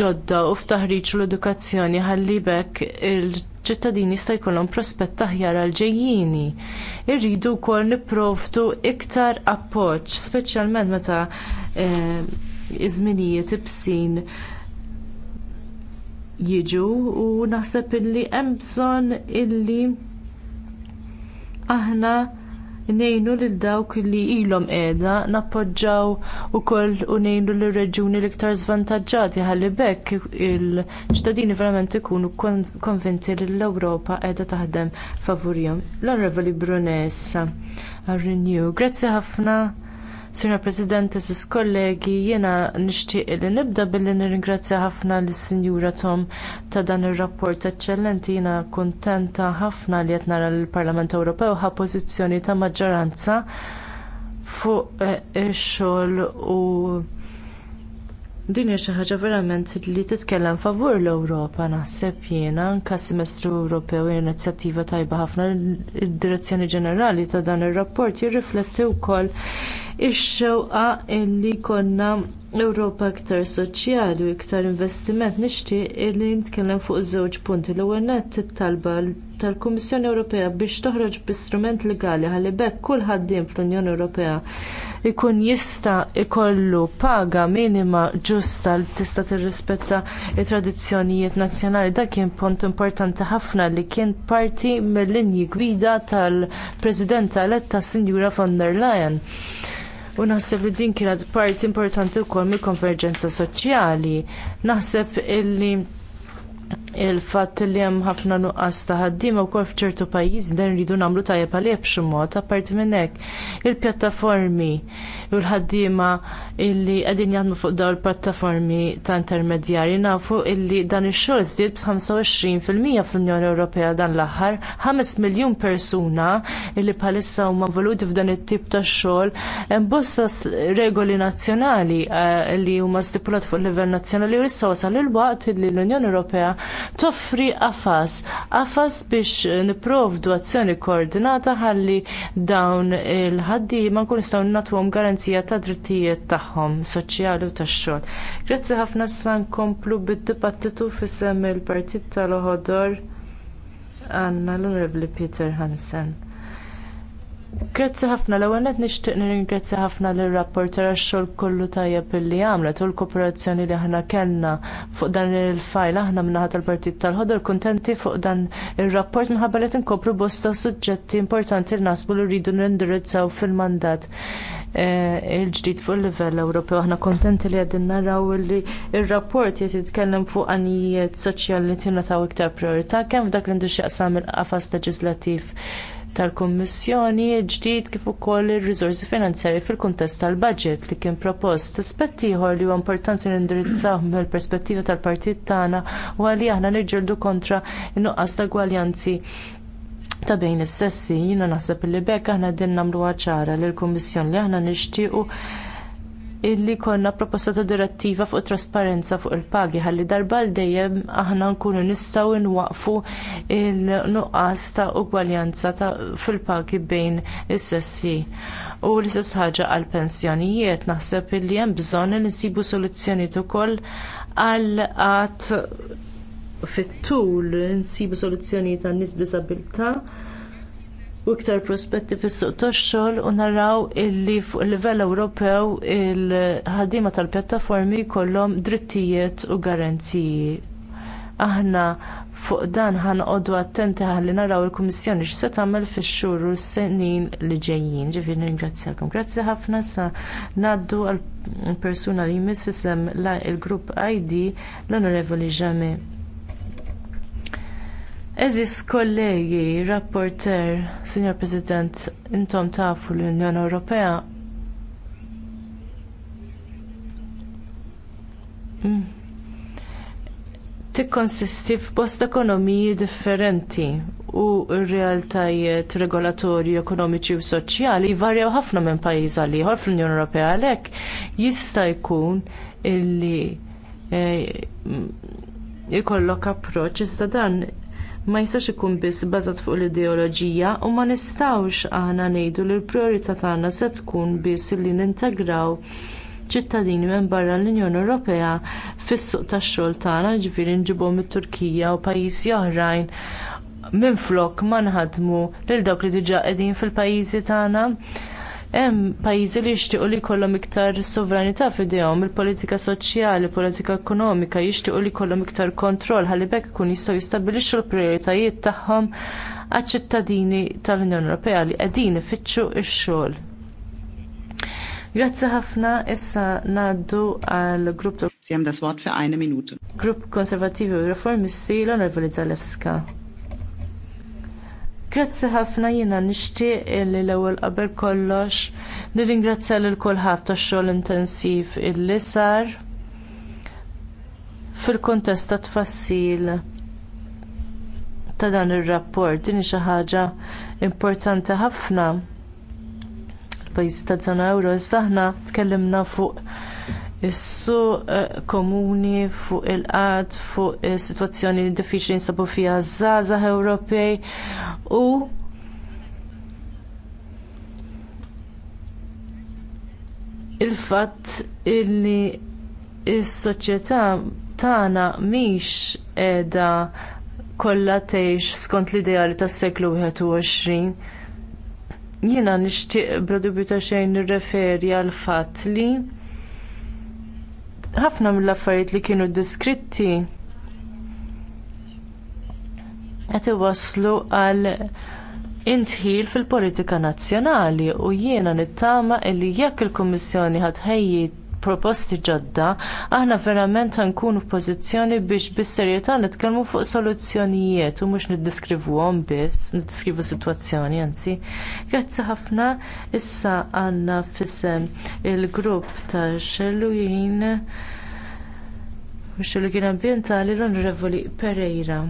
ġodda u f'taħriġ u l-edukazzjoni ħalli bekk il-ċittadini jista' jkollhom prospett aħjar għal ġejjini. Irridu wkoll nipprovdu iktar appoġġ, speċjalment meta ehm, iż-żminijiet ibsin jiġu u naħseb illi hemm bżonn illi aħna ngħinu lil dawk li ilhom qiegħda nappoġġjaw ukoll u ngħinu lir reġjuni l-iktar żvantaġġati ħalli bekk il-ċittadini verament ikunu konvinti li l-Ewropa qiegħda taħdem favurihom. L-Onorevoli Brunessa renew Grazzi ħafna. Sina President, sis kollegi, jiena nixtieq li nibda billi nirringrazzja ħafna lis sinjura Tom ta' dan ir-rapport eċċellenti jiena kuntenta ħafna li qed nara l-Parlament Ewropew ħa pożizzjoni ta' maġġoranza fuq eh, il xogħol u din hija xi ħaġa verament li titkellem favur l-Ewropa naħseb jiena anke semestru Ewropew inizjattiva tajba ħafna id-direzzjoni ġenerali ta' dan ir-rapport jirrifletti wkoll ix-xewqa li jkollna Ewropa iktar soċjali u iktar investiment nixtieq li nitkellem fuq żewġ punti. L-ewwel nett it-talba tal-Kummissjoni Ewropea biex toħroġ b'istrument legali ħalli bekk kull ħaddiem fl-Unjoni Ewropea ikun jista' jkollu paga minima ġusta li tista' tirrispetta t tradizzjonijiet nazzjonali. Dak kien punt importanti ħafna li kien parti mill-linji gwida tal-Presidenta eletta Sinjura von der Leyen U naħseb li din kienet parti importanti wkoll mill-konverġenza soċjali. Naħseb illi il-fatt li hemm ħafna nuqqas ta' ħaddiema wkoll f'ċertu pajjiżi dan iridu nagħmlu tajjeb għalih b'xi mod apparti minn hekk il-pjattaformi u l-ħaddiema illi qegħdin jaħdmu fuq dawn il-pjattaformi ta' intermedjarji nafu illi dan ix-xogħol żdied b'25 fil-mija fl-Unjoni Ewropea dan l-aħħar 5 miljun persuna illi bħalissa huma involuti f'dan it-tip ta' xogħol hemm bosta regoli nazzjonali eh, li huma stipulati fuq livell nazzjonali u issa wasal il-waqt li l-Unjoni Ewropea toffri qafas, qafas biex nipprovdu azzjoni koordinata ħalli dawn il-ħaddiema nkun nistgħu nagħtuhom garanzija ta' drittijiet tagħhom soċjali u tax-xogħol. Grazzi ħafna sa nkomplu bid-dibattitu fisem il-Partit tal-Oħodor għandna l-Onorevoli Peter Hansen. Grazzi ħafna l-ewwel qed nixtieq nirringrazzja ħafna lir-rapporter għax-xogħol kollu tajjeb li għamlet u l-kooperazzjoni li aħna kellna fuq dan il-fajl aħna min-naħa tal-Partit tal-Ħodor kuntenti fuq dan ir-rapport minħabba li tinkopru bosta suġġetti importanti li nasbu li rridu nindirizzaw fil-mandat eh, il-ġdid fuq il-livell Ewropew aħna kontenti li qegħdin naraw li ir-rapport qed jitkellem fuq għanijiet soċjali li tingħataw iktar priorità kemm f'dak li ndixxaqsam il-qafas leġislattiv tal-Kummissjoni ġdid kif ukoll ir-riżorsi finanzjarji fil-kuntest tal baġit li kien propost. Aspett ieħor li huwa importanti li indirizzaw mill-perspettiva tal-partit tagħna huwa li aħna niġġieldu kontra n-nuqqas ta' gwaljanzi ta' bejn is-sessi, jiena naħseb li bekk aħna din nagħmluha ċara lill kummissjoni li aħna nixtiequ illi jkollna proposta ta' direttiva fuq it trasparenza fuq il-pagi ħalli darba l dejjem aħna nkunu nistgħu nwaqfu l nuqqas ta' ugwaljanza fil-pagi bejn is-sessi. U l-istess ħaġa għall pensjonijiet naħseb illi hemm bżonn li nsibu soluzzjonijiet ukoll għal għat fit-tul nsibu soluzzjonijiet għan-nies b'diżabilità u iktar prospetti fis-suq tax-xogħol u naraw illi fuq livell Ewropew il-ħaddiema tal-pjattaformi jkollhom drittijiet u garanziji. Aħna fuq dan ħanqodu attenti ħalli naraw il-Kummissjoni x'se tagħmel fix-xhur u s-snin li ġejjin. Ġifieri ringrazzjakom. Grazzi ħafna sa ngħaddu għal persuna li jmiss fisem il-grupp ID l-Onorevoli Ġami. Eżis kollegi, rapporter, Signor President, intom tafu l-Unjoni Ewropea. Mm. Tikkonsisti f'bost ekonomiji differenti u r-realtajiet regolatorji, ekonomiċi u soċjali jvarjaw ħafna minn pajjiż għal ieħor fl-Unjoni Ewropea għalhekk jista' jkun illi eh, ikollok approċċ iżda dan ma jistax ikun biss bbażat fuq l-ideoloġija u ma nistgħux aħna ngħidu li l-prijorità tagħna se tkun biss li nintegraw ċittadini minn barra l-Unjoni Ewropea fis-suq tax-xogħol tagħna, ġifieri nġibhom mit-Turkija u pajjiżi oħrajn minflok ma nħadmu lil dawk li diġà qegħdin fil-pajjiżi tagħna Hemm pajjiżi li jixtiequ li jkollhom iktar sovranità f'idejhom il-politika soċjali, politika ekonomika, jixtiequ li jkollhom iktar kontroll ħalli bekk ikun jistgħu jistabbilixxu l-prijoritajiet tagħhom għaċ-ċittadini tal-Unjoni Ewropea li qegħdin ifittxu x-xogħol. Grazzi ħafna issa ngħaddu għal grupp Sie das Wort für eine Minute. Grupp Konservativi u Reformisti l-Onorevoli Zalewska. Grazzi ħafna jiena nixtieq li l-ewwel qabel kollox nirringrazzja lil kulħadd tax-xogħol intensiv illi sar fil-kuntest ta' tfassil ta' dan ir-rapport din xi ħaġa importanti ħafna il-pajjiżi żona ewro aħna tkellimna fuq Is-suq eh, komuni fuq il-qad, fuq is-sitwazzjoni diffiċli nsabu fiha żgħażagħ Ewropej u il-fatt illi s soċjetà tagħna mhix qiegħda kollha tgħix skont l-ideali tas-seklu 21. Jiena nixtieq bla dubju ta' xejn nirreferi għal fatt li ħafna mill-affarijiet li kienu diskritti qed iwasslu għal intħil fil-politika nazzjonali u jiena nittama li jekk il-Kummissjoni ħejjiet proposti ġodda, aħna verament nkunu f'pożizzjoni biex bis-serjetà nitkellmu fuq soluzzjonijiet u mhux niddiskrivuhom biss, niddiskrivu sitwazzjoni anzi. Grazzi ħafna issa għandna fisem il-grupp ta' xellujin mux ambientali l-Onorevoli Pereira.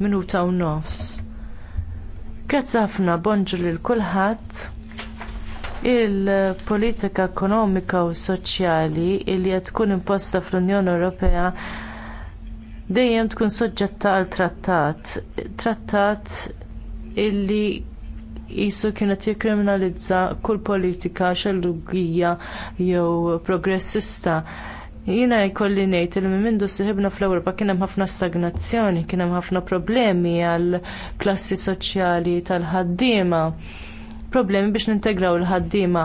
Minuta u nofs. Grazzi ħafna bonġu lil kulħadd il-politika ekonomika u soċjali li qed tkun imposta fl-Unjoni Ewropea dejjem tkun soġġetta għal trattat. Trattat illi qisu kienet jikkriminalizza kull politika xellugija jew progressista. Jiena jkolli ngħid li mindu siħibna fl-Ewropa kien hemm ħafna stagnazzjoni, kien hemm ħafna problemi għall klassi soċjali tal-ħaddiema problemi biex nintegraw il-ħaddiema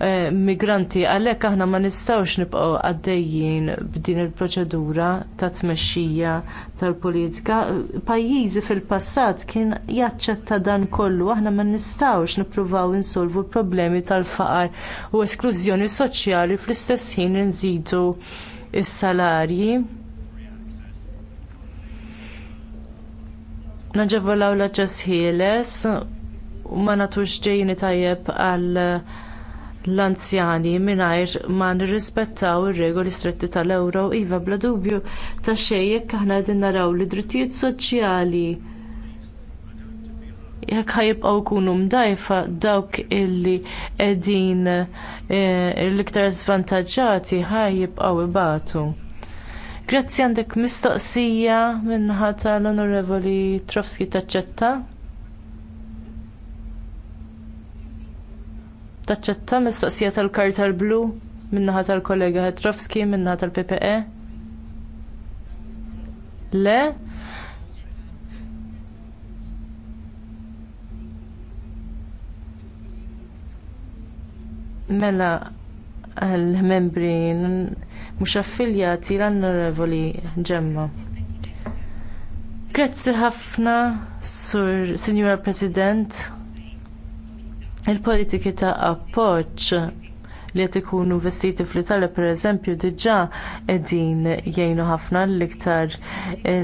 eh, migranti għalhekk aħna ma nistgħux nibqgħu għaddejjin b'din il-proċedura ta' tmexxija tal-politika. Pajjiżi fil-passat kien jaċċetta dan kollu aħna ma nistgħux nippruvaw insolvu l-problemi tal-faqar u esklużjoni soċjali fl-istess ħin inżidu s salarji Naġevolaw l-aċċess ħieles ma nagħtux ġejjini tajjeb għal l-anzjani mingħajr ma nirrispettaw ir-regoli stretti tal-ewro iva bla dubju ta' xejn jekk aħna qegħdin naraw li drittijiet soċjali jekk ħajibqgħu jkunu mdajfa dawk illi qegħdin eh, l-iktar żvantaġġati ħajjibqgħu ibatu. Grazzi għandek mistoqsija minnaħa tal-Onorevoli Trofski taċċetta. Taċċetta mistoqsija tal-karta l-blu min-naħa tal-kollega Hetrovski min-naħa tal-PPE? Le? Mela għal-membri mhux affiljati l-Onorevoli Ġemma. Grazzi ħafna, Sur Signora President, il-politiki ta' appoġġ li qed ikunu vestiti fl-Italja pereżempju diġà qegħdin jgħinu ħafna l-iktar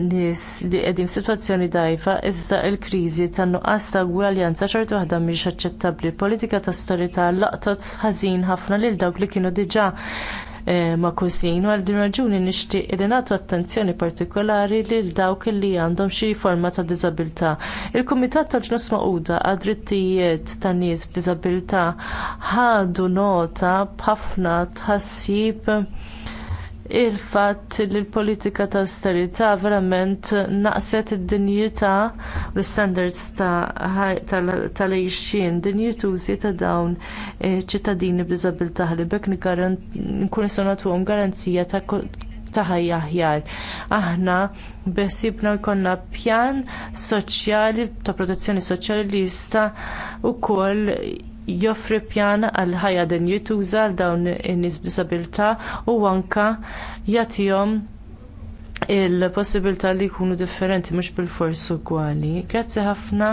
nies li qegħdin f'sitwazzjoni dgħajfa iżda l-kriżi tan-nuqqas ta' gwaljanza xorta waħda mhix aċċettabbli. Politika ta' storja laqtat ħażin ħafna lil dawk li kienu diġà Eh, ma' kusin u għal din raġuni nixtieq li nagħtu attenzjoni partikolari lil dawk li għandhom xi forma ta' diżabilità. Il-Kumitat tal-Ġnus Maquda għad drittijiet tan nies b'diżabilità ħadu nota b'ħafna tħassib il-fatt li l-politika ta' awsterità verament naqset id-dinjità u l-standards tal-għixin dinjitużi ta' dawn e, ċittadini b'diżabilità li bekk nkun nistgħu nagħtuhom garanzija ta' ta' ħajja aħjar. Aħna besibna jkollna pjan soċjali ta' protezzjoni soċjali li jista' wkoll joffri pjan għal ħajja din għal dawn in-nies b'disabilità u anke jagħtihom il-possibilità li jkunu differenti mhux bilfors ugwali. Grazzi ħafna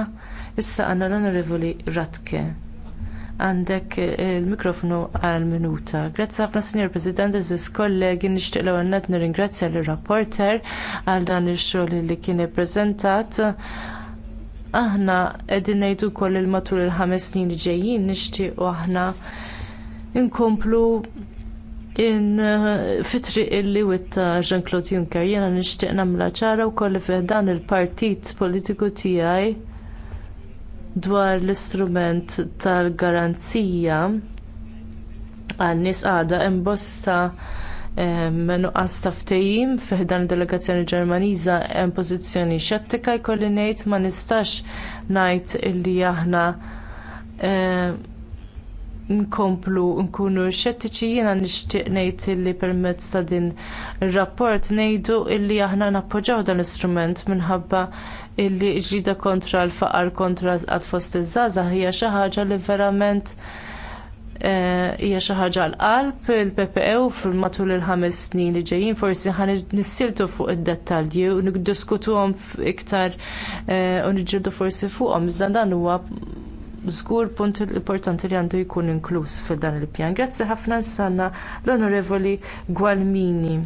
issa għandna l-Onorevoli Ratke. Għandek eh, il-mikrofonu għal minuta. Grazzi ħafna Sinjor President, eżis kollegi nixtieq l-ewwel nirringrazzja lir rapporter għal dan ix-xogħol li kien ippreżentat aħna qegħdin ngħidu wkoll il matul il-ħames snin li ġejjin nixtiequ aħna nkomplu in eh, fitri illi witta Jean-Claude Juncker jiena nixtieq nagħmla ċara wkoll fih dan il-partit politiku tiegħi dwar l-istrument tal-garanzija għan nies għada imbosta nuqqas ta' ftehim fih dan id-delegazzjoni Ġermaniża hemm pożizzjoni xettika jkolli ngħid ma nistax ngħid illi aħna nkomplu nkunu xettiċi jiena nixtieq ngħid illi permezz ta' din ir-rapport ngħidu illi aħna nappoġġjaw dan l-istrument minħabba illi ġrieda kontra l-faqar kontra għad fost iż-żgħażagħ hija xi ħaġa li verament Eh, hija xi ħaġa l-qalb il-PPE matul il-ħames snin li ġejjin forsi ħan nissiltu fuq id-dettalji u niddiskutuhom iktar eh, u niġġieldu forsi fuqhom iżda dan huwa żgur punt importanti li għandu jkun inkluż fil dan il-pjan. Grazzi ħafna nsanna l-Onorevoli Gwalmini.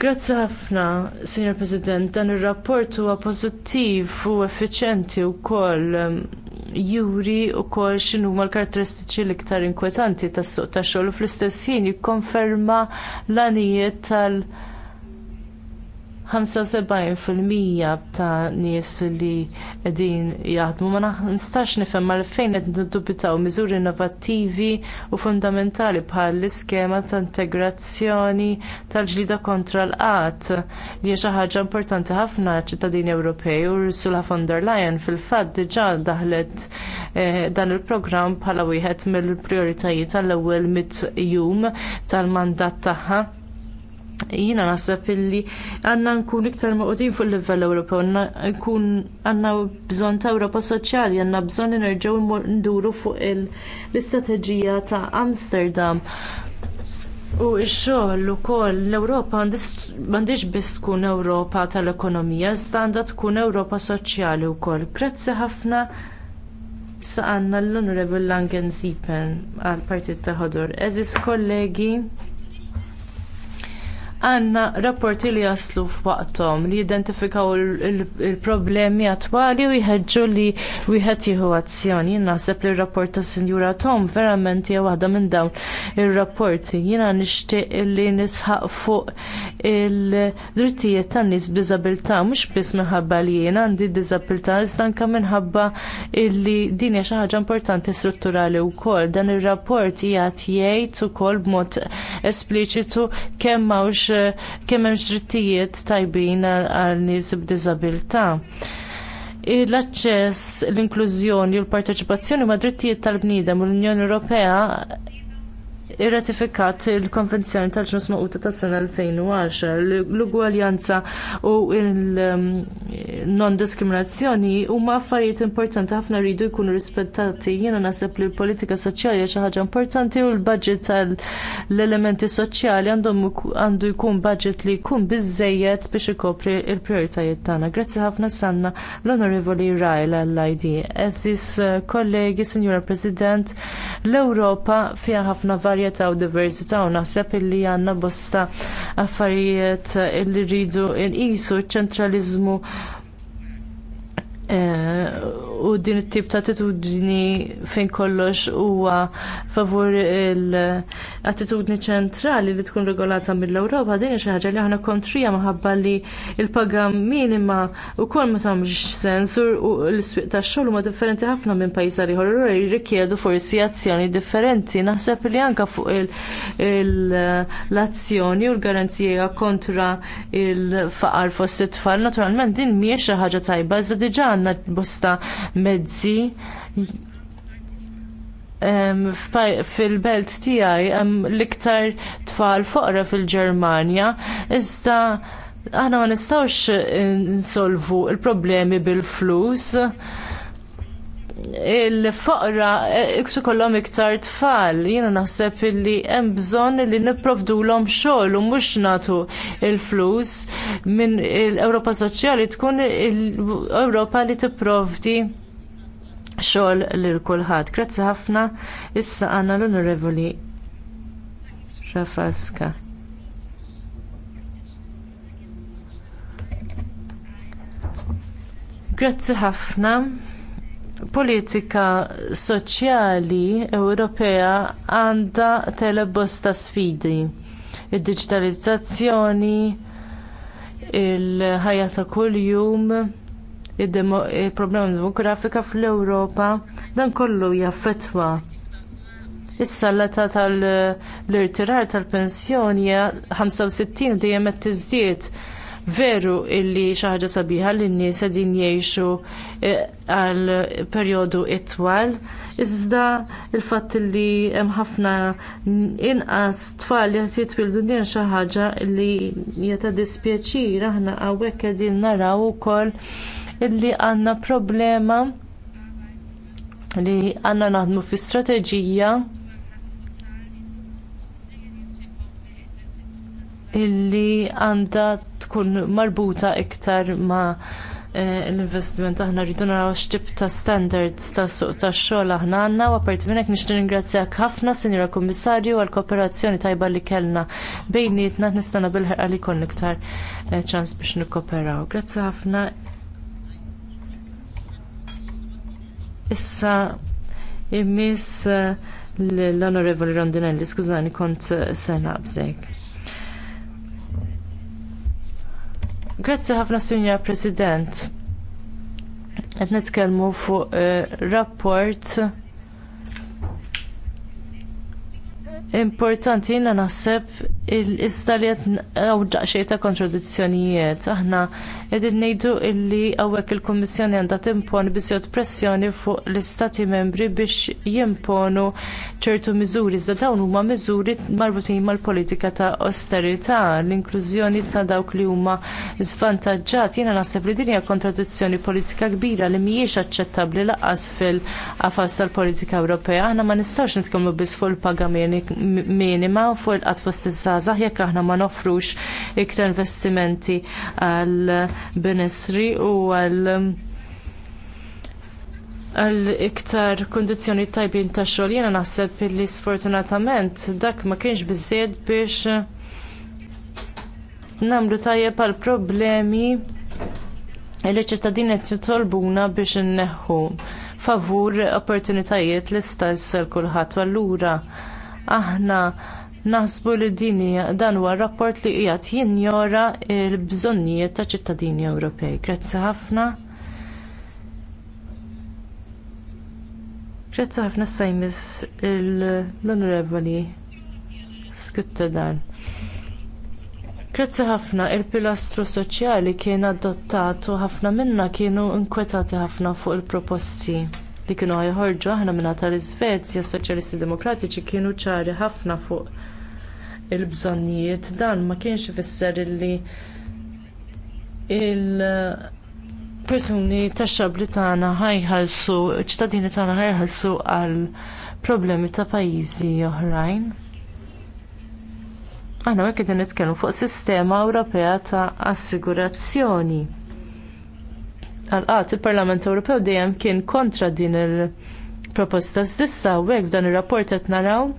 Grazzi ħafna, Signor President, dan ir rapport huwa pożittiv u effiċjenti wkoll ehm, juri wkoll x'inhu huma l-karatteristiċi l-iktar inkwetanti tas-suq tax-xogħol u fl-istess ħin jikkonferma l-għanijiet tal- 75% ta' nies li qegħdin jaħdmu ma nistax nifhem għalfejn qed niddubitaw miżuri innovattivi u fundamentali bħal l-iskema ta' integrazzjoni tal-ġlida kontra l-qatt li hija xi ħaġa importanti ħafna ċittadini Ewropej u Ursula von der Leyen fil-fatt diġà daħlet eh, dan il-programm bħala wieħed mill-prijoritajiet tal-ewwel mit jum tal-mandat tagħha. Jiena naħseb illi għandna nkun iktar maqudin fuq il-livell Ewropew, nkun għandna bżonn ta' Ewropa soċjali, għandna bżonn nerġgħu nduru fuq l-istrateġija ta' Amsterdam. U x-xogħol ukoll l-Ewropa m'għandix biss tkun Ewropa tal-ekonomija, iżda għandha tkun Ewropa soċjali wkoll. Grazzi ħafna sa' għandna l-Onorevol Langen Sipen għall partit tal-ħodor. Eżis kollegi, għandna rapporti li jaslu f'waqthom li jidentifikaw il-problemi attwali u jħeġġu li wieħed jieħu azzjoni. Jien naħseb li r-rapport ta' Sinjura Tom verament hija waħda minn dawn ir-rapporti. Jiena nixtieq li nisħaq fuq il-drittijiet tan-nies b'diżabilità mhux biss minħabba li jien għandi diżabilità iżda anke minħabba illi din hija xi ħaġa importanti strutturali wkoll. Dan ir-rapport jgħid jgħid ukoll b'mod espliċitu kemm hawnx Eh, kemm hemmx drittijiet tajbin għal nies b'diżabilità l-aċċess, l-inklużjoni u l-parteċipazzjoni ma' drittijiet tal-bniedem u l-Unjoni Ewropea irratifikat il-Konvenzjoni tal-ġnus Maquta tas sena 2010 l-ugwaljanza u il-non-diskriminazzjoni um, huma affarijiet importanti ħafna rridu jkunu rispettati. Jiena naħseb li l-politika soċjali xi ħaġa importanti u l-budget tal-elementi soċjali għandu jkun budget li jkun biżżejjed biex ikopri l prijoritajiet tagħna. Grazzi ħafna sanna l-Onorevoli Rajla l-ID. Eżis uh, kollegi, Signora President, l-Ewropa fiha ħafna varjetà varjetà u diversità u naħseb illi għandna bosta affarijiet illi rridu nqisu ċ ċentraliżmu Eh, u din it-tip ta' attitudni fejn kollox huwa favur l-attitudni ċentrali li tkun regolata mill-Ewropa din xi ħaġa li aħna kontrija minħabba li l-paga minima wkoll ma tagħmlx sens u l-iswieq tax-xogħol huma differenti ħafna minn pajjiż ieħor. ieħor jirrikjedu forsi azzjoni differenti. Naħseb li anke fuq l-azzjoni u l-garanzija kontra l faqar fost it-tfal naturalment din mhijiex xi ħaġa tajba iżda diġà għanna bosta mezzi fil-belt tiegħi hemm l-iktar tfal foqra fil-Ġermanja, iżda aħna ma nistgħux insolvu l problemi bil-flus il-foqra eh, iktu kollom iktar tfal. Jiena naħseb illi hemm bżonn li nipprovdulhom xogħol u mhux nagħtu l flus minn l-Ewropa Soċjali tkun l-Ewropa li tipprovdi xogħol lil kulħadd. Grazzi ħafna issa għandna l-Onorevoli Rafaska. Grazzi ħafna politika soċjali Ewropea għandha telebosta sfidi. Id-diġitalizzazzjoni, il-ħajja ta' kuljum, il-problema demografika fl-Ewropa, dan kollu jaffettwa Issa l-età tal-irtirar tal-pensjoni 65 dejjem qed tiżdied veru illi xi ħaġa sabiħa li n-nies qegħdin jgħixu eh, għal perjodu itwal, iżda il-fatt li hemm ħafna inqas tfal li qed jitwildu din xi ħaġa li hija ta' dispjaċir aħna hawnhekk qegħdin naraw ukoll illi għandna problema li għandna naħdmu fi strateġija illi għandha tkun marbuta iktar ma' eh, l-investiment aħna rridu naraw x'tip ta' standards ta' suq tax-xogħol aħna għandna u apparti minn hekk nixtieq ningrazzjak ħafna Sinjura Kummissarju għall kooperazzjoni tajba li kellna bejnietna nistana bil-ħerqa li jkollna iktar eh, ċans biex nikkoperaw. Grazzi ħafna. Issa immiss eh, l-Onorevoli Rondinelli, skużani kont sena b'żek. Grazzi ħafna Sinjor President. Qed nitkellmu fuq uh, rapport importanti jiena naħseb il-iżda li daqsxejn ta' kontradizzjonijiet. Aħna qegħdin ngħidu illi hawnhekk il-Kummissjoni għandha timpon biżjed pressjoni fuq l-Istati membri biex jimponu ċertu miżuri iżda dawn huma miżuri marbutin mal-politika ta' austerità, l-inklużjoni ta' dawk li huma żvantaġġati. Jiena naħseb li din hija kontradizzjoni politika kbira li mhijiex aċċettabbli lanqas fil-qafas tal-politika Ewropea. Aħna ma nistgħux nitkellmu biss fuq il-paga minima u fuq il-qatt fost iż-żgħażagħ jekk aħna ma nofrux iktar investimenti għal benessri u għal um, għal iktar kondizjoni tajbin ta' xogħol jiena naħseb li sfortunatament dak ma kienx biżied biex nagħmlu tajjeb għal problemi li ċittadin qed jitolbuna biex inneħħu favur opportunitajiet l-istess għal kulħadd allura aħna Naħsbu li din dan huwa rapport li qiegħed jinjora l-bżonnijiet ta' ċittadini Ewropej. Grazzi ħafna. Grazzi ħafna sajmis l-onorevoli Skuttadan. Grazzi ħafna il-pilastru soċjali kien adottat u ħafna minnha kienu nkwetati ħafna fuq il-proposti li kienu ħajħorġu aħna minn tal-Iżvezja Soċjalisti Demokratiċi kienu ċari ħafna fuq il-bżonnijiet dan ma kienx ifisser illi il-persuni tax-xabli tagħna ħajħallsu ċittadini tagħna ħajħallsu għal problemi ta' pajjiżi oħrajn. Aħna hekk qegħdin nitkellmu fuq sistema Ewropea ta' assigurazzjoni għalqat il-Parlament Ewropew dejjem kien kontra din il-proposta s'issa u hekk f'dan ir-rapport qed naraw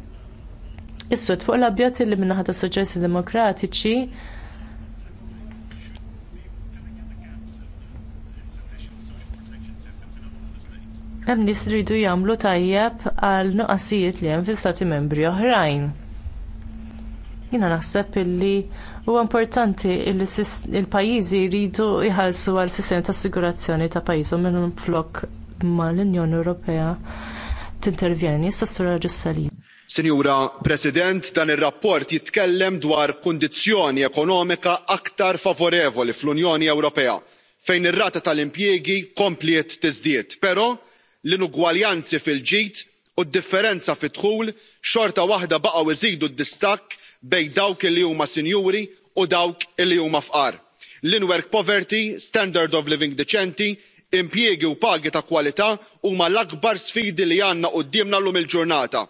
is-sod fuq l-abjad li minnaħa ta' soċjalisti demokratiċi hemm nies iridu jagħmlu tajjeb għal nuqqasijiet li hemm fi stati membri oħrajn. Jiena naħseb illi Huwa importanti li l pajjiżi jridu jħallsu għal sistema ta' assigurazzjoni ta' pajjiżhom minn flok ma l-Unjoni Ewropea tintervjeni. Issa s-sura ġissalin. Sinjura President, dan ir-rapport jitkellem dwar kundizzjoni ekonomika aktar favorevoli fl-Unjoni Ewropea fejn ir-rata tal-impjiegi kompliet tiżdied, però l-inugwaljanzi fil-ġid u d-differenza fi dħul xorta waħda baqgħu iżidu d-distakk bejn dawk li huma sinjuri u dawk li huma fqar l in work poverty standard of living diċenti impjiegi u pagi ta' kwalità huma l-akbar sfidi li għandna quddiemna llum il-ġurnata.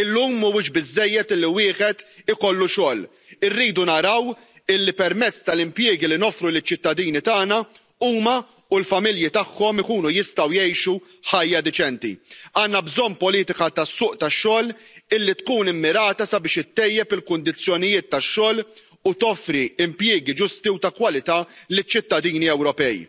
illum mhuwiex biżżejjed li wieħed ikollu xogħol irridu naraw illi permezz tal impjiegi li noffru liċ-ċittadini tagħna huma u l-familji tagħhom ikunu jistgħu jgħixu ħajja diċenti. għandna bżonn politika tas-suq tax-xogħol illi tkun immirata sabiex ittejjeb il kundizzjonijiet tax-xogħol u toffri impjiegi ġusti u ta' kwalità liċ-ċittadini ewropej.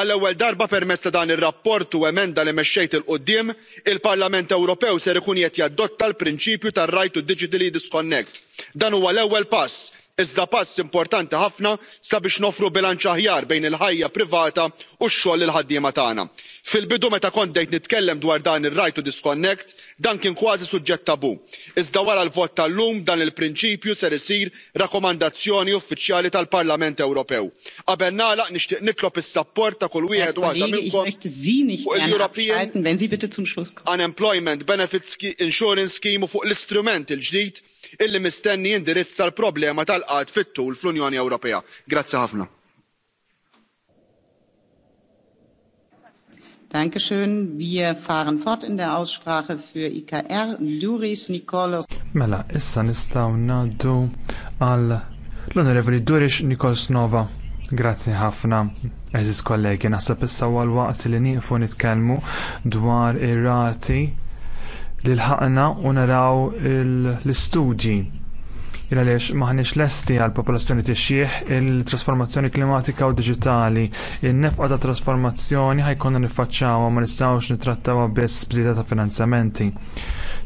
għall ewwel darba permezz ta' dan ir-rapport u emenda li mexxejt il quddiem il parlament ewropew ser ikun qed jadotta l prinċipju tar right to digitally disconnect. dan huwa l ewwel pass iżda pass importanti ħafna sabiex nofru bilanċ aħjar bejn il-ħajja privata u x-xogħol l ħaddiema tagħna. fil bidu meta kont bdejt nitkellem dwar dan ir right to disconnect dan kien kważi suġġett tabu iżda wara l vot tal lum dan il prinċipju ser isir rakkomandazzjoni uffiċjali tal parlament ewropew. qabel nagħlaq nixtieq nitlob is-sapport ta' kull wieħed u għadha minnkom unemployment benefits insurance scheme u fuq l istrument il ġdid illi mistenni jindirizza l-problema tal qgħad fit tul fl-unjoni ewropea. grazzi ħafna. Dankeschön. Wir fahren fort in der Aussprache für IKR. Duris Nikolos. Mela, issa nistaw naddu għal l-Onorevoli Duris Nikolos Nova. Grazzi ħafna, eżis kollegi, naħseb issa għal waqt li nieqfu nitkellmu dwar ir-rati li l-ħaqna u naraw l-istudji il-għaliex maħniex lesti għall popolazzjoni tixjieħ il-trasformazzjoni klimatika u diġitali. In-nefqa ta' trasformazzjoni ħajkonna niffaċċawha ma nistgħux nittrattawha biss bżieda ta' finanzamenti.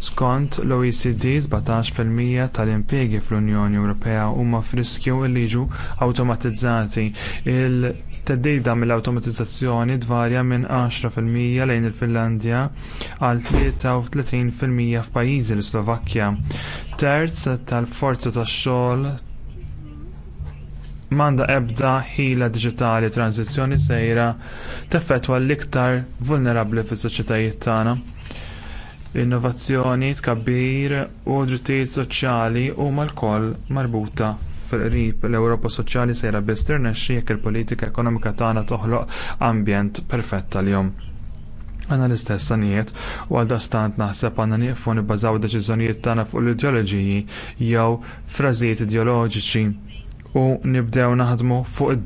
Skont l-OECD 17% tal-impjiegi fl-Unjoni Ewropea huma f'riskju li jiġu awtomatizzati. Il-teddida mill-awtomatizzazzjoni tvarja minn 10% lejn il-Finlandja għal 33% f'pajjiżi l-Slovakkja. Terz tal-forza tax-xogħol m'għandha ebda ħila diġitali transizzjoni sejra teffettwa l-iktar vulnerabbli fis-soċjetajiet tagħna. Innovazzjoni, tkabbir u drittijiet soċjali huma lkoll marbuta fil-qrib l-Ewropa Soċjali sejra biss tirnexxi jekk il-politika ekonomika tagħna toħloq ambjent perfett tal-jum. Għanna l-istess sanijiet u għal dastant naħseb għanna nieqfu nibbażaw deċiżjonijiet tagħna fuq l-ideoloġiji jew frażijiet ideoloġiċi u nibdew naħdmu fuq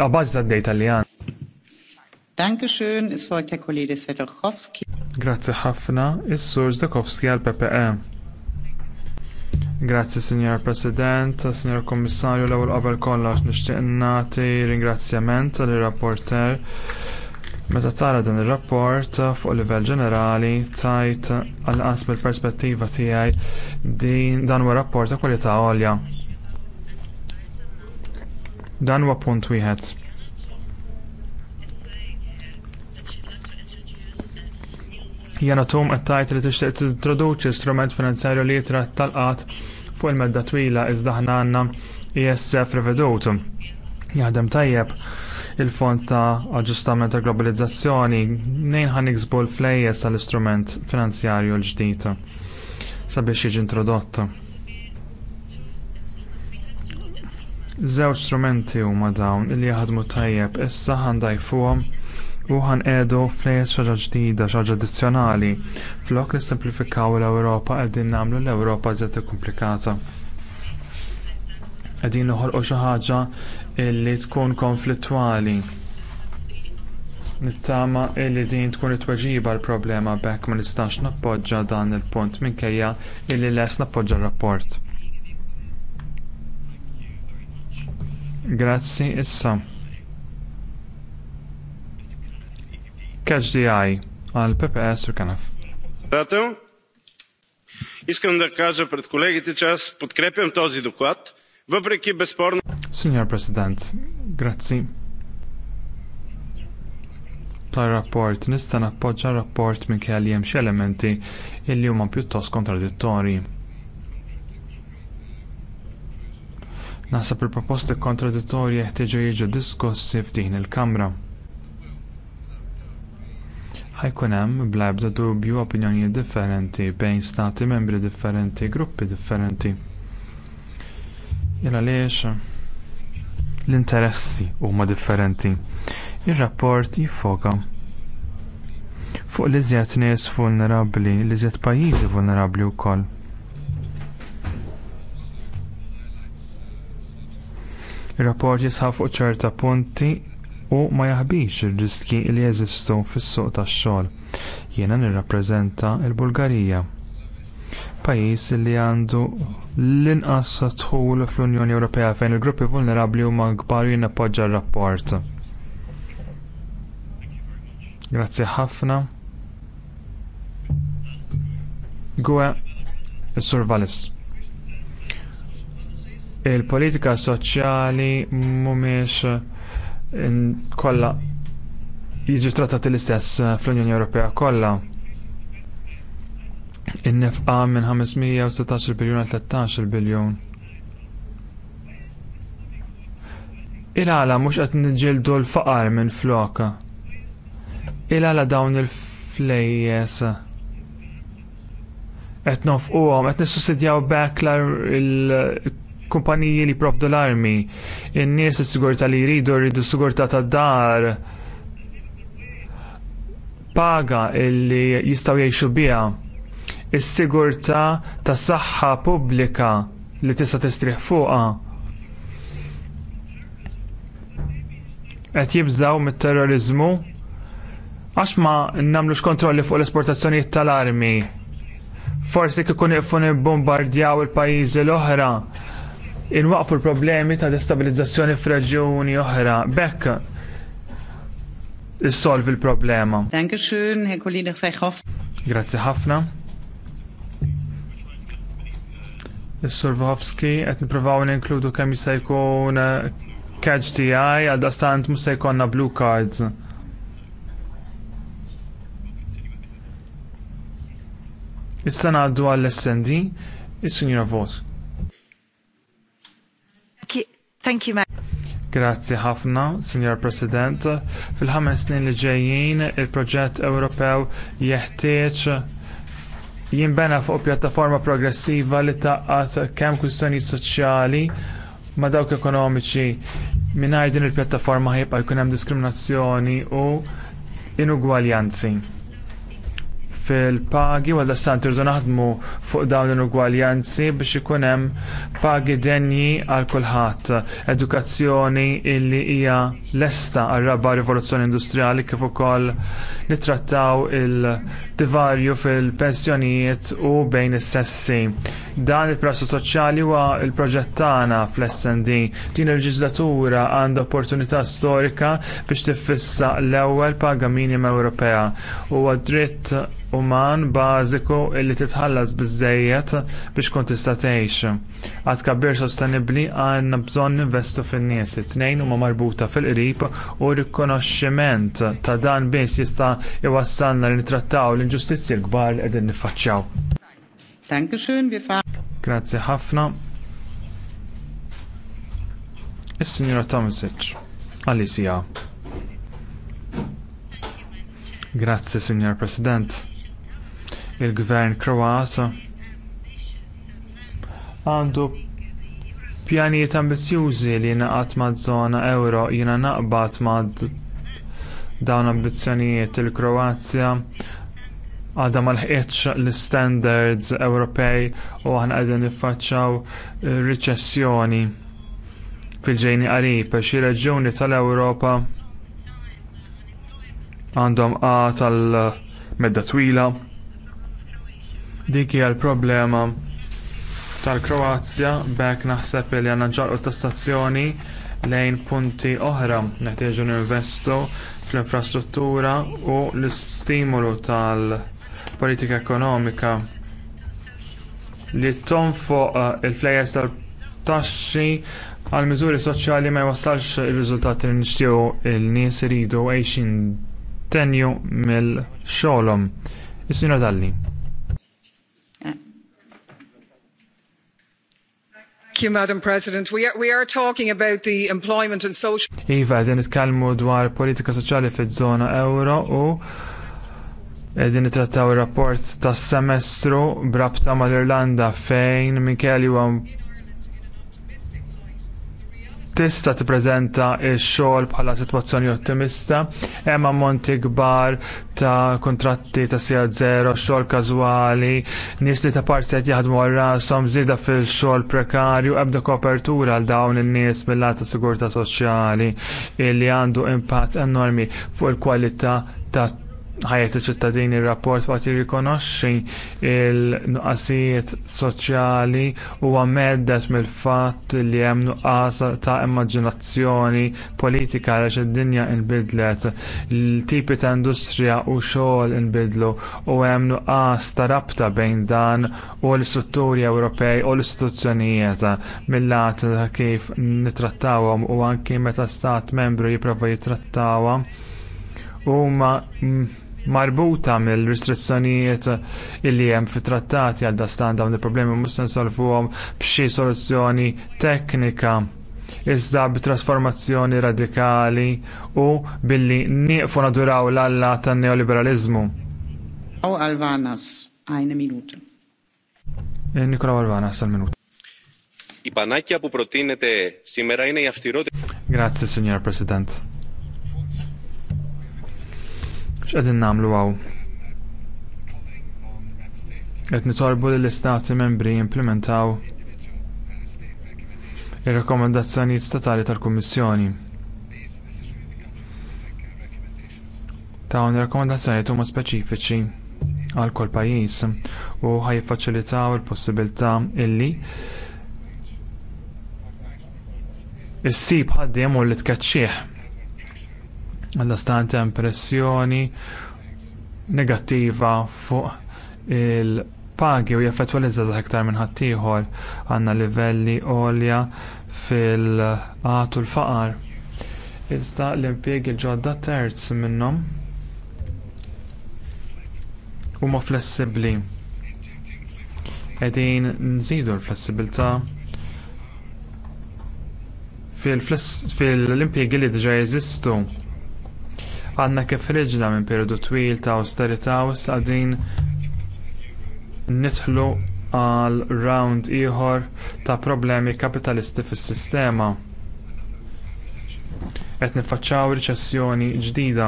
ta' tad dejta li għandna. Dankeschön, es folgt Herr Kollege Grazie ħafna, is-Sur Zdekowski għal PPE. Grazzi Signor President, Signor Kommissarju, l-ewwel qabel kollox nixtieq nagħti ringrazzjament għall rapporter Meta tara dan ir-rapport fuq livell ġenerali tajt għalqas mill-perspettiva tiegħi din dan huwa rapport ta' kwalità għolja. Dan huwa punt wieħed. Jena tum qed tgħid li tixtieq tintroduċi strument finanzjarju li jitratt tal-qatt fuq il-medda twila iżda aħna għandna ESF revedut. Jaħdem tajjeb il-Fond ta' Aġġustament tal Globalizzazzjoni nejn ħan iksbu l-flejjes tal-istrument finanzjarju l-ġdid sabiex jiġi introdott. Żewġ strumenti huma dawn li jaħdmu tajjeb issa ħandajfuhom u ħanqedu flejes xaġa ġdida xaġa addizzjonali flok li simplifikaw l-Ewropa qegħdin nagħmlu l-Ewropa żed ikkumplikata. Qegħdin noħolqu xi ħaġa illi tkun konflittwali. Nittama illi din tkun it-tweġiba l-problema b'hekk ma nistax nappoġġa dan il-punt minkejja illi les nappoġġa r-rapport. Grazzi issa. Catch the eye għal PPS u kanaf. Искам да кажа пред колегите, че аз podkrepjam tozi доклад Vabriki безспорно... Signor President, grazzi. Tar rapport nista' nappoġġa rapport kelli hemm xi elementi illi huma pjuttost kontradittorji. Naħseb il-proposti kontradittorji jeħtieġu jiġu diskussi f'din il-Kamra. Ħajkun hemm bla ebda dubju opinjonijiet differenti bejn stati membri differenti, gruppi differenti. Jela għaliex l-interessi huma differenti. Ir-rapport jiffoka fuq l iżjed nies vulnerabbli, l iżjed pajjiżi vulnerabbli wkoll. Ir-rapport jisħab fuq ċerta punti u ma jaħbix ir-riski li jeżistu fis-suq tax-xogħol. Jiena nirrappreżenta l-Bulgarija pajjiż li għandu l-inqas dħul fl-Unjoni Ewropea fejn il-gruppi vulnerabbli huma kbar jien r-rapport. Grazzi ħafna. Gwe Sur Valis. Il-politika soċjali mhumiex kollha jiġu trattati l-istess fl-Unjoni Ewropea kollha in-nefqa minn 516 biljun għal 13 biljun. Il-għala mhux qed niġġieldu l-faqar minn floka. Il-għala dawn il-flejjes qed nofquhom qed nissussidjaw b'hekk il-kumpaniji li provdu l-armi, in-nies is-sigurtà li jridu jridu s-sigurtà tad-dar paga illi jistgħu jgħixu biha is-sigurtà tas-saħħa pubblika li tista' tistrieħ fuqha qed jibżgħu mit-terrorizmu għax ma nagħmlux kontrolli fuq l-esportazzjonijiet tal-armi. Forsi kieku nieqfu iqfu nibbombardjaw il-pajjiżi l-oħra inwaqfu l-problemi ta' destabilizzazzjoni f'reġjuni oħra. Bekk issolvi l-problema. Dankeschön, Herr Kollege Grazie ħafna. Is-Sur Vahowski qed nippruvaw ninkludu kemm jista' jkun eh, catch eye għal dastant mhux se jkollna blue cards. Issa ngħaddu għall-SND, is-Sinjura Vos. Thank you, Grazzi ħafna, Signor President. Fil-ħames snin li ġejjin, il-proġett Ewropew jeħtieġ jimbena fuq pjattaforma progressiva li taqqat kemm kwistjonijiet soċjali ma dawk ekonomiċi mingħajr din il-pjattaforma ħajbqa' jkun hemm diskriminazzjoni u inugwaljanzi fil-pagi għal dastant irdu naħdmu fuq dawn l-ugwaljanzi biex ikun hemm pagi denji għal kulħadd. Edukazzjoni illi hija lesta għal raba rivoluzzjoni industrijali kif ukoll nittrattaw il-divarju fil-pensjonijiet u bejn is-sessi. Dan il-prassu soċjali huwa l proġett tagħna fl-SND. Din il-leġislatura għandha opportunità storika biex tiffissa l-ewwel paga minima Ewropea u għad dritt uman bażiku li titħallas biżżejjed biex tkun tista' tgħix. Għad tkabbir sostenibbli għandna bżonn ninvestu fin-nies it-tnejn huma marbuta fil-qrib u rikonoxximent ta' dan biss jista' iwassalna li nittrattaw l-inġustizzji l-kbar li qegħdin niffaċċjaw. Grazzi ħafna. Is-Sinjura Tomasic, għalli Grazie, Grazzi, Signor President il-gvern Kroat għandu pjanijiet ambizzjużi li jingħaqad maż-żona ewro jiena naqbad ma' dawn ambizzjonijiet il-Kroazja għadha ma lħqitx l-standards Ewropej u aħna qegħdin niffaċċjaw riċessjoni fil-ġejni qarib għax ir-reġjuni tal-Ewropa għandhom qa tal-medda twila Dik hija l-problema tal-Kroazja b'hekk naħseb li għandna ġarqu tassazzjoni lejn punti oħra neħtieġu ninvestu fl-infrastruttura u l-istimolu tal-politika ekonomika li tonfoq eh, il plejers tal-taxxi għal miżuri soċjali ma jwassalx ir-riżultati li nixtiequ il-nies iridu għejxin tenju mill-xogħolhom. Is-sinjor Dalli. You, Madam President. We are, we are talking about the employment and social... Iva, din nitkellmu dwar politika soċjali fiż-żona euro u eh, din it-trattaw ir-rapport tas-semestru brabta mal-Irlanda fejn minkejja li tista' tippreżenta x-xogħol bħala sitwazzjoni ottimista, hemm ammonti kbar ta' kuntratti ta' sija zero, xogħol każwali, nies li ta' parti qed jaħdmu għal rashom żieda fil-xogħol prekarju, ebda kopertura għal dawn in-nies mill-lat ta' sigurtà soċjali li għandu impatt enormi fuq il-kwalità ta' ħajet iċ-ċittadini r-rapport waqt jirrikonoxxi il-nuqqasijiet soċjali u għameddet mill-fatt li hemm nuqqas ta' immaġinazzjoni politika għaliex id-dinja inbidlet, l-tipi ta' industrija u xogħol inbidlu u hemm nuqqas ta' rabta bejn dan u l-istrutturi Ewropej u l-istituzzjonijiet mill-lat kif nittrattawhom u anki meta stat membru jipprova jittrattawhom huma marbuta mill-restrizzjonijiet illi hemm fit-trattati għal dastan dawn il-problemi mhux se nsolvuhom b'xi soluzzjoni teknika iżda b'trasformazzjoni radikali u billi nieqfu naduraw l-alla tan-neoliberaliżmu. Aw Alvanas, għajna minuta. Eh, Nikolaw Alvanas, għal-minuta. Η πανάκια που προτείνεται σήμερα είναι η αυστηρότερη. Grazie, signor Presidente x'qegħdin nagħmlu hawn qed nitolbu l istati membri jimplementaw ir-rakkomandazzjonijiet statali tal-kummissjoni dawn ir-rakkomandazzjonijiet huma speċifiċi għal kull pajjiż u jiffaċilitaw il possibilità illi issib ħaddiem u li tkeċċih għall-istant impressjoni negattiva fuq il-pagi u jaffettwa l iktar aktar minn ħaddieħor għandna livelli għolja fil-qatu l-faqar. Iżda l il ġodda terz minnhom huma flessibbli. Qegħdin nżidu l-flessibilità fil-impjegi li diġà jeżistu għandna kif riġna minn perjodu twil ta' awsterita' u issa qegħdin nidħlu għal round ieħor ta' problemi kapitalisti fis-sistema. Qed niffaċċjaw riċessjoni ġdida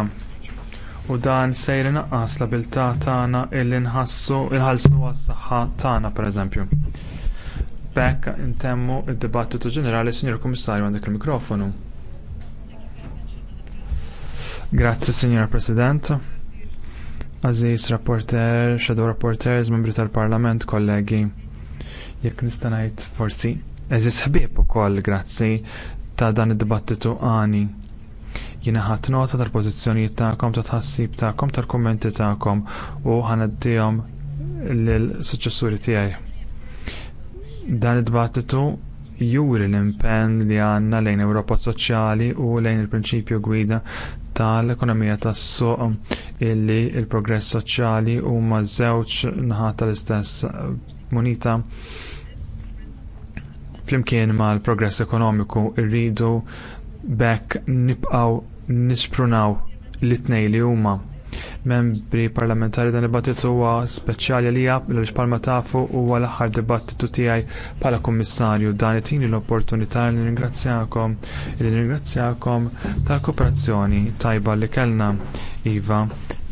u dan se jnaqqas l-abilità tagħna illi nħassu nħallsu għas-saħħa tagħna pereżempju. B'hekk intemmu d-dibattitu ġenerali, Sinjur Kummissarju, għandek il-mikrofonu. Grazzi, Signora President. Aziz rapporter, shadow rapporters, membri tal-Parlament, kollegi. Jekk nista' ngħid forsi, eżis ħbieb ukoll grazzi ta' dan id-dibattitu għani. Jiena ħadd nota tal-pożizzjonijiet tagħkom, ta' tħassib tagħkom, tal-kummenti tagħkom u ħanaddihom lill-suċċessuri tiegħi. Dan id-dibattitu juri l impenn li għandna lejn Ewropa Soċjali u lejn il-prinċipju gwida tal-ekonomija tas-suq illi l-progress soċjali huma żewġ naħat tal-istess munita flimkien mal-progress ekonomiku rridu b'hekk nibqgħu nisprunaw l-itnejn li huma Membri parlamentari dan dibattitu huwa speċjali għalija biex palma tafu huwa l-aħħar dibattitu tiegħi bħala kummissarju dan itini l-opportunità li ningrazzjakom li ningrazzjakom tal-kooperazzjoni tajba li kellna. Iva,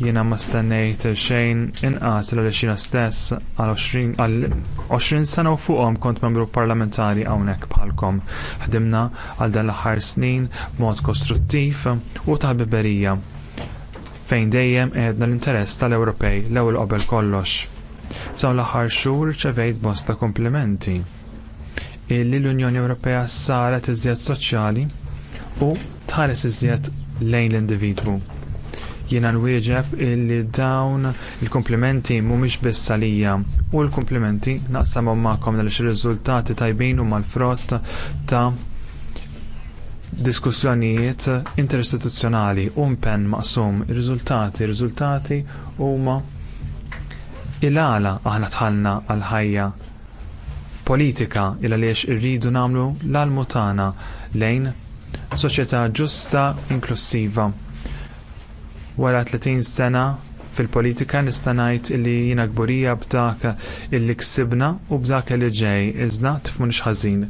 jiena ma stennejt xejn inqas l xina stess għal 20 sena u fuqhom kont membru parlamentari hawnhekk bħalkom. Ħdimna għal dan l-aħħar snin b'mod kostruttiv u ta' biberija fejn dejjem għedna l-interess tal-Ewropej l-ewwel qabel kollox. F'dawn l-aħħar xhur rċevejt bosta komplimenti illi l-Unjoni Ewropea saret iżjed soċjali u tħares iżjed lejn l-individwu. Jiena nwieġeb illi dawn il-komplimenti mhumiex biss għalija u l-komplimenti naqsamhom magħkom għaliex ir-riżultati tajbin huma l-frott ta' diskussjonijiet interistituzzjonali u mpenn maqsum ir-riżultati riżultati huma il-għala aħna tħallna għal ħajja politika il għaliex irridu nagħmlu l almutana lejn soċjetà ġusta inklusiva. Wara 30 sena fil-politika nista' ngħid li jiena gburija b'dak illi ksibna u b'dak li ġej iżda tifmu ħażin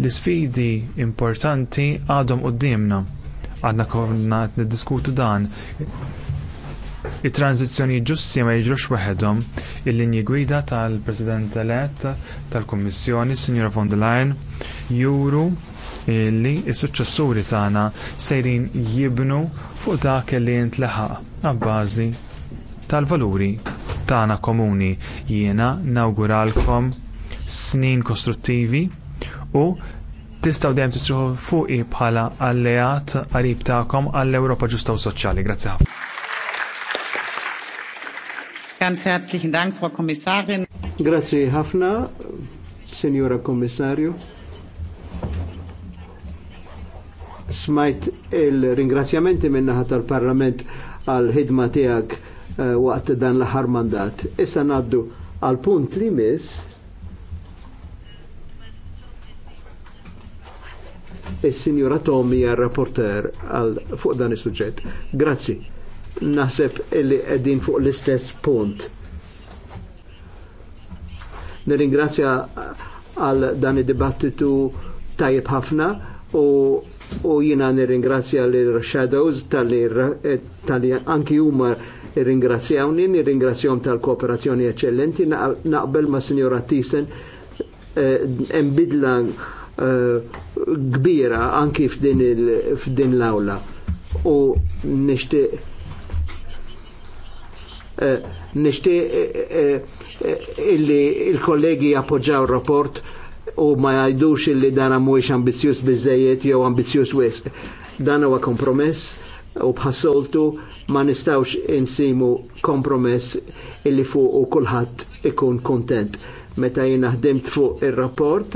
l-isfidi importanti għadhom quddiemna għadna konna niddiskutu dan it-tranzizzjoni ġusti ma jiġrux waħedhom il-linji gwida tal-President elett tal-Kummissjoni Sinjora von der Leyen juru li s-suċċessuri tagħna sejrin jibnu fuq dak li ntleħaq għabbażi tal-valuri tagħna komuni. Jiena nawguralkom snin kostruttivi u tistgħu dejjem fuq fuqi bħala alleat qarib tagħkom għall-Ewropa ġusta u soċjali. Grazzi ħafna. Ganz herzlichen Dank, Frau Kommissarin. Grazzi ħafna, Signora Kommissarju. Smajt il-ringrazzjamenti minna tal-Parlament għal-ħidma tiegħek eh, waqt dan l-aħħar mandat. Issa naddu għal punt li miss il-Sinjura e Tommy għal-rapporter fuq dan il-sujġet. Grazzi. Naħseb illi għedin fuq l-istess punt. Nirringrazzja għal dan il-dibattitu tajib ħafna u u jina nirringrazzja l-Shadows tal-li eh, anki huma ringrazzjawni, nirringrazzjawm tal-kooperazzjoni eccellenti, naqbel ma' Signora Thyssen, eh, embidla Eh, kbira anki f'din l-awla. U nishti uh, illi il-kollegi appoġġaw rapport u ma jajdux illi dana mhuwiex ambizjus bizzejiet jew ambizjus wisq. Dan huwa kompromess u bħassoltu ma nistawx insimu kompromess illi fuq u kulħadd ikun kontent meta jina ħdimt fuq il-rapport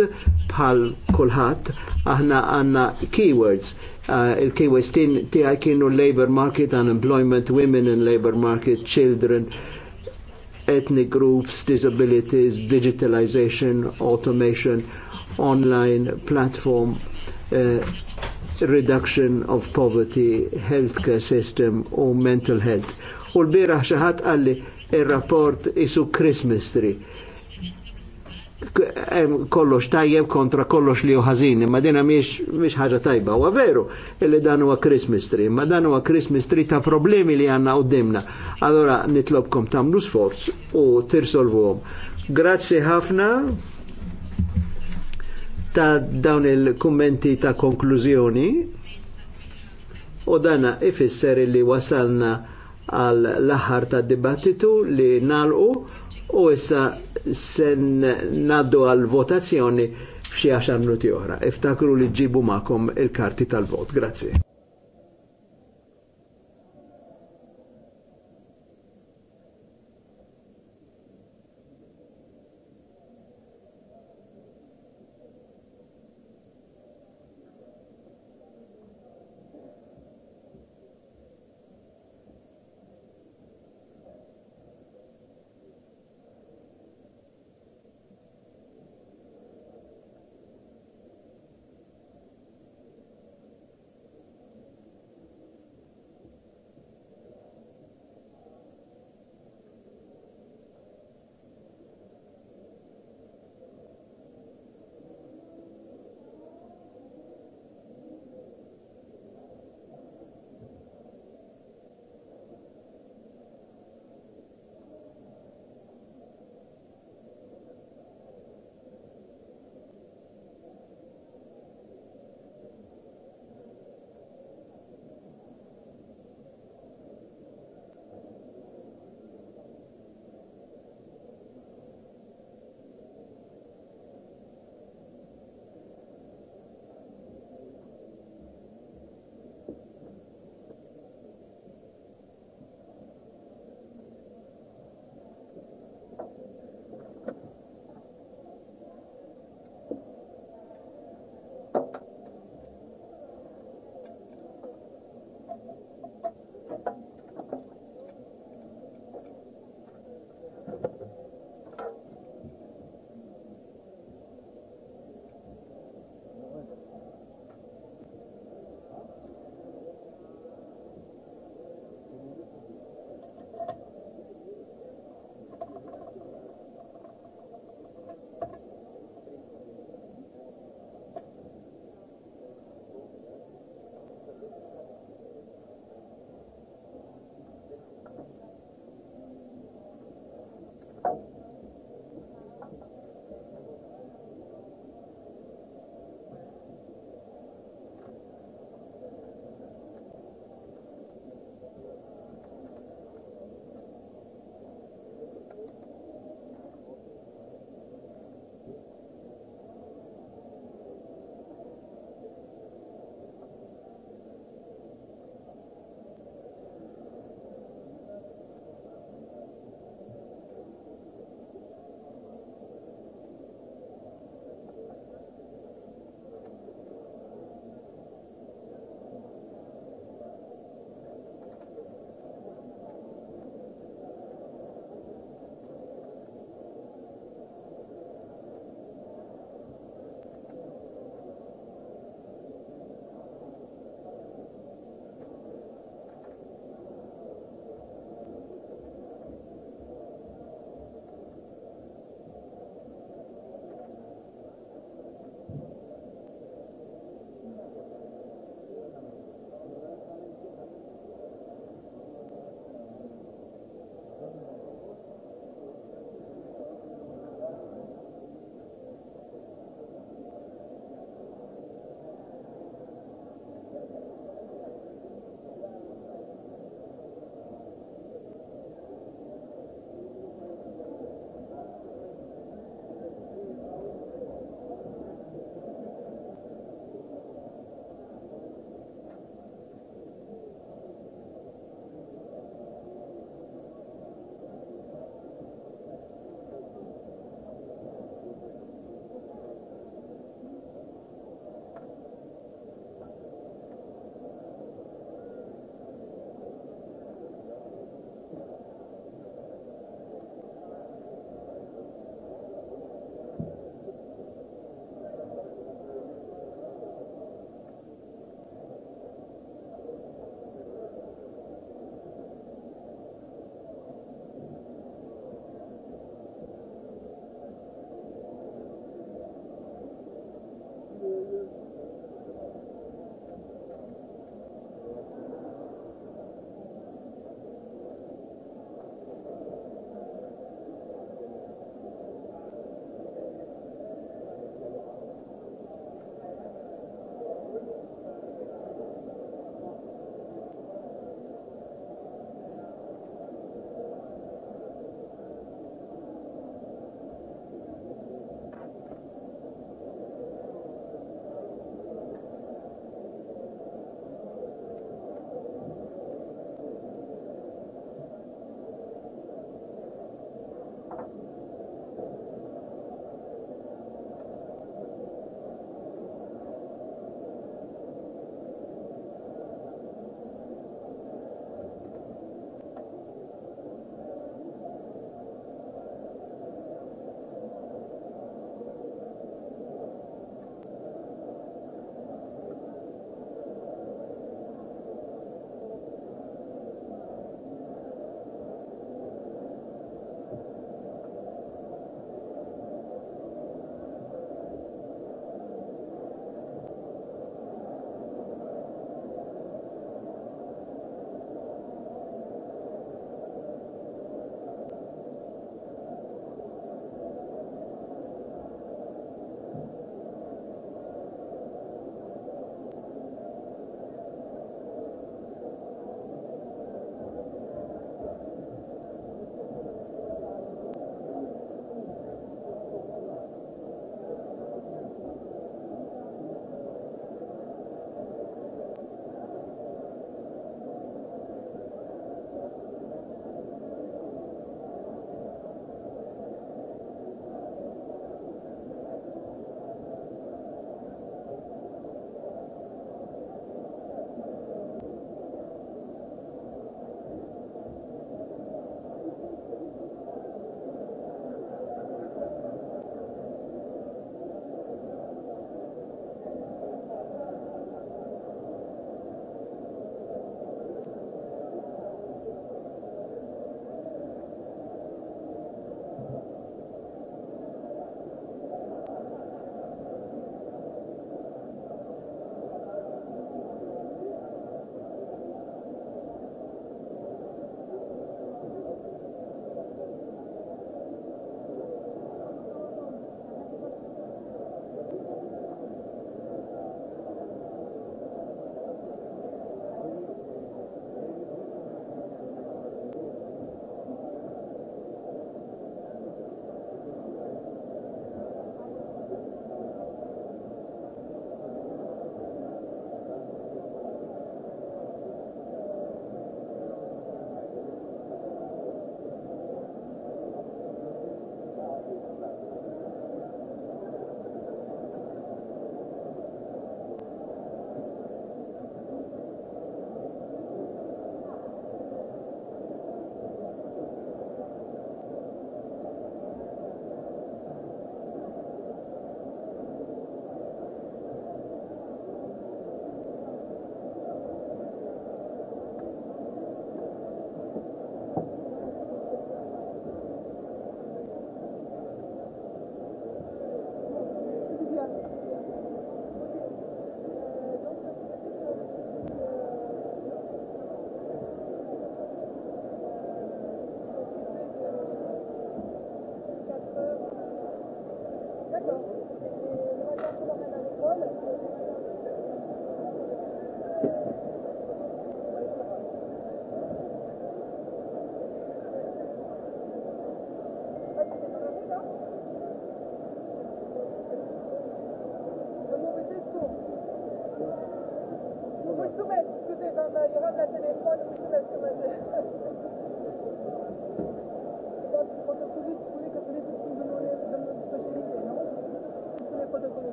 bħal kulħadd aħna għanna keywords uh, il-keywords tiegħi kienu labor market, unemployment, women in labor market, children, ethnic groups, disabilities, digitalization, automation, online platform, uh, reduction of poverty, healthcare system u mental health. U l xaħat għalli il-rapport isu Christmas tree kollox tajjeb kontra kollox li ħażin, ma dina miex ħaġa tajba. u veru illi dan huwa Christmas tree, ma dan huwa Christmas tree ta' problemi li għanna u dimna. Allora nitlobkom tagħmlu sforz u tirsolvu għom. Grazzi ħafna ta' dawn il kommenti ta' konklużjoni u dana ifisser li wasalna għal l-aħħar ta' dibattitu li nalqu u issa sen naddu għal votazzjoni f'xi 10 minuti oħra. Iftakru li ġibu ma'kom il-karti tal-vot. Grazie.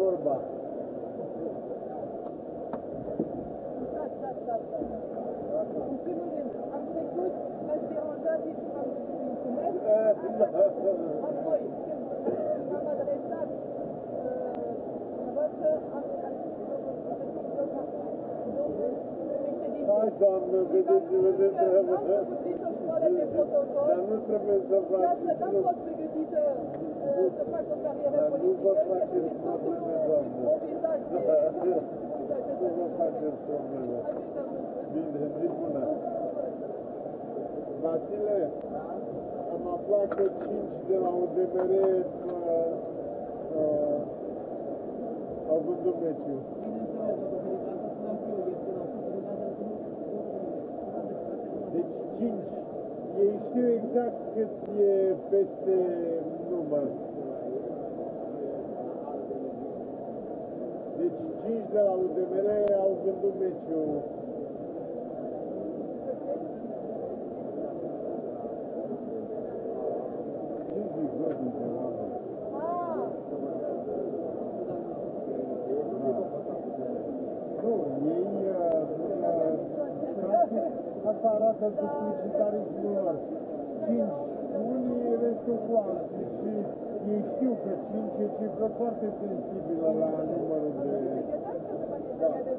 vorba. Doamnă, vedeți, vedeți, vedeți, vedeți, vedeți, vedeți, vedeți, Vasile, am aflat că 5 de la UDMR au vândut meciul. Deci 5, ei știu exact cât e peste număr. Deci 5 de la UDMR jibdu biċu. Apparat al pubblicitarismo, 5 juni resto qua, jien xtiju kħed xinċi ċifra forti sensibila la numero di...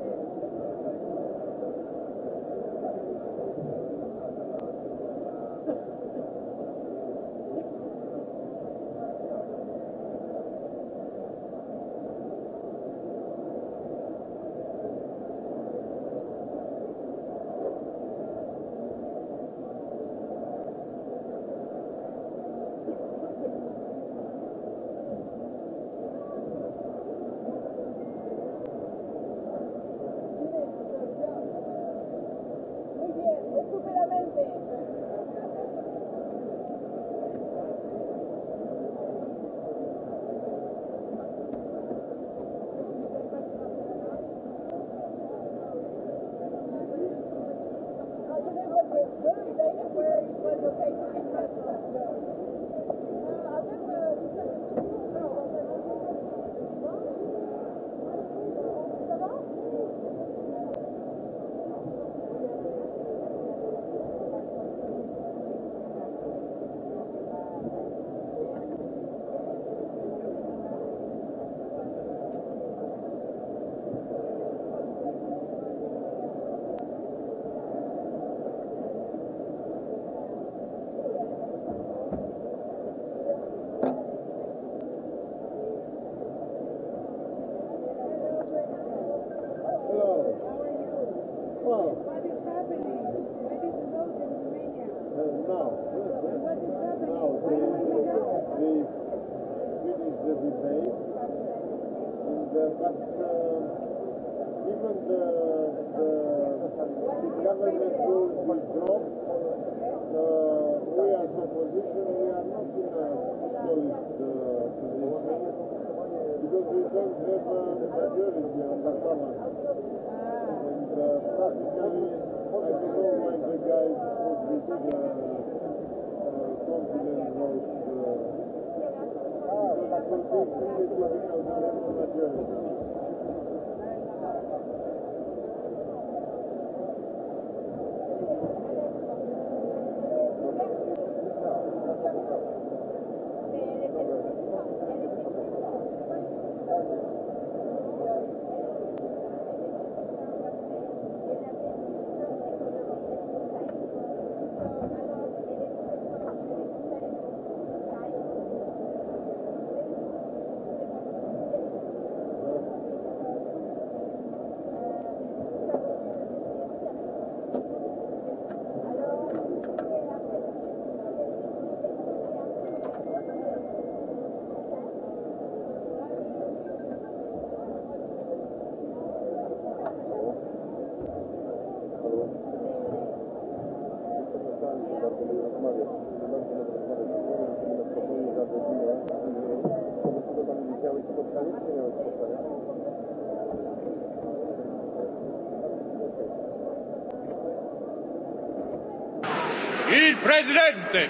Il-Presidente!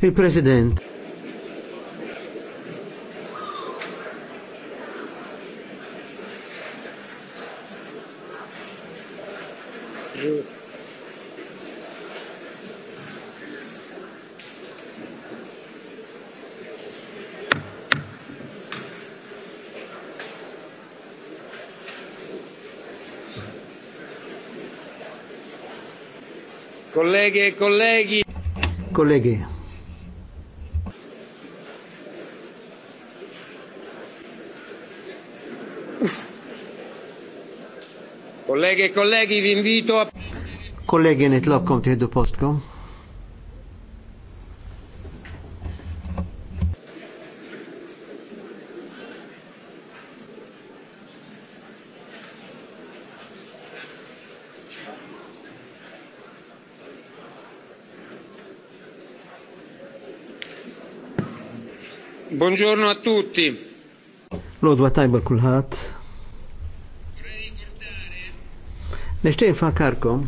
Il-President. Colleghe e colleghi. Colleghi. Colleghe e colleghi, vi invito a... Colleghi, nitlobkom tiħdu postkom. Buongiorno a tutti. Lodwa tajba kulħadd. Nixtieq infakarkom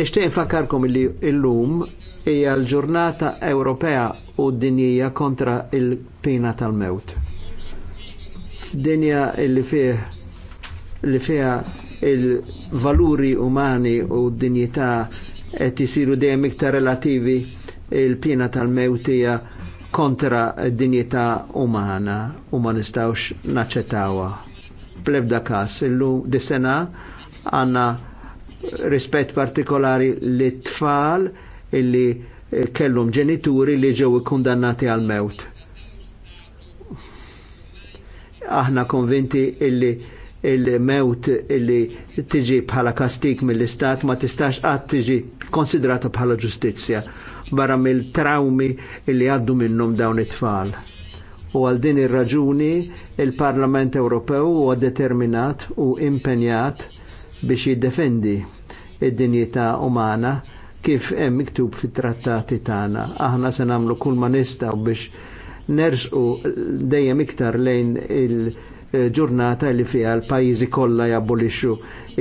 Nishtiq infakarkom il illum hija l-ġurnata Ewropea u dinjija kontra il-pina tal-mewt. F'dinja li fih li fiha il-valuri umani u d-dinjità qed isiru dejjem iktar relativi il-pjena tal-mewtija kontra d-dinjità umana u ma nistawx naċċettawha. Plebda każ illum disena għandna rispett partikolari li tfal illi kellhom ġenituri li ġew kundannati għal mewt. Aħna konvinti illi il-mewt li tiġi bħala kastik mill-istat ma tistax għad tiġi konsidrata bħala ġustizzja barra mill-traumi li għaddu minnum dawn it-tfal. U għal din ir-raġuni il-Parlament Ewropew huwa determinat u impenjat biex jiddefendi id-dinjità umana kif hemm miktub fit-trattati tagħna. Aħna se nagħmlu kull ma nistgħu biex nersqu dejjem iktar lejn il- ġurnata li fija l-pajizi kollha jabbolixxu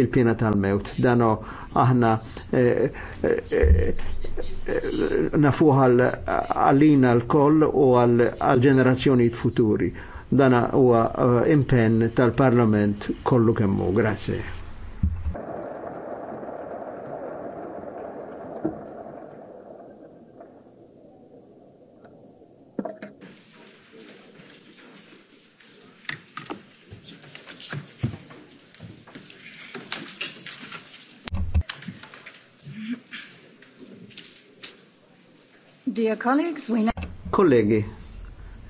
il-pjena tal-mewt. Dano aħna eh, eh, eh, nafuħ għalina l-koll u għal-ġenerazzjoni futuri. Dana huwa impenn tal-Parlament kollu kemmu. Grazie. Dear colleagues, we now... Kollegi,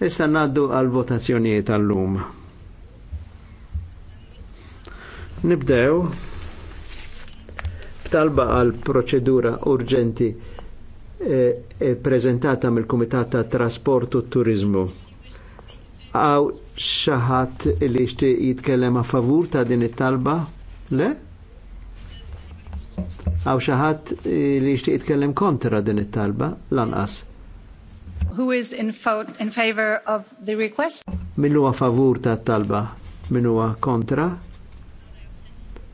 issa naddu għal votazzjonijiet għall-lum. Nibdew b'talba għal proċedura urġenti e, e prezentata mill-Kumitat ta' Trasportu u Turizmu. Għaw xaħat li xti jitkellem a favur ta' din it-talba? Le? Għaw xaħat eh, li jishtiq jitkellem kontra din it-talba, lanqas. Who is in, in favor of the request? Min huwa favur ta' talba, min huwa kontra?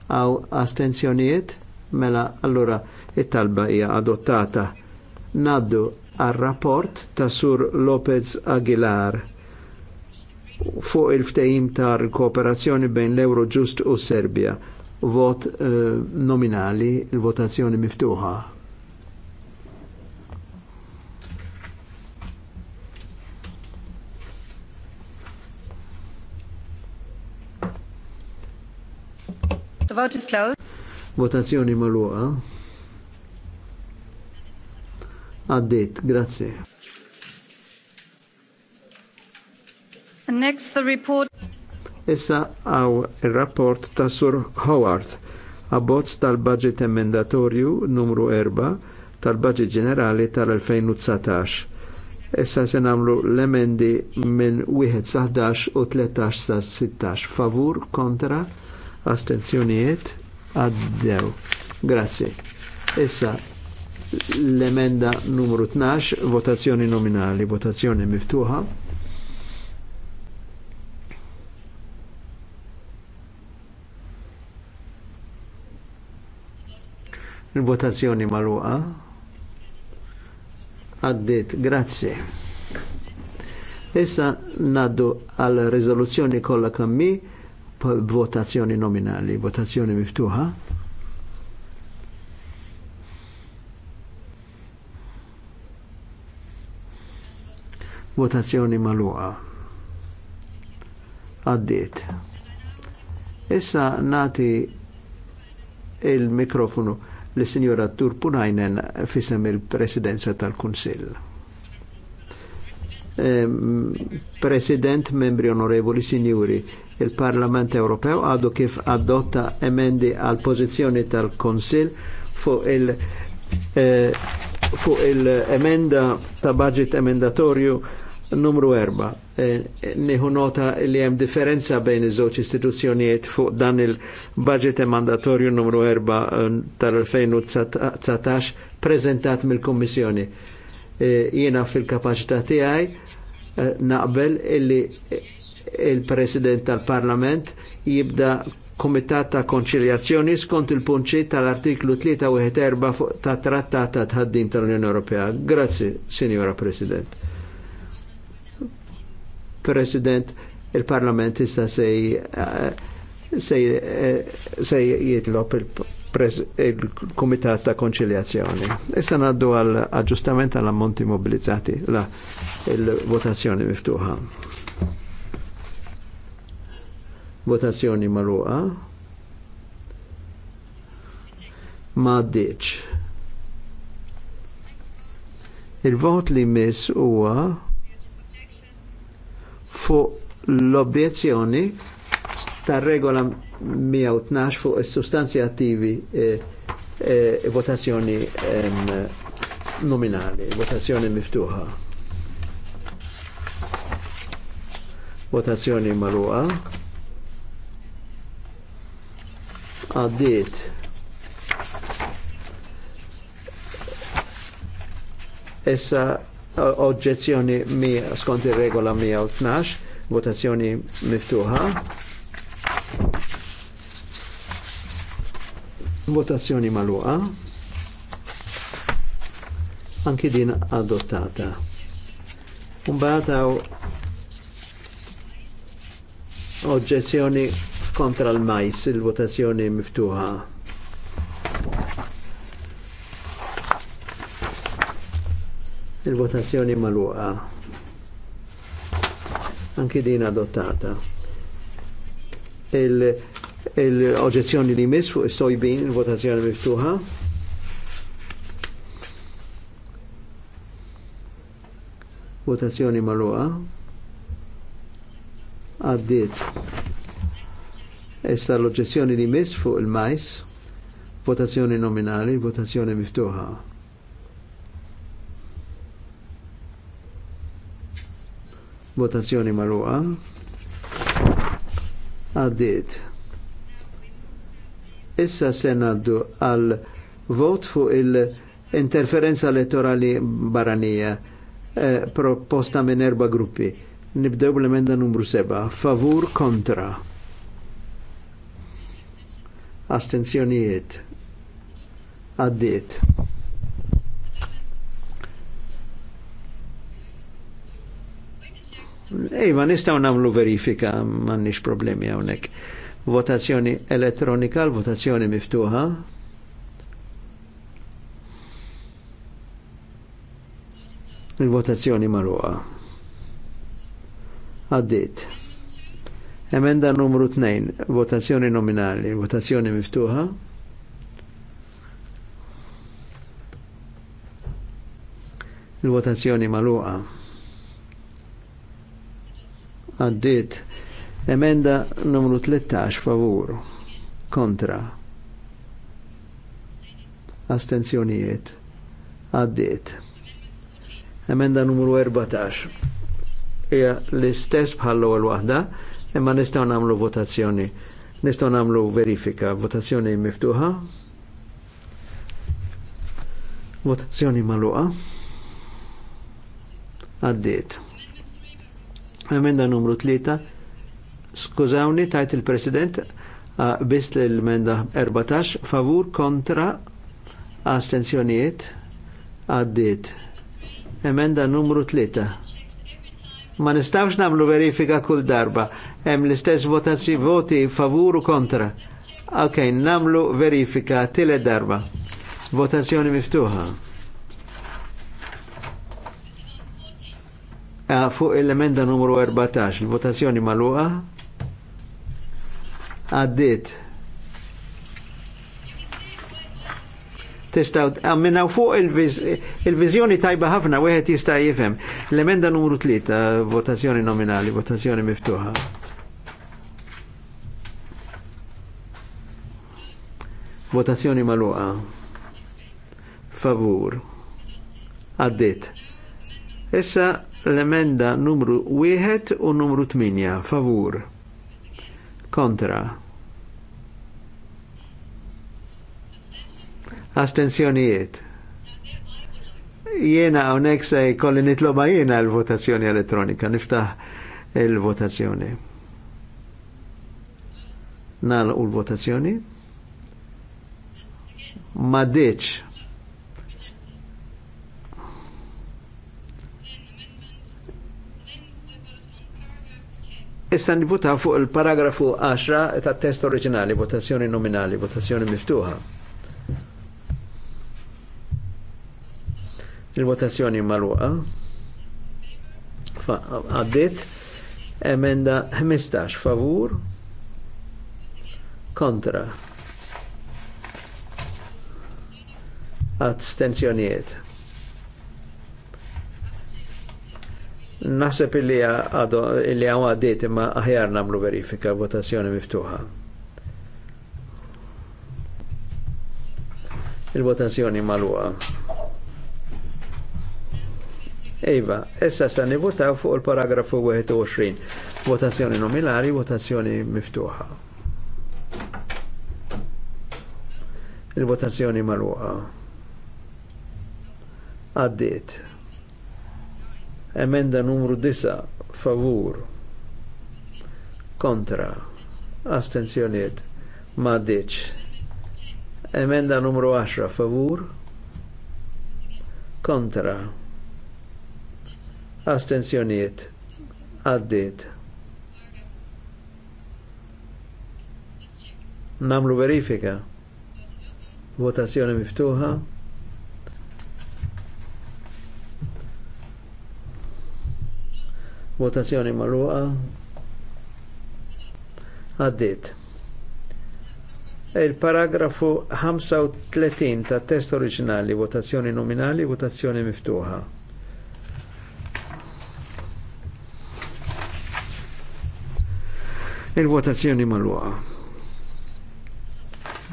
Għaw astenzjonijiet? Mela, allura, it-talba hija adottata. Naddu għal rapport ta' Sur Lopez Aguilar fuq il-ftehim ta' kooperazzjoni bejn l-Eurojust u Serbia vot eh, nominali, il-votazzjoni miftuħa. The vote is closed. Votazzjoni maluqa. Addit, grazie. And next the report Issa għaw il-rapport ta' Sur Howard, abbozz tal-budget emendatorju numru 4 tal-budget ġenerali tal-2019. Issa se namlu l-emendi minn wieħed sa 11 u 13 sa 16. Favur, kontra, astenzjonijiet, dew. Grazie. Issa l-emenda numru 12, votazzjoni nominali, votazzjoni miftuħa. Il-votazzjoni maluqa. Għaddit, grazzi. Issa naddu għal rezoluzzjoni kolla kammi votazzjoni nominali, votazzjoni miftuħa. Votazzjoni maluqa. għaddit Issa nati il-mikrofonu l-Sinjora Turpunajnen fisem il-Presidenza tal-Kunsill. Ehm, President, membri onorevoli sinjuri, il-Parlament Ewropew għadu kif adotta emendi għal pożizzjoni tal kunsill fuq il- eh, fuq il-emenda ta' budget emendatorju Numru erba, eh, eh, nieħu nota li hemm differenza bejn iż-żewġ istituzzjonijiet fuq dan il-budget mandatorju numru erba eh, tal-2019 preżentat mill-Kummissjoni. Jiena fil-kapaċità tiegħi naqbel illi il-President tal-Parlament jibda Komitat ta' Konċiljazzjoni skont il-punċi tal-artiklu 3 ta' Trattat ta' tħaddim tal-Unjoni Ewropea. Grazzi, Signora President. President, il-Parlament issa sej eh, sej eh, jitlop il-Komitat ta' Konċiljazzjoni. Issa naddu għal aġġustament għal ammonti mobilizzati la il-votazzjoni miftuħa. Votazzjoni marruqa. Ma Il-vot li mis huwa fuq l-objezzjoni tar regola 112 fuq il sustanzi attivi e, e, e, votazzjoni nominali, votazzjoni miftuħa. Votazzjoni marruqa. Għaddit. Essa oġġezzjoni skont ir-regola 112, votazzjoni miftuħa. Votazzjoni maluqa. Anki din adottata. Umbata oġġezzjoni kontra l-majs, il-votazzjoni miftuħa. Il-votazzjoni maluqa. Anki din adottata. Il-oġezzjoni il li mis fuq il sojbin il-votazzjoni miftuħa. Votazzjoni maluqa. Għaddit. Issa l-oġezzjoni li mis fuq il-majs, votazzjoni nominali, votazzjoni miftuħa. Votazzjoni marruqa. għaddit Issa senaddu għal vot fuq il-interferenza elettorali baranija eh, proposta minn erba gruppi. Nibdew l emenda numru 7. Favur kontra. Astenzjonijiet. għaddit ma nistaw namlu verifika, mannix problemi għonek. Votazzjoni elettronika, votazzjoni miftuħa. Il-votazzjoni marruqa. Għaddit. Emenda numru 2, votazzjoni nominali, votazzjoni miftuħa. Il-votazzjoni marruqa għaddit. Emenda numru 13 favur kontra. Astenzjonijiet għaddit. Emenda numru 14 hija l-istess bħall-ewwel waħda, imma nistgħu nagħmlu votazzjoni. Nistgħu nagħmlu verifika, votazzjoni miftuħa. Votazzjoni magħluqa. Għaddiet. Emenda numru 3, skużawni tajt il-President, bist l-emenda 14, favur kontra astenzjonijiet għaddit. Emenda numru 3. Ma nistawx namlu verifika kull darba, hemm l-istess votazzi voti favur u kontra. Ok, namlu verifika tile darba. Votazzjoni miftuħa. Ah, fuq l-emenda numru 14, il-votazzjoni maluqa għaddit. Testaw, għammina ah, fuq il-vizjoni tajba ħafna, wieħed jista' jifem. L-emenda numru 3, ah, votazzjoni nominali, votazzjoni miftuħa. Votazzjoni maluqa. Favur. Għaddit. Issa l-emenda numru 1 u numru 8 favur kontra Astenzjonijiet. jena hawnhekk se jkolli nitloba jiena l-votazzjoni elettronika niftaħ l votazzjoni u l-votazzjoni ma ditx Issa nibuta fuq il-paragrafu 10 ta' test oriġinali, votazzjoni nominali, votazzjoni miftuħa. Il-votazzjoni maluqa. Għaddit emenda 15 favur kontra. Astenzjonijiet. Naħseb illi għaw għaddit imma aħjar namlu verifika votazzjoni miftuħa. Il-votazzjoni malwa. Iva, essa sta votaw fuq il-paragrafu 21. Votazzjoni nominali, votazzjoni miftuħa. Il-votazzjoni malwa. Għaddit. Emenda numru 9 favur kontra astenzjoniet ma Emenda numru 10 favur kontra astenzjoniet għaddit. Namlu verifika. Votazzjoni miftuħa. Votazzjoni marruqa. Għaddit. Il-paragrafu 35 ta' test oriġinali, votazzjoni nominali, votazzjoni miftuħa. Il-votazzjoni marruqa.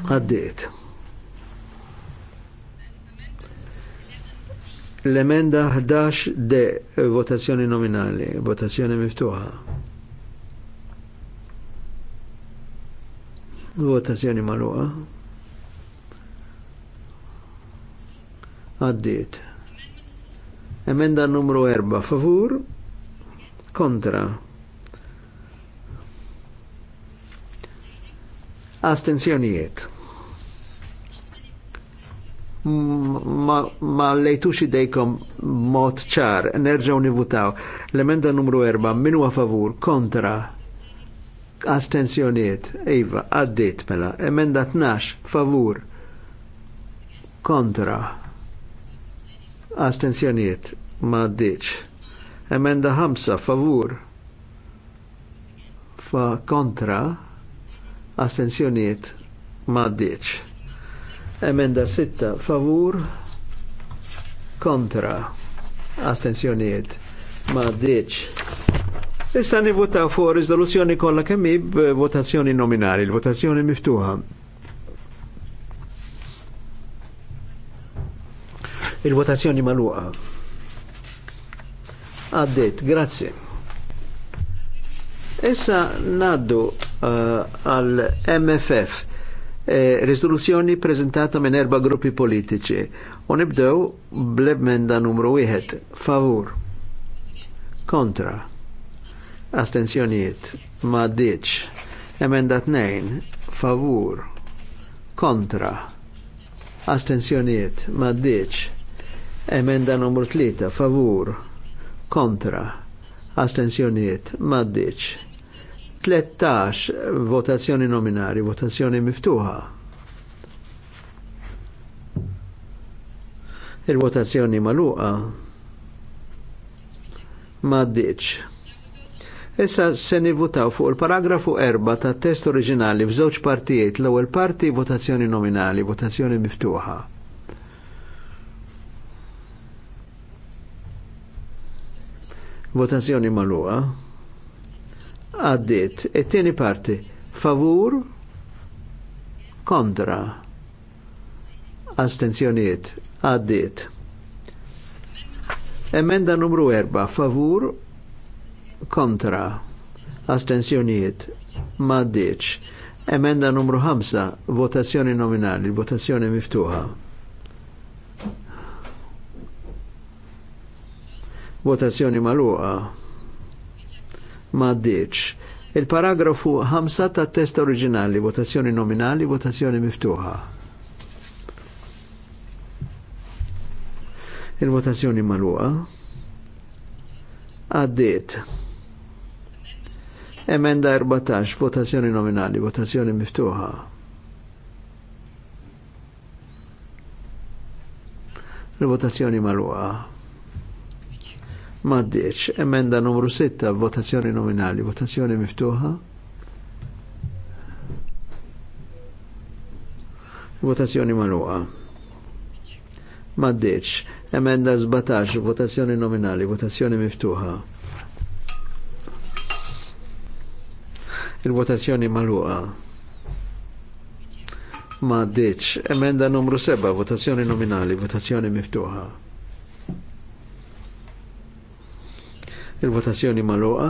Għaddit. L-emenda 11 de votazzjoni nominali, votazzjoni miftuħa. Votazzjoni marruqa. Għaddit. Emenda numru 4, favur, kontra. Astenzjonijiet ma lejtux idejkom mod ċar, nerġaw nivutaw. L-emenda numru 4, minu favur, kontra, astensjoniet, Iva, għaddit mela, emenda 12, favur, kontra, astensjoniet, ma għaddit. Emenda 5, favur, fa kontra, astensjoniet, ma għaddit. Emenda 6 favur kontra astensjonijiet ma diċ Issa nivvotaw fuq riżoluzzjoni kollha kemm votazzjoni nominali, l votazzjoni miftuħa. Il-votazzjoni maluqa Għaddit, grazzi. Issa naddu eh, għal uh, MFF Eh, Rizoluzzjoni prezentata minn erba gruppi politiċi. U nibdew bl-emenda numru 1. Favur. Kontra. Astenzjonijiet. Ma diċ. Emenda 2. Favur. Kontra. Astenzjonijiet. Ma diċ. Emenda numru 3. Favur. Kontra. Astenzjonijiet. Ma diċ. 13 votazzjoni nominari, votazzjoni miftuħa. Il-votazzjoni maluqa ma ddiċ. Issa se nivvutaw fuq il-paragrafu 4 ta' test oriġinali f'żewġ partijiet, l-ewwel parti votazzjoni nominali, votazzjoni miftuħa. Votazzjoni maluqa għaddit. It-tieni parti favur kontra astenzjoniet għaddit. Emenda numru 4 favur kontra astenzjoniet maddiċ. Emenda numru 5 votazzjoni nominali, votazzjoni miftuħa. Votazzjoni maluqa maddiċ. Il-paragrafu 5 ta' test oriġinali, votazzjoni nominali, votazzjoni miftuħa. Il-votazzjoni maluqa. Għaddiet. Emenda 14, votazzjoni nominali, votazzjoni miftuħa. Il-votazzjoni maluqa Maddiċ, emenda numru 6, votazzjoni nominali, votazzjoni miftuħa. Votazzjoni maluqa. Maddiċ, emenda 17, votazzjoni nominali, votazzjoni miftuħa. Il-votazzjoni maluqa. Maddiċ, emenda numru 7, votazzjoni nominali, votazzjoni miftuħa. Il-votazzjoni maluqa.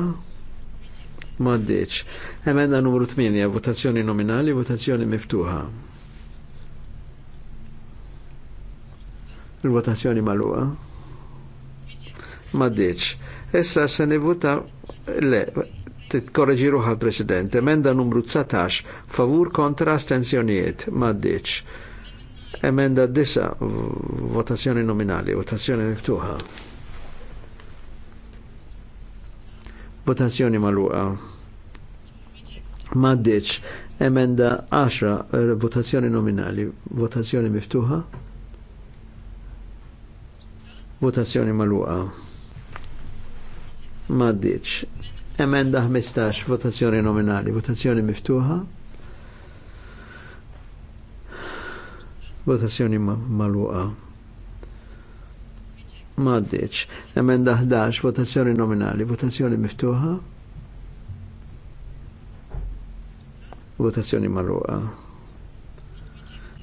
maddeċ. Emenda numru 8, votazzjoni nominali, votazzjoni miftuħa. Il-votazzjoni maluqa. maddeċ. Essa se nivuta le, titkorreġi ruħa president Emenda numru 19, favur kontra astensjonijiet. maddeċ. Emenda 10, votazzjoni nominali, votazzjoni miftuħa. Votazzjoni maluqa. Maddeċ, Emenda 10. Er, votazzjoni nominali. Votazzjoni miftuħa. Votazzjoni maluqa. Maddeċ, Emenda 15, votazzjoni nominali, votazzjoni miftuħa. Votazzjoni maluqa maddeċ. Emenda 11, votazzjoni nominali, votazzjoni miftuħa. Votazzjoni marruqa.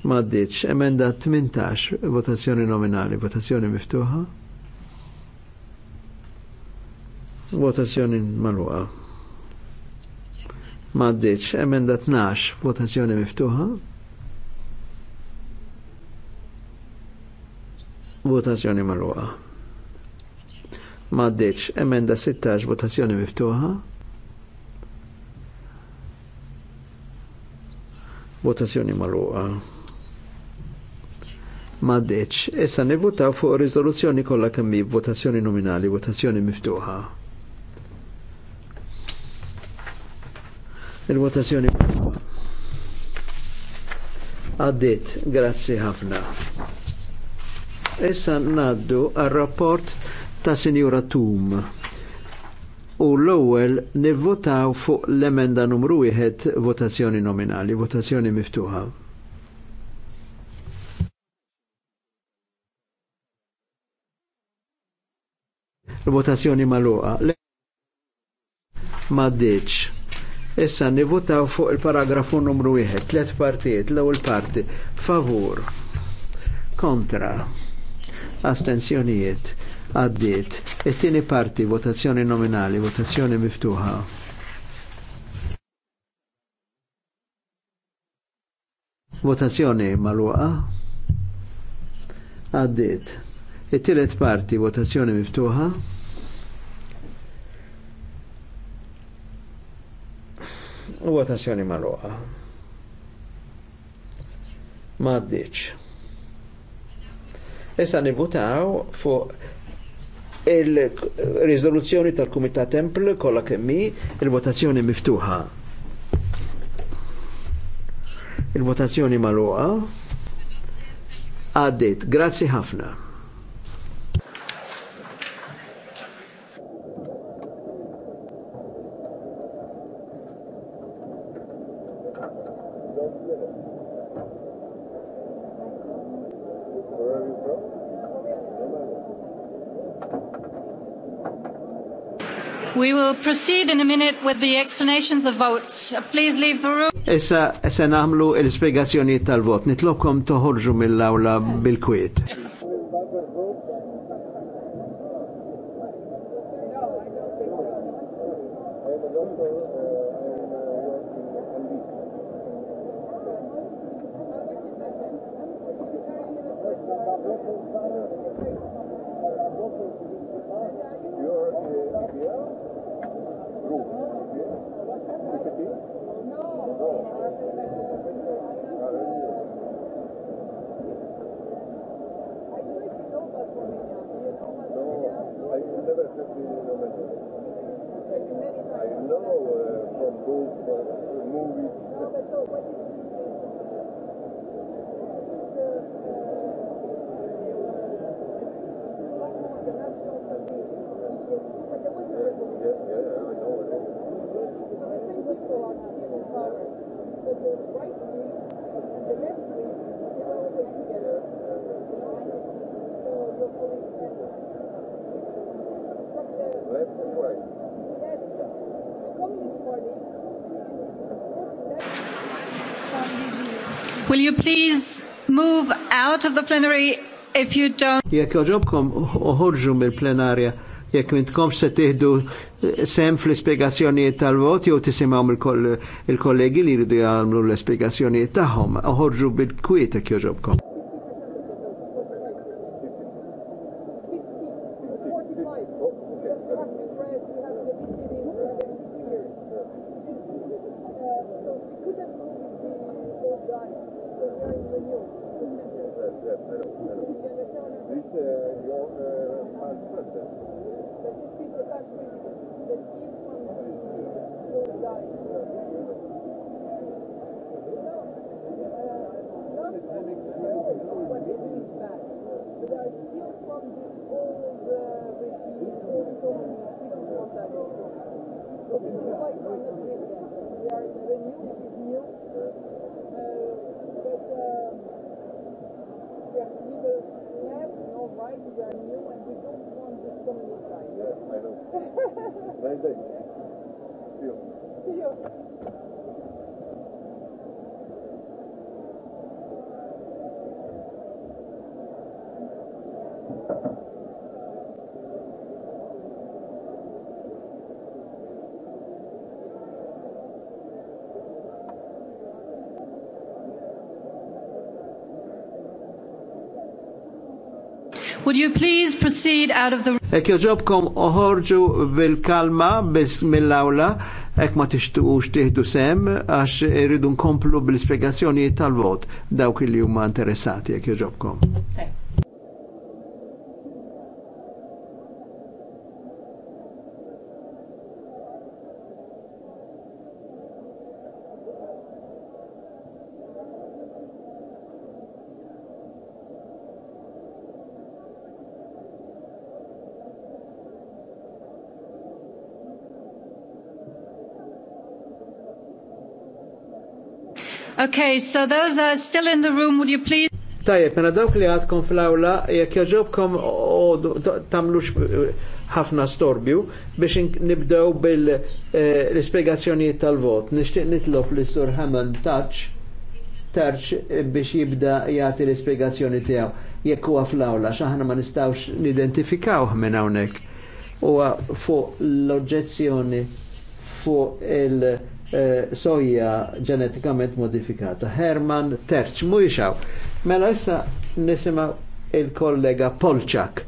Maddeċ. Emenda 18, votazzjoni nominali, votazzjoni miftuħa. Votazzjoni marruqa. Maddeċ. Emenda 12, votazzjoni miftuħa. Votazzjoni marruqa. Maddeċ, emenda 16, votazzjoni miftuħa. Votazzjoni marruqa. Maddeċ, ne votaw fuq rizoluzzjoni kollha kemm votazzjoni nominali, votazzjoni miftuħa. il-votazzjoni għaddit, grazzi ħafna. Issa naddu għal-rapport ta' Sinjura Tum. U l-ewwel nivvotaw fuq l-emenda numru wieħed votazzjoni nominali, votazzjoni miftuħa. votazzjoni maluqa. Ma ddiċ. Issa nivvotaw fuq il-paragrafu numru wieħed. Tliet partijiet, l-ewwel parti, favur, kontra, astenzjonijiet għaddiet. It-tieni parti votazzjoni nominali, votazzjoni miftuħa. Votazzjoni maluqa għaddiet. It-tielet parti votazzjoni miftuħa. U votazzjoni maluqa. Ma għaddiċ. Issa nivutaw fuq il-rizoluzzjoni tal kumita Templ kolla kemmi il-votazzjoni miftuħa. Il-votazzjoni maluqa għaddit. Grazzi ħafna. proceed in a minute with the explanations of votes. Please leave the room. Issa se naħmlu l-spjegazzjonijiet tal-vot. Nitlobkom toħorġu mill-awla bil-kwiet. of the plenary if you don't. Jekk joġobkom uħorġu mill-plenarja, jekk mintkom se tiħdu sem fl-ispiegazzjonijiet tal-vot jew tisimgħu mill-kollegi li jridu jagħmlu l-ispiegazzjonijiet tagħhom, uħorġu bil-kwiet jekk joġobkom. out of the room. Ek joġobkom uħorġu bil-kalma mill-awla, ek ma tixtuqux tiħdu sem għax irridu nkomplu bil spiegazzjoni tal-vot dawk li huma interessati, ek joġobkom. Okay, so those are still in the room, would you please? Tajjeb, pena mela dawk li għadkom fl-awla, jekk joġobkom tamlux eh, ħafna storbju biex nibdew bil-spiegazzjoniet eh, tal-vot. Nishtiq nitlob li sur Hammond Touch tarċ eh, biex jibda jagħti l-ispjegazzjoni tiegħu jekk huwa fl-awla x'aħna ma nistawx nidentifikaw minn hawnhekk. Huwa fuq l-oġġezzjoni fuq il- Eh, soja ġenetikament modifikata. Herman Terċ, mujxaw. Mela issa nisima il-kollega Polczak.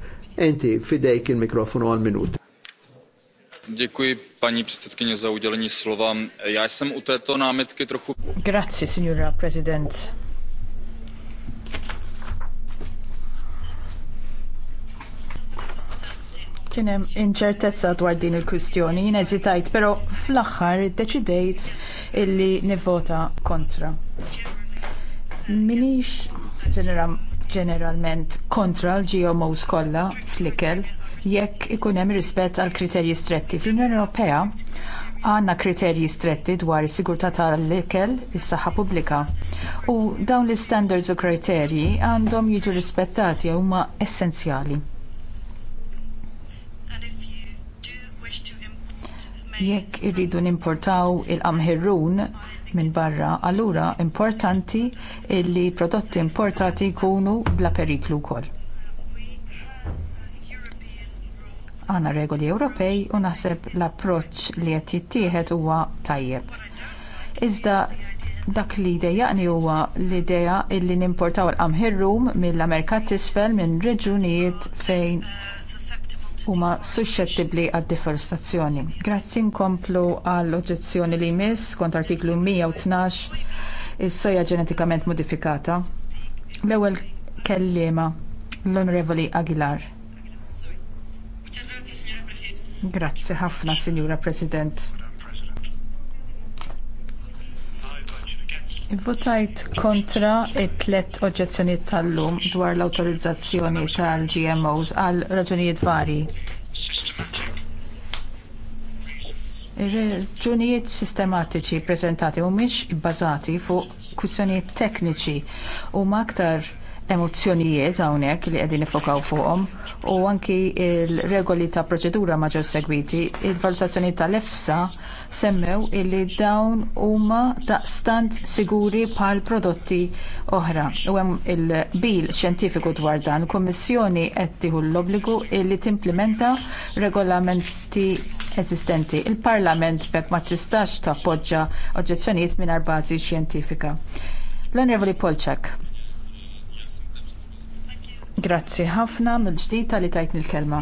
Enti fidejk il-mikrofonu għal-minut. Dziękuję pani przedsedkynie za udzielenie słowa. Ja jestem u této námitky trochu... Grazie, signora prezydent. Kien hemm inċertezza dwar din il-kwistjoni, jien eżitajt, però fl-aħħar iddeċidejt illi nivvota kontra. Minix ġeneralment kontra l-GMOs kollha fl-ikel jekk ikun hemm rispett għal kriterji stretti. Fl-Unjoni Ewropea għandna kriterji stretti dwar is-sigurtà tal-ikel, is-saħħa pubblika. U dawn l istandards u kriterji għandhom jiġu rispettati huma essenzjali. Jekk irridu nimportaw il-qamħirrun minn barra, allura importanti li prodotti importati jkunu bla periklu wkoll. Għandna regoli Ewropej u naħseb l-approċċ li qed jittieħed huwa tajjeb. Iżda dak li dejjaqni huwa l-idea li nimportaw il-qamħirrum mill-Amerikat t'isfel minn reġunijiet fejn huma suscettibbli għad deforestazzjoni. Grazzi nkomplu għall oġġezzjoni li jmiss kont artiklu 112 is-soja ġenetikament modifikata. L-ewwel kelliema l-Onorevoli Aguilar. Grazzi ħafna, Signora President. Votajt kontra it-tlet oġġezzjonijiet tal-lum dwar l-awtorizzazzjoni tal-GMOs għal raġunijiet varji. Raġunijiet sistematiċi ppreżentati mhumiex bbażati fuq kwistjonijiet tekniċi huma aktar emozzjonijiet hawnhekk li qegħdin nifokaw fuqhom u anki l regoli ta' proċedura ma ġew segwiti, il-valutazzjoni tal-EFSA semmew illi dawn huma ta stand siguri bħal prodotti oħra. U hemm il-bil xjentifiku dwar dan, il-Kummissjoni qed tieħu l-obbligu illi timplementa regolamenti eżistenti. Il-Parlament bekk ma tistax tappoġġa oġġezzjonijiet mingħajr bażi xjentifika. L-Onorevoli Polczak Grazzi ħafna mill-ġdid tal-li tajtni l-kelma.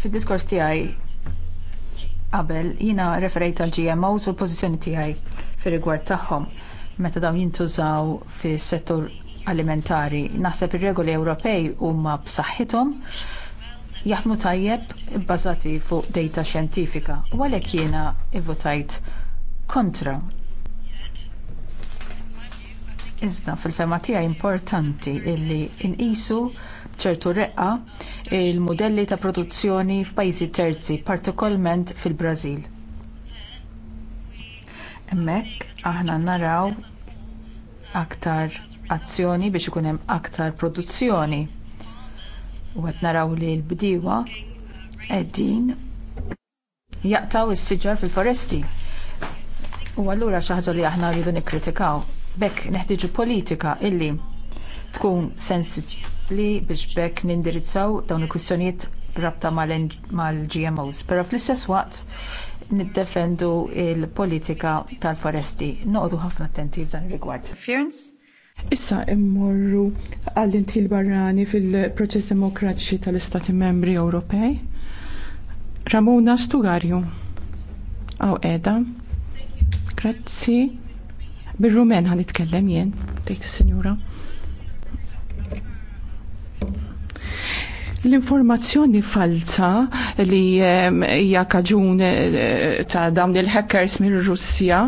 Fid-diskors tiegħi qabel jiena referejt għal GMOs u l-pożizzjoni tiegħi fir-rigward tagħhom meta dawn jintużaw fis-settur alimentari. Naħseb ir-regoli Ewropej huma b'saħħithom jaħdmu tajjeb bbażati fuq data xjentifika u għalhekk jiena ivvotajt kontra Iżda fil-fema tiegħi importanti illi nqisu ċertu reqqa il mudelli ta' produzzjoni f'pajjiżi terzi, partikolarment fil-Brażil. Hemmhekk aħna naraw aktar azzjoni biex ikun hemm aktar produzzjoni. U qed naraw li l-bdiewa qegħdin jaqtaw is-siġar fil-foresti. U allura xi ħaġa li aħna rridu nikkritikaw Bekk neħtieġu politika illi tkun sensibli biex bekk nindirizzaw dawn il-kwistjonijiet rabta mal-GMOs. Però fl-istess waqt niddefendu l politika tal-foresti. Noqogħdu ħafna attenti f'dan ir-rigward. Issa immorru għall-intil barrani fil-proċess demokratiċi tal-Istati Membri Ewropej. Ramona Stugarju. Aw edha. Grazzi. Bir-Rumen ħan nitkellem jien, tgħid is-Sinjura. L-informazzjoni falsa li hija kaġun eh, ta' dawn il-hackers mir-Russja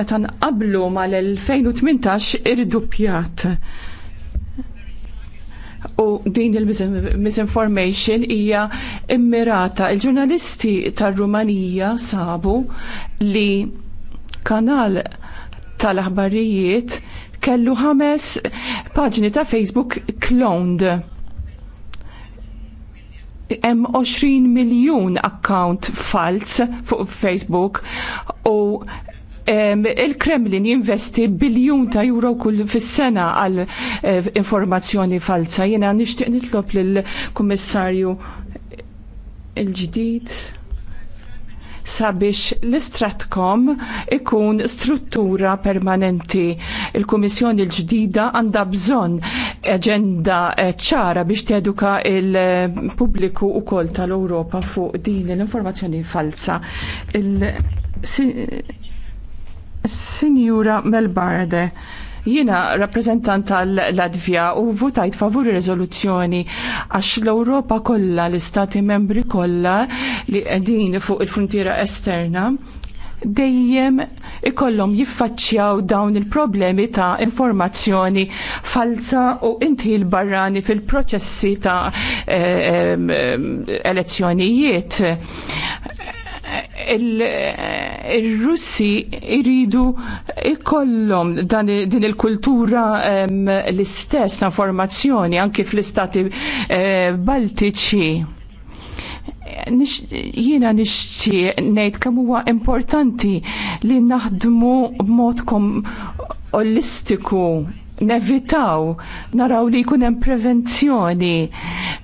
meta nqablu mal-2018 irdupjat. U din il-misinformation hija immirata. Il-ġurnalisti tar-Rumanija sabu li kanal tal-aħbarijiet kellu ħames paġni ta' Facebook cloned. Hemm 20 miljun account false fuq Facebook u il-Kremlin jinvesti biljun ta' euro kull fis-sena għal eh, informazzjoni falsa. Jiena nixtieq nitlob lill-Kummissarju il-ġdid sabiex l-istratkom ikun struttura permanenti. Il-Kummissjoni l-ġdida għandha bżonn aġenda eh, ċara biex teduka il-pubbliku wkoll tal europa fuq din l-informazzjoni falsa. Il Sinjura Melbarde, Jina rappresentant tal-Latvija u votajt favuri rezoluzzjoni għax l-Europa kollha, l-Istati membri kollha li qegħdin fuq il-frontiera esterna dejjem ikollhom jiffaċċjaw dawn il-problemi ta' informazzjoni falsa u inti l-barrani fil-proċessi ta' eh, eh, elezzjonijiet il-Russi iridu ikollom din il-kultura l-istess ta' formazzjoni anki fl-istati eh, baltiċi. Jiena nixtieq ngħid kemm huwa importanti li naħdmu b'mod olistiku nevitaw, naraw li jkun hemm prevenzjoni.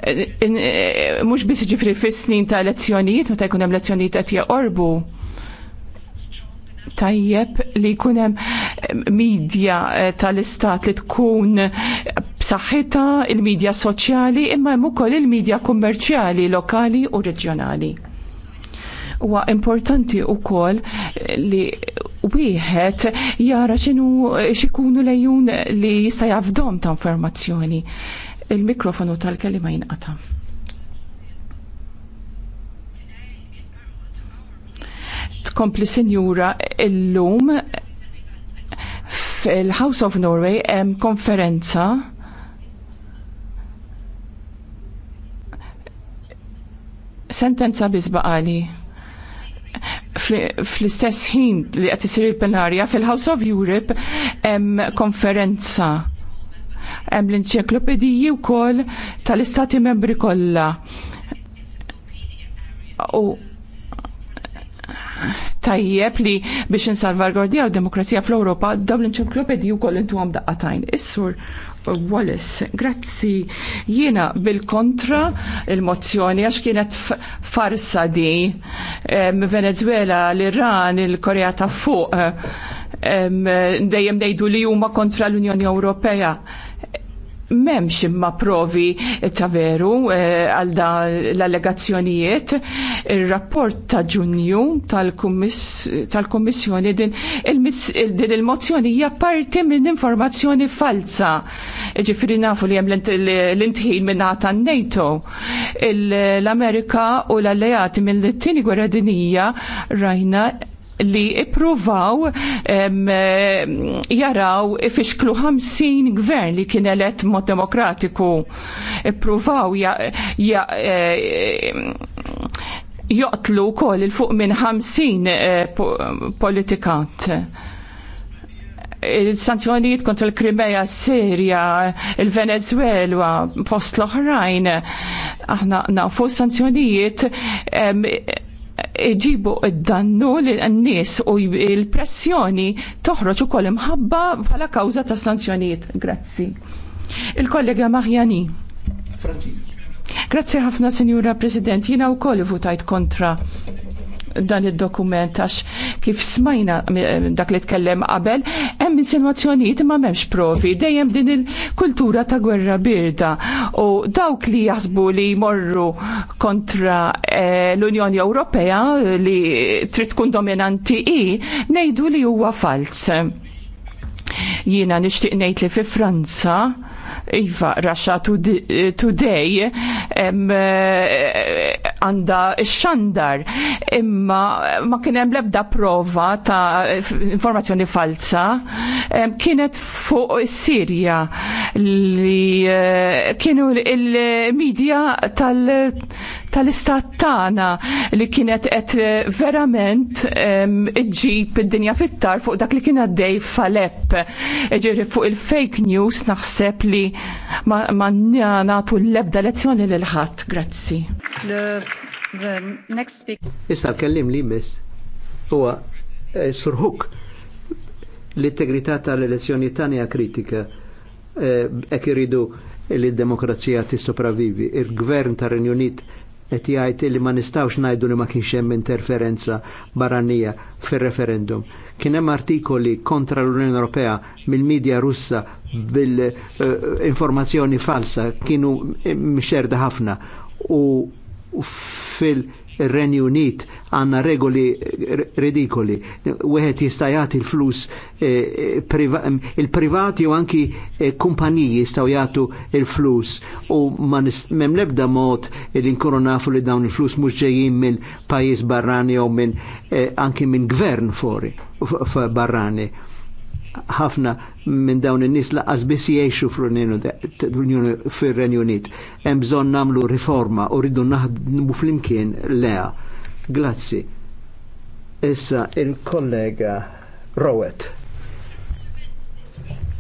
Eh, eh, mhux biss ġifri fis-snin ta' lezzjonijiet, meta jkun hemm lezzjonijiet qed jeqorbu. Tajjeb li jkun hemm eh, midja tal-istat li tkun b'saħħitha il-midja soċjali imma hemm ukoll il-midja kummerċjali lokali u reġjonali huwa importanti wkoll li wieħed jara x'inhu x'ikunu lejun li jista' jafdom ta' informazzjoni. Il-mikrofonu tal-kelima jinqata'. Tkompli sinjura illum fil-House of Norway hemm konferenza sentenza bizbaqali fl-istess ħin li qed isir il-plenarja fil-House of Europe hemm konferenza hemm l-enċiklopediji wkoll tal-istati membri kollha. U tajjeb li biex insalvargordja u demokrazija fl-Ewropa dawn l-enċiklopediji wkoll intu għam daqqatajn. Is-sur Wallace. Grazzi. Jiena bil-kontra il-mozzjoni għax kienet farsa di Venezuela, l-Iran, il-Korea ta' fuq dejjem ngħidu li huma kontra l-Unjoni Ewropea memx imma provi ta' veru eh, għal da l-allegazzjonijiet. Il-rapport ta' ġunju tal-Kommissjoni din il-mozzjoni hija parti minn informazzjoni falsa. Ġifri nafu li hemm l-intħin minn n NATO. L-Amerika u l-alleati mill-tini gwerra dinija rajna li ippruvaw jaraw ifixklu 50 gvern li kien elett mod demokratiku ippruvaw e, joqtlu wkoll il-fuq minn 50 e, politikat il-sanzjonijiet kontra l-Krimeja, Sirja, il-Venezuela, fost l-oħrajn, aħna nafu sanzjonijiet iġibu id-dannu l-nies u l-pressjoni toħroġ ukoll imħabba bħala kawza ta' sanzjonijiet. Grazzi. Il-kollega Marjani. Grazzi ħafna, Signora President. Jina u koll votajt kontra dan id-dokument għax kif smajna eh, dak li tkellem qabel, hemm insinuazzjonijiet imma m'hemmx provi, dejjem din il-kultura ta' gwerra birda u dawk li jaħsbu li jmorru kontra eh, l-Unjoni Ewropea li trid tkun dominanti i ngħidu li huwa fals. Jiena nixtieq ngħid li fi Franza Iva, Russia Today, eh, għandha xandar imma ma kien hemm l-ebda prova ta' informazzjoni falsa kienet fuq is-Sirja li eh, kienu il-medja tal tal-istat tagħna li kienet qed eh, verament iġġib id-dinja fit-tar fuq dak li kien għaddej falep. Ġiri fuq il-fake news naħseb li ma nagħtu l-ebda lezzjoni lil ħadd. Grazzi. The next speaker. Issa l-kellim li mis huwa eh, surħuk l-integrità tal-elezzjoni tanja kritika hekk eh, iridu li d-demokrazija t-sopravivi. Il-gvern tar renju Unit qed jgħid li ma nistawx najdu li ma kienx hemm interferenza barranija fir-referendum. Kien hemm artikoli kontra l-Unjoni Ewropea mill-medja Russa bil-informazzjoni eh, falsa kienu mxerda ħafna u fil-Renju Unit għanna regoli ridikoli. Wieħed jista' jagħti l-flus eh, eh, eh, il privati u anki kumpaniji jistgħu jagħtu l-flus u ma m'hemm lebda mod li nkunu nafu li dawn il-flus mhux ġejjin minn pajjiż barrani jew minn anki minn gvern fori barrani ħafna minn dawn in-nies laqas biss jgħixu fir-Renju Unit. Hemm bżonn nagħmlu riforma u rridu naħdmu flimkien leha. Grazzi. Issa il-kollega Rowet.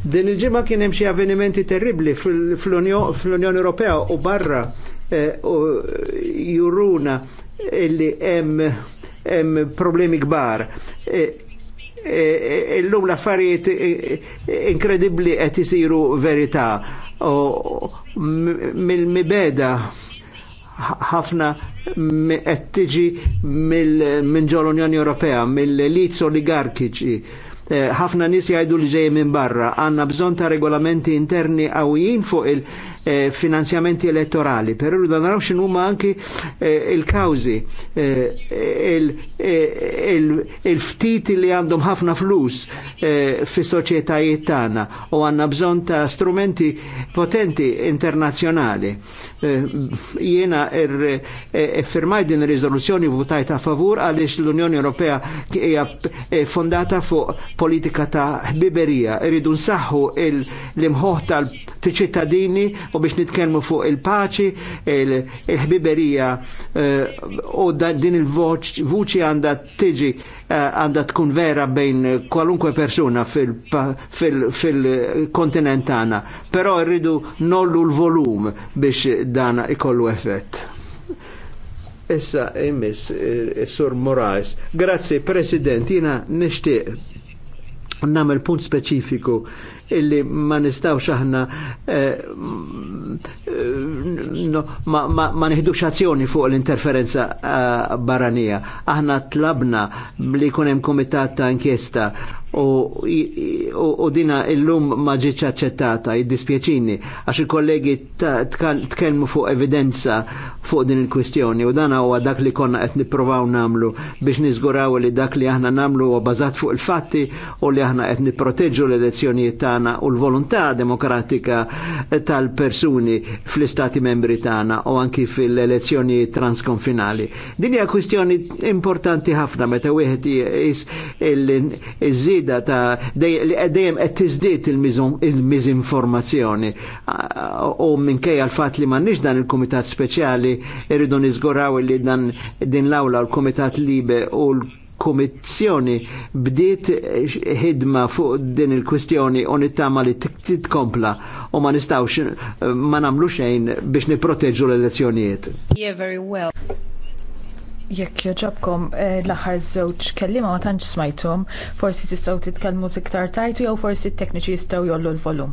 Din il-ġimgħa kien hemm xi avvenimenti terribli fl-Unjoni Ewropea u barra eh, u juruna illi hemm problemi kbar. Eh, l l-affarijiet eh, eh, inkredibbli qed isiru verità u mill-mibeda ħafna qed tiġi minn ġol Unjoni Ewropea, mill elits oligarkiċi eh, ħafna nies jgħidu li ġejjin minn barra, għandna bżonn ta' regolamenti interni qawwijin fuq il- eh, finanzjamenti elettorali, però rridu naraw ma anki eh, il-kawżi, eh, il-ftit eh, il, il, il li għandhom ħafna flus eh, fi soċjetajiet tagħna u għandna bżonn ta' strumenti potenti internazzjonali. Jiena er, firmaj din ir-riżoluzzjoni votajt a favur għaliex l-Unjoni Ewropea hija fondata fuq politika ta' biberija, Irridu nsaħħu l-imħoħ tal-ċittadini u biex nitkelmu fuq il-paċi, il-ħbiberija eh, u din il-vuċi għandha tiġi eh, għanda tkun vera bejn kwalunkwe persuna fil-kontinent tagħna. Però rridu nollu l-volum biex dana ikollu effett. Issa imis, eh, Sur Moraes, Grazie, President, jina nishtiq namel punt speċifiku illi ma nistawx aħna eh, mm, eh, ma nħidux azzjoni fuq l-interferenza eh, barranija. Aħna tlabna li kunem komitat ta' inkjesta u dina illum ma ġietx aċċettata, jiddispjaċini, għax il-kollegi tkellmu fuq evidenza fuq din il-kwistjoni u dan huwa dak li konna qed nippruvaw namlu biex niżguraw li dak li aħna namlu huwa bażat fuq il-fatti u li aħna qed nipproteġġu l-elezzjonijiet tagħna u l-volontà demokratika tal-persuni fl-istati membri tagħna u anki fil-elezzjoni transkonfinali. Din hija kwistjoni importanti ħafna meta wieħed iż iż ġdida ta' dejjem qed tiżdied il-miżinformazzjoni. U minkejja l-fatt li m'għandniex dan il-kumitat speċjali irridu niżguraw li dan din l-awla l-kumitat libe u l komissjoni bdiet ħidma fuq din il-kwistjoni u nittama li titkompla u ma nistawx ma namlu xejn biex niprotegġu l-elezzjonijiet. Yeah, very well. Jekk joġobkom eh, l-aħħar żewġ kelliema ma tantx smajthom, forsi tistgħu titkellmu iktar tajtu jew forsi t-tekniċi jistgħu jollu l-volum.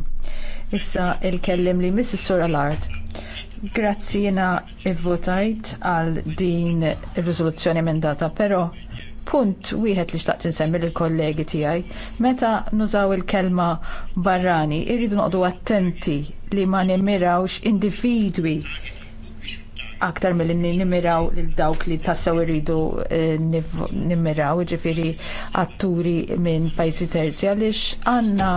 Issa il-kellim li miss is l-art. Grazzi jiena votajt għal din ir-riżoluzzjoni emendata, però punt wieħed li xtaqt insemmi lill kollegi tiegħi, meta nużaw il-kelma barrani, irridu noqogħdu attenti li ma nimmirawx individwi aktar mill nimiraw lil dawk li tassew iridu eh, nimiraw, ġifiri atturi minn pajjiżi terzi għaliex għandna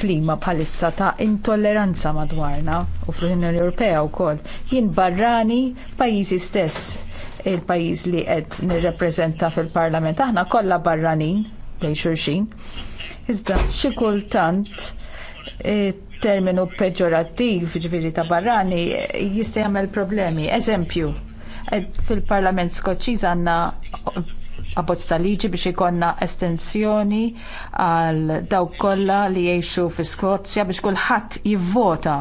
klima bħalissa ta' intolleranza madwarna u fl-Unjoni Ewropea wkoll jien barrani pajjiżi stess il-pajjiż li qed nirrappreżenta fil-Parlament aħna kollha barranin lejn xurxin, Iżda xi kultant terminu peġorattiv, ġviri ta' barrani, jista' jagħmel problemi. Eżempju, fil-Parlament Skoċċiż għandna abbozz ta' liġi biex ikonna estensjoni għal dawk kollha li jgħixu fi Skozja biex kulħadd jivvota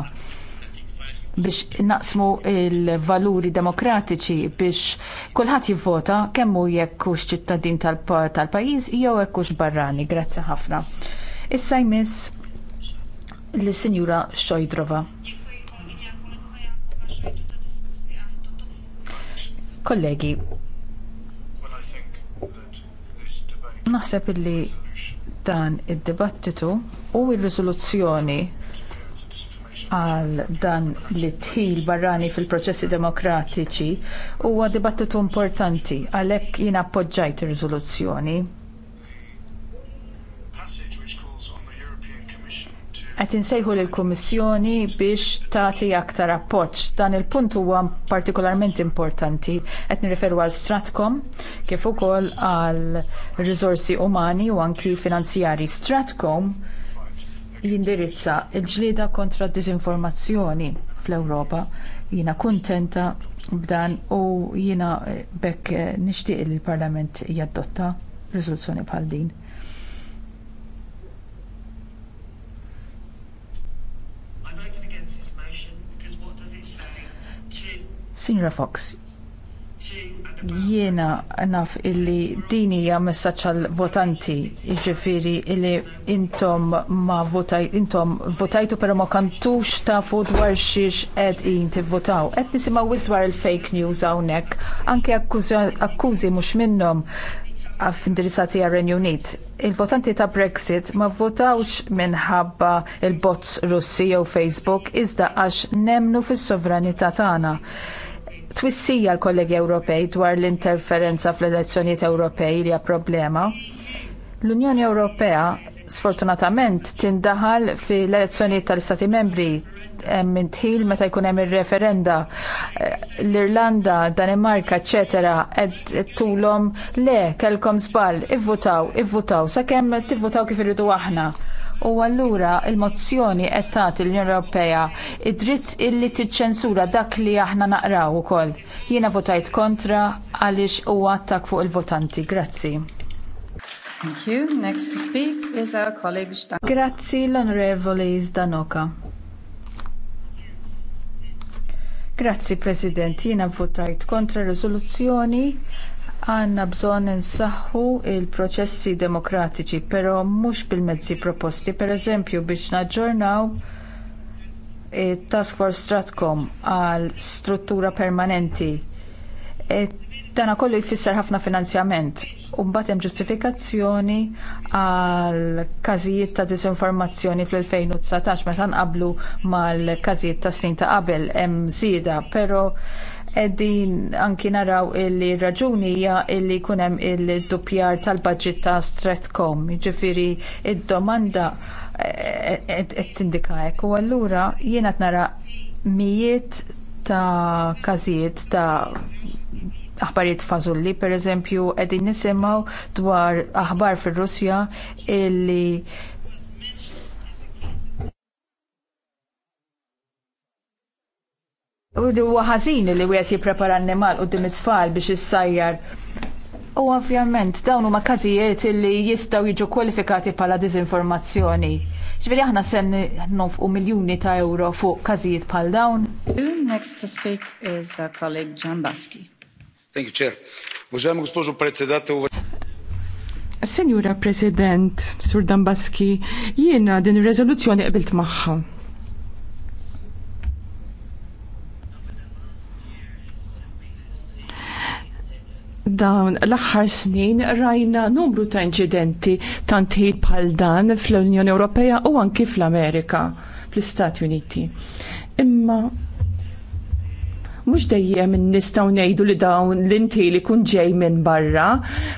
biex naqsmu l valuri demokratiċi biex kulħadd jivvota kemm hu jekk hux ċittadin tal-pajjiż jew hekk hux barrani. Grazzi ħafna. Issa jmiss lis-Sinjura Xojdrova. Kollegi, naħseb li dan id-dibattitu u r-riżoluzzjoni għal dan li tħil barrani fil-proċessi demokratiċi huwa dibattitu importanti għalhekk jina appoġġajt ir-riżoluzzjoni Qed insejħu lill-Kummissjoni biex tagħti aktar appoġġ. Dan il-punt huwa partikolarment importanti. Qed nirreferu għal Stratcom kif ukoll għal riżorsi umani u anki finanzjarji. Stratcom jindirizza l-ġlieda kontra d diżinformazzjoni fl-Ewropa. Jiena kuntenta b'dan u jiena bekk nixtieq li l-Parlament jadotta riżoluzzjoni bħal din. Signora Fox, jiena naf illi din hija messaċ għall votanti jiġifieri illi intom ma votaj intom votajtu però ma kantux tafu dwar xiex qed in tivvotaw. Qed nisimgħu wizwar il-fake news hawnhekk anke akkużi mhux minnhom għaf indirizzati għal Unit. Il-votanti ta' Brexit ma votawx minħabba il-bots Russi jew Facebook iżda għax nemnu fis-sovranità tagħna twissija l-kollegi Ewropej dwar l-interferenza fl-elezzjonijiet Ewropej li hija problema. L-Unjoni Ewropea sfortunatament tindaħal fil-elezzjonijiet tal-Istati Membri hemm intħil meta jkun hemm ir-referenda l-Irlanda, Danimarka, eċetera, qed tulhom le kellkom żball ivvutaw, ivvutaw sakemm tivvutaw kif irridu aħna U allura il-mozzjoni qed tagħti l-Unjoni Ewropea id-dritt illi tiċċensura dak li aħna naqraw ukoll. Jiena votajt kontra għaliex huwa għattak fuq il-votanti. Grazzi. Thank you. Next to speak is our colleague Stan. Grazzi l-Onorevoli Zdanoka. Grazzi President, jiena votajt kontra riżoluzzjoni Għandna bżonn insaħħu l proċessi demokratiċi, però mhux bil-mezzi proposti, pereżempju biex naġġornaw e, task force stratkom għal struttura permanenti. E, dana kollu jfisser ħafna finanzjament u mbagħad hemm ġustifikazzjoni għal każijiet ta' disinformazzjoni fl-2019 meta nqabblu mal-każijiet ta' snin ta' qabel hemm żieda, però Eddin anki naraw illi raġuni hija illi jkun hemm il-dupjar tal-budget ta' Stretcom, ġifiri id-domanda eh, eh, qed tindika hekk. U allura jiena nara mijiet ta' każijiet ta' aħbarijiet fażulli, pereżempju qegħdin nisimgħu dwar aħbar fir-Russja illi U huwa ħażin li wieħed jipprepara n-nimal qudiem it-tfal biex issajjar. U ovvjament dawn huma każijiet li jistgħu jiġu kwalifikati bħala diżinformazzjoni. Ġifieri aħna se nofqu miljuni ta' euro fuq każijiet bħal dawn. Next to speak is our colleague John Baski. Thank you, Chair. Уважаемый госпожо u Senjura President, Sur Dambaski, jiena din ir-reżoluzzjoni qabilt magħha dawn l-aħħar snin rajna numru ta' inċidenti tant ħid bħal dan fl-Unjoni Ewropea u anki fl-Amerika, fl-Istati Uniti. Imma mhux dejjem nistgħu ngħidu li dawn l-inti li kun ġej minn barra,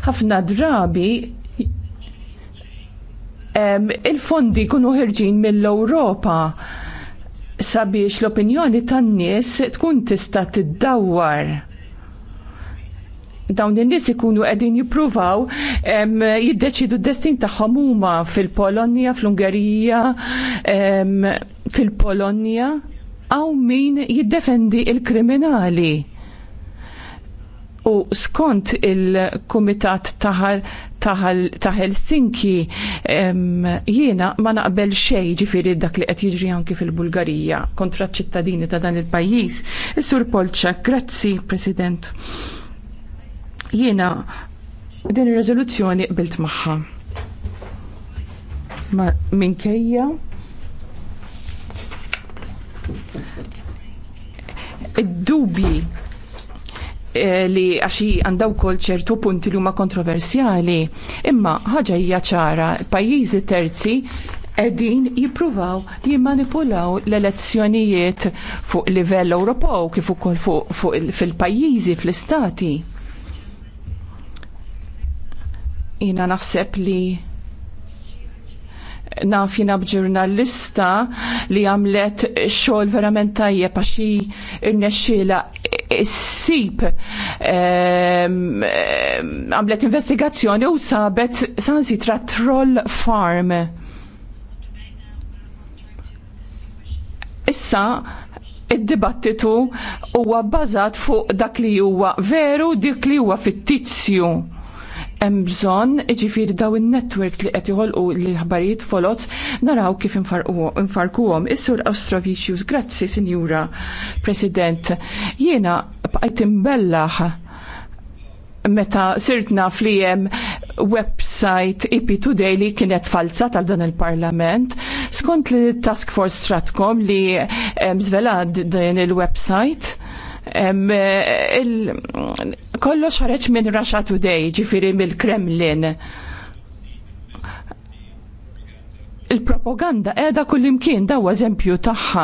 ħafna drabi il-fondi kunu ħirġin mill-Ewropa sabiex l-opinjoni tan-nies tkun tista' tiddawwar dawn in-nies ikunu qegħdin jippruvaw jiddeċidu d-destin tagħhom huma fil-Polonja, fl-Ungerija, fil-Polonja għaw min jiddefendi il-kriminali. U skont il-Kumitat taħal ta' Helsinki jiena ma naqbel xej ġifiri dak li qed jiġri anki fil-Bulgarija kontra ċittadini ta' dan il-pajjiż. Is-Sur Polċak, grazzi President. Jiena din ir-riżoluzzjoni qbilt magħha. Ma minkejja id-dubji eh, li għaxi għandaw kol ċertu punti li huma kontroversjali, imma ħaġa hija ċara, pajjiżi terzi edin jipruvaw jimmanipulaw l-elezzjonijiet fuq livell Ewropew kif ukoll fuq fil-pajjiżi fl-istati. Jina naħseb li naf jina bġurnalista li għamlet xogħol verament tajjeb għax irnexxiela sip ehm, ehm, għamlet investigazzjoni u sabet tra troll farm. Issa id-dibattitu huwa bbażat fuq dak li huwa veru dik li huwa fittizju hemm bżonn iġifieri daw in-networks li qed joħolqu l-ħbarijiet folot naraw kif infarkuhom. Is-sur Ostrovicius, grazzi Sinjura President. Jiena bqajt imbellaħ meta sirtna flijem website IP Today li kienet falsa tal dan il-parlament. Skont li task force stratkom li mżvela din il-website, kollox ħareġ minn Russia Today, ġifiri mill-Kremlin. Il-propaganda qiegħda kullimkien daw eżempju tagħha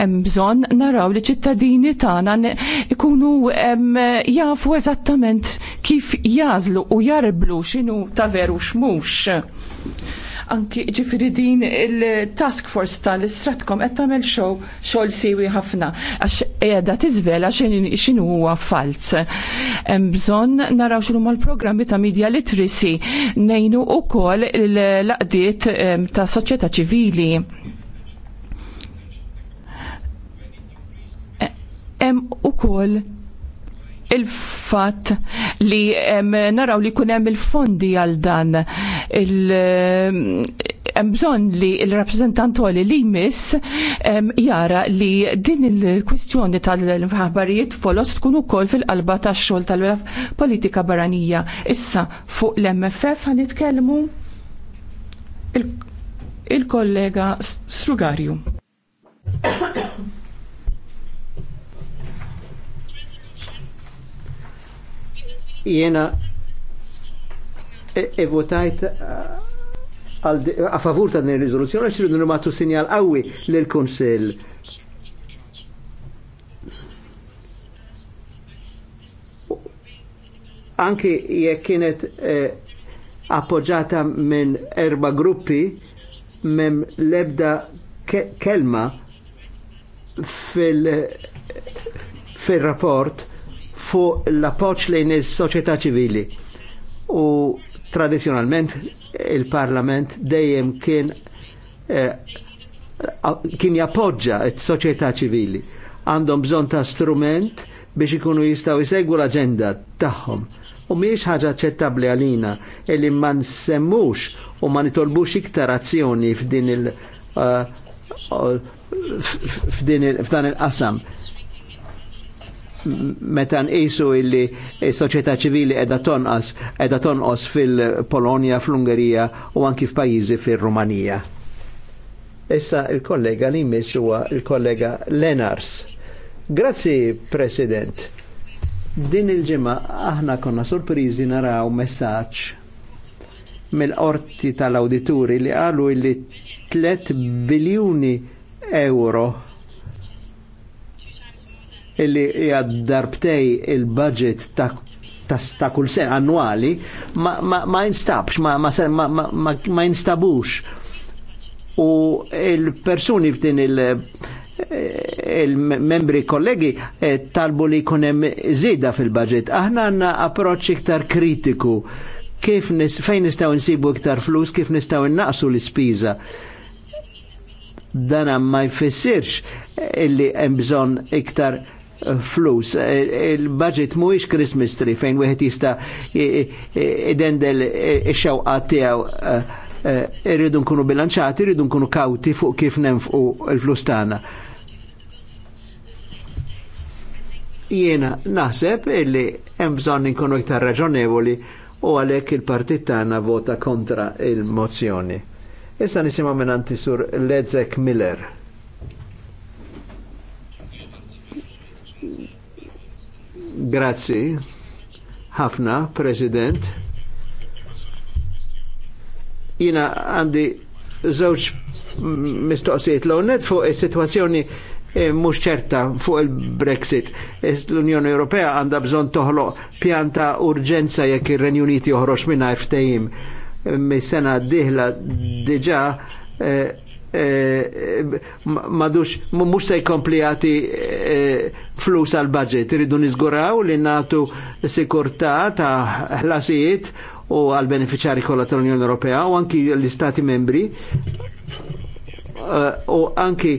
hemm bżonn naraw li ċittadini tagħna ikunu jafu eżattament kif jażlu u jarblu x'inhu ta' veru x'mhux anki ġifiri din il-task force tal-istratkom qed tagħmel xogħol xogħol siwi ħafna għax qiegħda tiżvela x'inhu huwa falz. Hemm bżonn naraw x'inhu l programmi ta' media literacy ngħinu wkoll l-laqdiet ta' soċjetà ċivili. Hemm ukoll il-fat li naraw li kunem il-fondi għal dan bżon li il-rappresentant li li jmiss jara li din il-kwistjoni tal-ħabarijiet folos tkun ukoll fil-qalba tax-xogħol tal-politika barranija. Issa fuq l-MFF ħanitkellmu il-kollega Strugarju. Jena evotajt e a favur ta' din ir-riżoluzzjoni għax irridu nagħtu sinjal qawwi lil kunsill Anki jekk kienet eh, appoġġata minn erba gruppi mem lebda ke kelma fil fil-rapport fuq l-appoċ lejn is-soċjetà ċivili. U tradizjonalment il-Parlament dejjem kien eh, kien jappoġġa s-soċjetà ċivili. Għandhom bżonn ta' strument biex ikunu jistgħu jsegwu l-agenda tagħhom. U miex ħaġa ċettabli għalina illi ma nsemmux u ma nitolbux iktar azzjoni f'din il- uh, f'dan il-qasam metan isu illi s-soċjetà ċivili edha tonqas edha tonqos fil-Polonja, fl-Ungerija u anki f'pajjiżi fir-Rumanija. Issa il-kollega li jmiss huwa il-kollega Lenars. Grazzi, President. Din il-ġimgħa aħna konna sorpriżi naraw messaġġ mill-qorti tal-awdituri li qalu illi 3 biljuni euro illi jaddarbtej darbtej il-budget ta' ta' kull sen annwali ma, ma, ma instabx, ma, ma, ma, ma instabux. U il-persuni f'din il- il-membri kollegi eh, talbu li kunem zida fil-budget. Aħna għanna approċ iktar kritiku kif nis, fejn nistaw nsibu iktar flus, kif nistaw innaqsu l-ispiża. Dana ma jfissirx illi hemm bżonn iktar flus. Il-budget mhuwiex Christmas tree fejn wieħed jista' idendel ix-xewqa tiegħu eh, eh, irridu nkunu bilanċati, irridu nkunu kawti fuq kif nenfqu l-flus tagħna. Jiena naħseb illi hemm bżonn inkunu iktar raġonevoli u għalhekk il-partit tagħna vota kontra il-mozzjoni. Issa nisimgħu minn sur Ledzek Miller. Grazzi, ħafna, President. Jina għandi żewġ mistoqsijiet l-għonet fuq il-situazzjoni eh, mux ċerta fuq il-Brexit. L-Unjoni Ewropea għanda bżon toħlo pjanta urġenza jekk ir-Renju Uniti joħroġ minn ftehim. Eh, mis-sena diħla diġa eh, Eh, eh, madux mux se jkompli eh, flus għal budget irridu nizguraw li natu sikurta ta' ħlasijiet u għal beneficjari kollha tal-Unjoni Ewropea u anki l-Istati membri u anki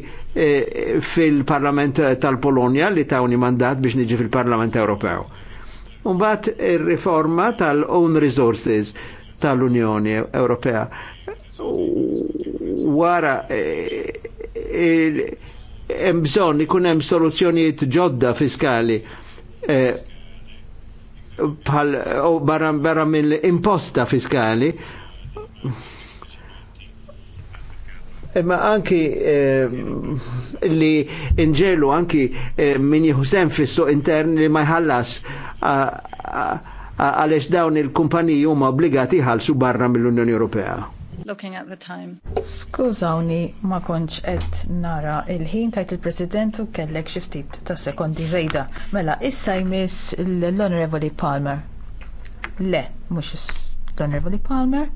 fil-Parlament tal polonia li tawni mandat biex niġi fil-Parlament Ewropew. Umbat ir-riforma tal-own resources tal-Unjoni Ewropea wara e, e, e, hemm bżonn ikun hemm soluzzjonijiet ġodda fiskali bħal barra mill-imposta fiskali Imma anki li inġelu anki min jihusem fissu intern li ma jħallas għalex dawn il-kumpaniji huma obbligati jħallsu barra mill-Unjoni Ewropea. Looking at the time. Skużawni, ma konċ qed nara il-ħin tajt il-President u kellek xi ftit ta' sekondi żejda. Mela, issa jmiss l honorable Palmer. Le, mhux l honorable Palmer.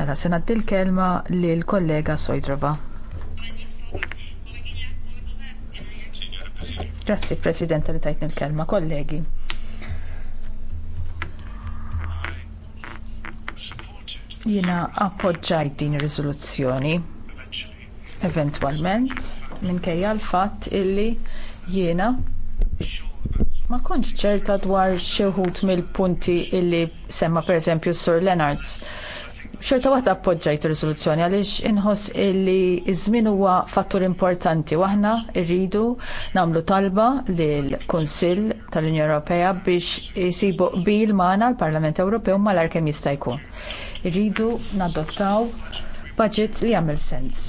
Mela, se naddi l-kelma lill kollega Sojdrova. Grazzi President li tajt il kelma kollegi. Jiena appoġġajt din ir-riżoluzzjoni eventwalment minkejja l-fatt illi jiena ma kontx ċerta dwar xi wħud mill-punti illi semma pereżempju s-Sur Leonards xorta waħda appoġġajt ir-riżoluzzjoni għaliex inħoss illi iż-żmien huwa fattur importanti u aħna rridu nagħmlu talba lill kunsill tal-Unjoni Ewropea biex isibu qbil magħna l-Parlament Ewropew malajr kemm jista' jkun. Irridu nadottaw budget li jagħmel sens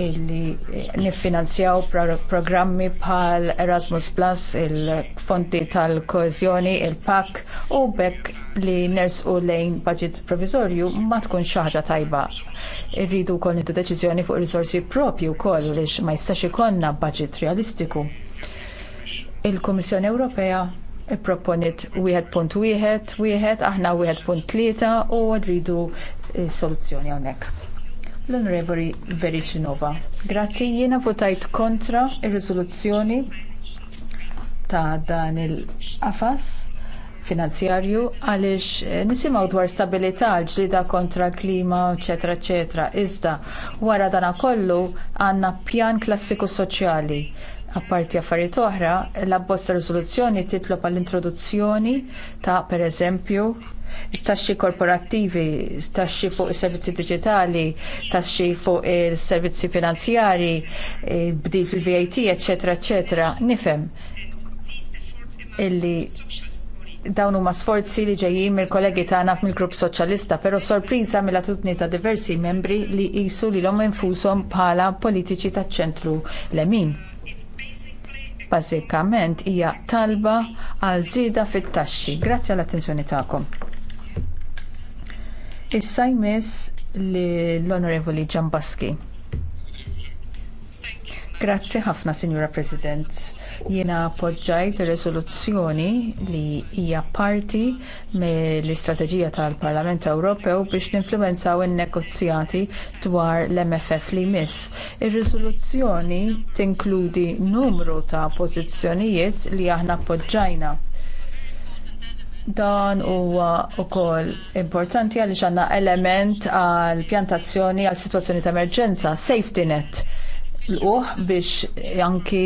illi niffinanzjaw programmi bħal Erasmus Plus, il-fondi tal-koezjoni, il-PAK u bekk li nersqu lejn budget provizorju ma tkun xaħġa tajba. Irridu wkoll nittu deċiżjoni fuq risorsi propju wkoll lix ma jistax ikollna budget realistiku. Il-Kummissjoni Ewropea ipproponiet wieħed punt wieħed, wieħed aħna wieħed punt tlieta u rridu eh, soluzzjoni hawnhekk l-Onorevoli Vericinova. Grazzi, jiena votajt kontra r riżoluzzjoni ta' dan il-qafas finanzjarju għaliex eh, nisimgħu dwar stabilità ġlida kontra l-klima, eċetera, eċetera. Iżda wara dana kollu għandna pjan klassiku soċjali. Apparti affarijiet oħra, l-abbozza riżoluzzjoni titlob għall-introduzzjoni ta' pereżempju taxxi korporattivi, taxxi fuq is servizzi digitali, taxxi fuq is servizzi finanzjari, bdil fil-VAT, eċetera, eċetera. Nifhem illi dawn huma sforzi li ġejjin mill-kollegi tagħna mill-Grupp Soċjalista, però sorpriża mill-attitudni ta' diversi membri li qisu lilhom infushom bħala politiċi taċ-ċentru lemin. Bażikament hija talba għal żieda fit-taxxi. Grazzi għall attenzjoni tagħkom. Issa jmiss li l-Onorevoli Ġambaski. Grazzi ħafna, Sinjura President. Jiena appoġġajt ir-riżoluzzjoni li hija parti mill-istrateġija tal-Parlament Ewropew biex ninfluwenzaw in-negozjati dwar l-MFF li jmiss. Ir-riżoluzzjoni tinkludi numru ta' pożizzjonijiet li aħna appoġġajna Dan huwa wkoll importanti għaliex għandna element għal pjantazzjoni għal sitwazzjoni ta' emerġenza, safety net l-uħ biex anki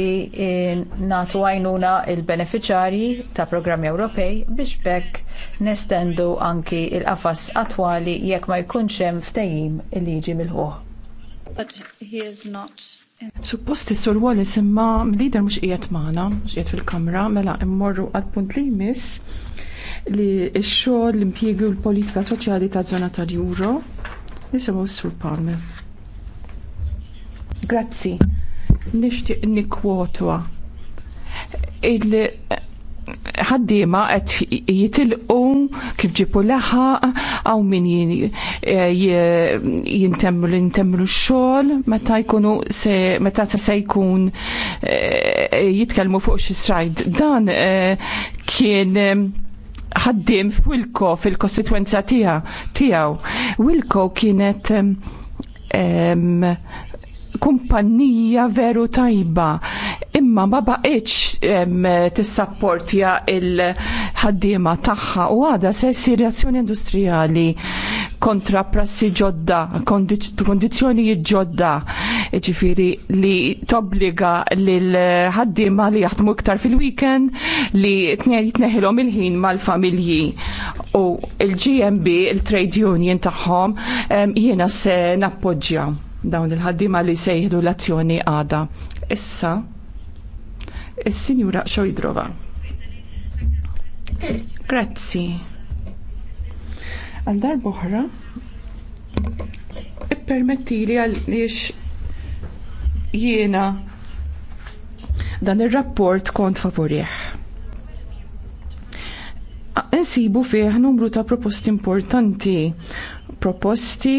nagħtu għajnuna l benefiċjarji ta' programmi Ewropej biex bekk nestendu anki l qafas attwali jekk ma jkunx hemm il-liġi jiġi mill-ħuħ. But he is not Suppost is-sur Wallis imma leader mhux qiegħed magħna, mhux qiegħed fil-kamra, mela mmorru għall punt li jmiss li x-xogħol, l-impjiegi u l-politika soċjali ta' żona ta' juro Nisimgħu s-Sur Palme. Grazzi. Nixtieq nikwotwa. Illi ħaddiema qed jitilqu kif ġipu leħaq għaw min jintemmlu eh, jintemmlu x-xogħol meta jkunu se meta se jkun eh, jitkellmu fuq xi sajd dan eh, kien ħaddim f'Wilko fil-kostituenza tiegħu. Wilko kienet um, kumpannija veru tajba imma ma baqiċ tissapportja il-ħaddiema tagħha u għada se jsir azzjoni industrijali kontra prassi ġodda, kondizjoni ġodda, ġifiri li tobbliga l-ħaddima li jaħdmu iktar fil-weekend li jitneħilhom il-ħin mal-familji u il-GMB, il-trade union tagħhom jiena se nappoġġja dawn il-ħaddima li sejħdu l-azzjoni għada. Issa, il-Sinjura Xojdrova. Grazzi. Għal i permetti li għaliex jiena dan il-rapport kont favorieħ. Nsibu fih numru ta' proposti importanti, proposti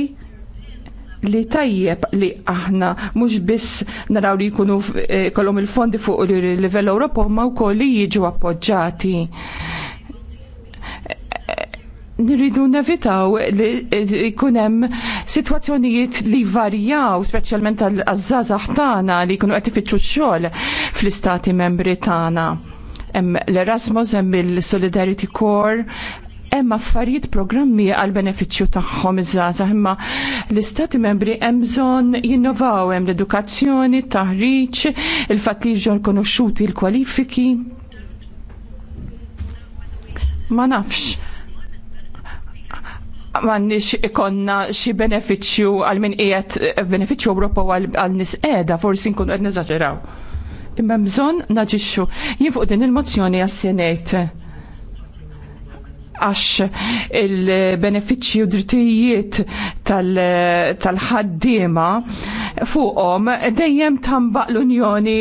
li tajjeb li aħna mhux biss naraw li jkunu eh, kolom il-fondi fuq il-livell Ewropa ma wkoll li jiġu appoġġjati. Nirridu nevitaw li eh, jkun hemm sitwazzjonijiet li varjaw, speċjalment għaż-żazax tagħna li jkunu qed ifittxu x-xogħol fl-istati membri tagħna hemm l-Erasmus, hemm il-Solidarity Corps, hemm affarijiet programmi għal benefiċċju tagħhom iż-żgħażagħ imma l-istati membri hemm bżonn jinnovaw hemm l-edukazzjoni, taħriġ, il-fatt li jiġu l-kwalifiki. Ma nafx mannix ikonna xi beneficju għal min qiegħed beneficju Ewropa għal nis qiegħda forsi nkunu qed neżaġeraw. Imma bżonn naġixxu jien fuq din il-mozzjoni għas-senejt għax il-benefiċċji u drittijiet tal-ħaddiema fuqom fuqhom dejjem tambaq l-Unjoni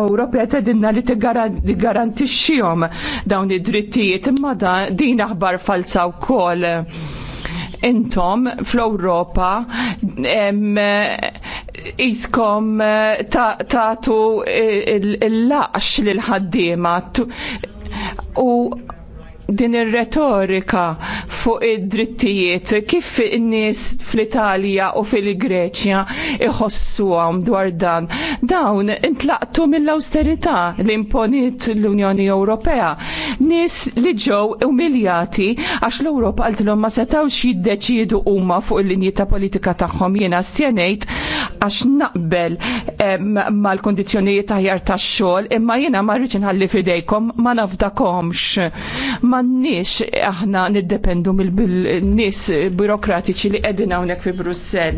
Ewropea tedinna li t-garantixxijom dawn id-drittijiet imma din aħbar falsa wkoll intom fl-Ewropa iskom tatu il-laqx lil ħaddiema u din ir-retorika fuq id-drittijiet kif in-nies fl-Italja u fil-Greċja iħossuhom dwar dan. Dawn intlaqtu mill-austerità li imponiet l-Unjoni Ewropea. Nies li ġew umiljati għax l-Ewropa għaltilhom ma setgħux jiddeċiedu huma fuq il-linji ta' politika tagħhom jiena stjenejt għax naqbel mal kundizzjonijiet aħjar tax-xogħol imma jiena ma rridx inħalli fidejkom ma nafdakomx m'għandniex aħna niddependu mill-nies burokratiċi li qegħdin hawnhekk fi Brussell.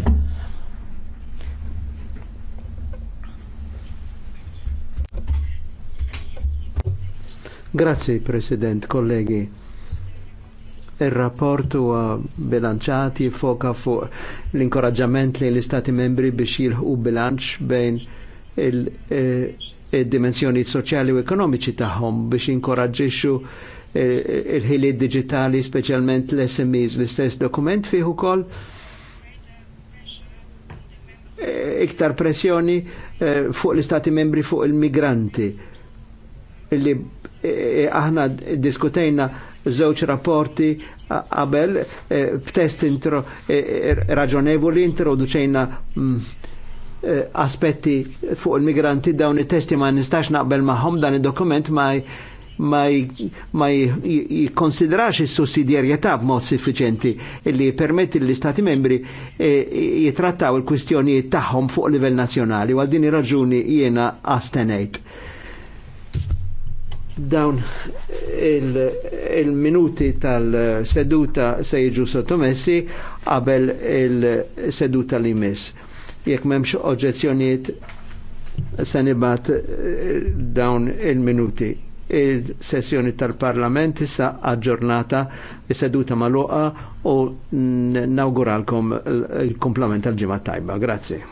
Grazzi, President, kollegi. Il-rapport huwa bilanċat jifoka fuq l-inkoraġġament li l-Istati membri biex jilħu bilanċ bejn il-dimensjoni il, eh, il soċjali u ekonomiċi tagħhom biex inkoraġġixxu il-ħili digitali, specialment l-SMEs, l-istess dokument fiħu kol e, iktar pressjoni e, fuq l-istati membri fuq il-migranti li e, aħna diskutejna żewġ rapporti qabel b'test intro raġonevoli introduċejna mm, aspetti fuq il-migranti dawn it-testi ma nistax naqbel maħom dan id-dokument ma ma jikkonsidrax is-sussidjarjetà b'mod suffiċenti illi permetti l istati membri eh, jitrattaw il-kwistjonijiet tagħhom fuq livell nazzjonali u din ir-raġuni jiena astenejt. Dawn il-minuti tal-seduta se jiġu sottomessi qabel il-seduta li miss. Jekk m'hemmx oġġezzjonijiet se eh, dawn il-minuti il-sessjoni tal-Parlament issa aġġornata is-seduta maluqa u nawguralkom il-komplement tal-ġimgħa tajba. Grazzi.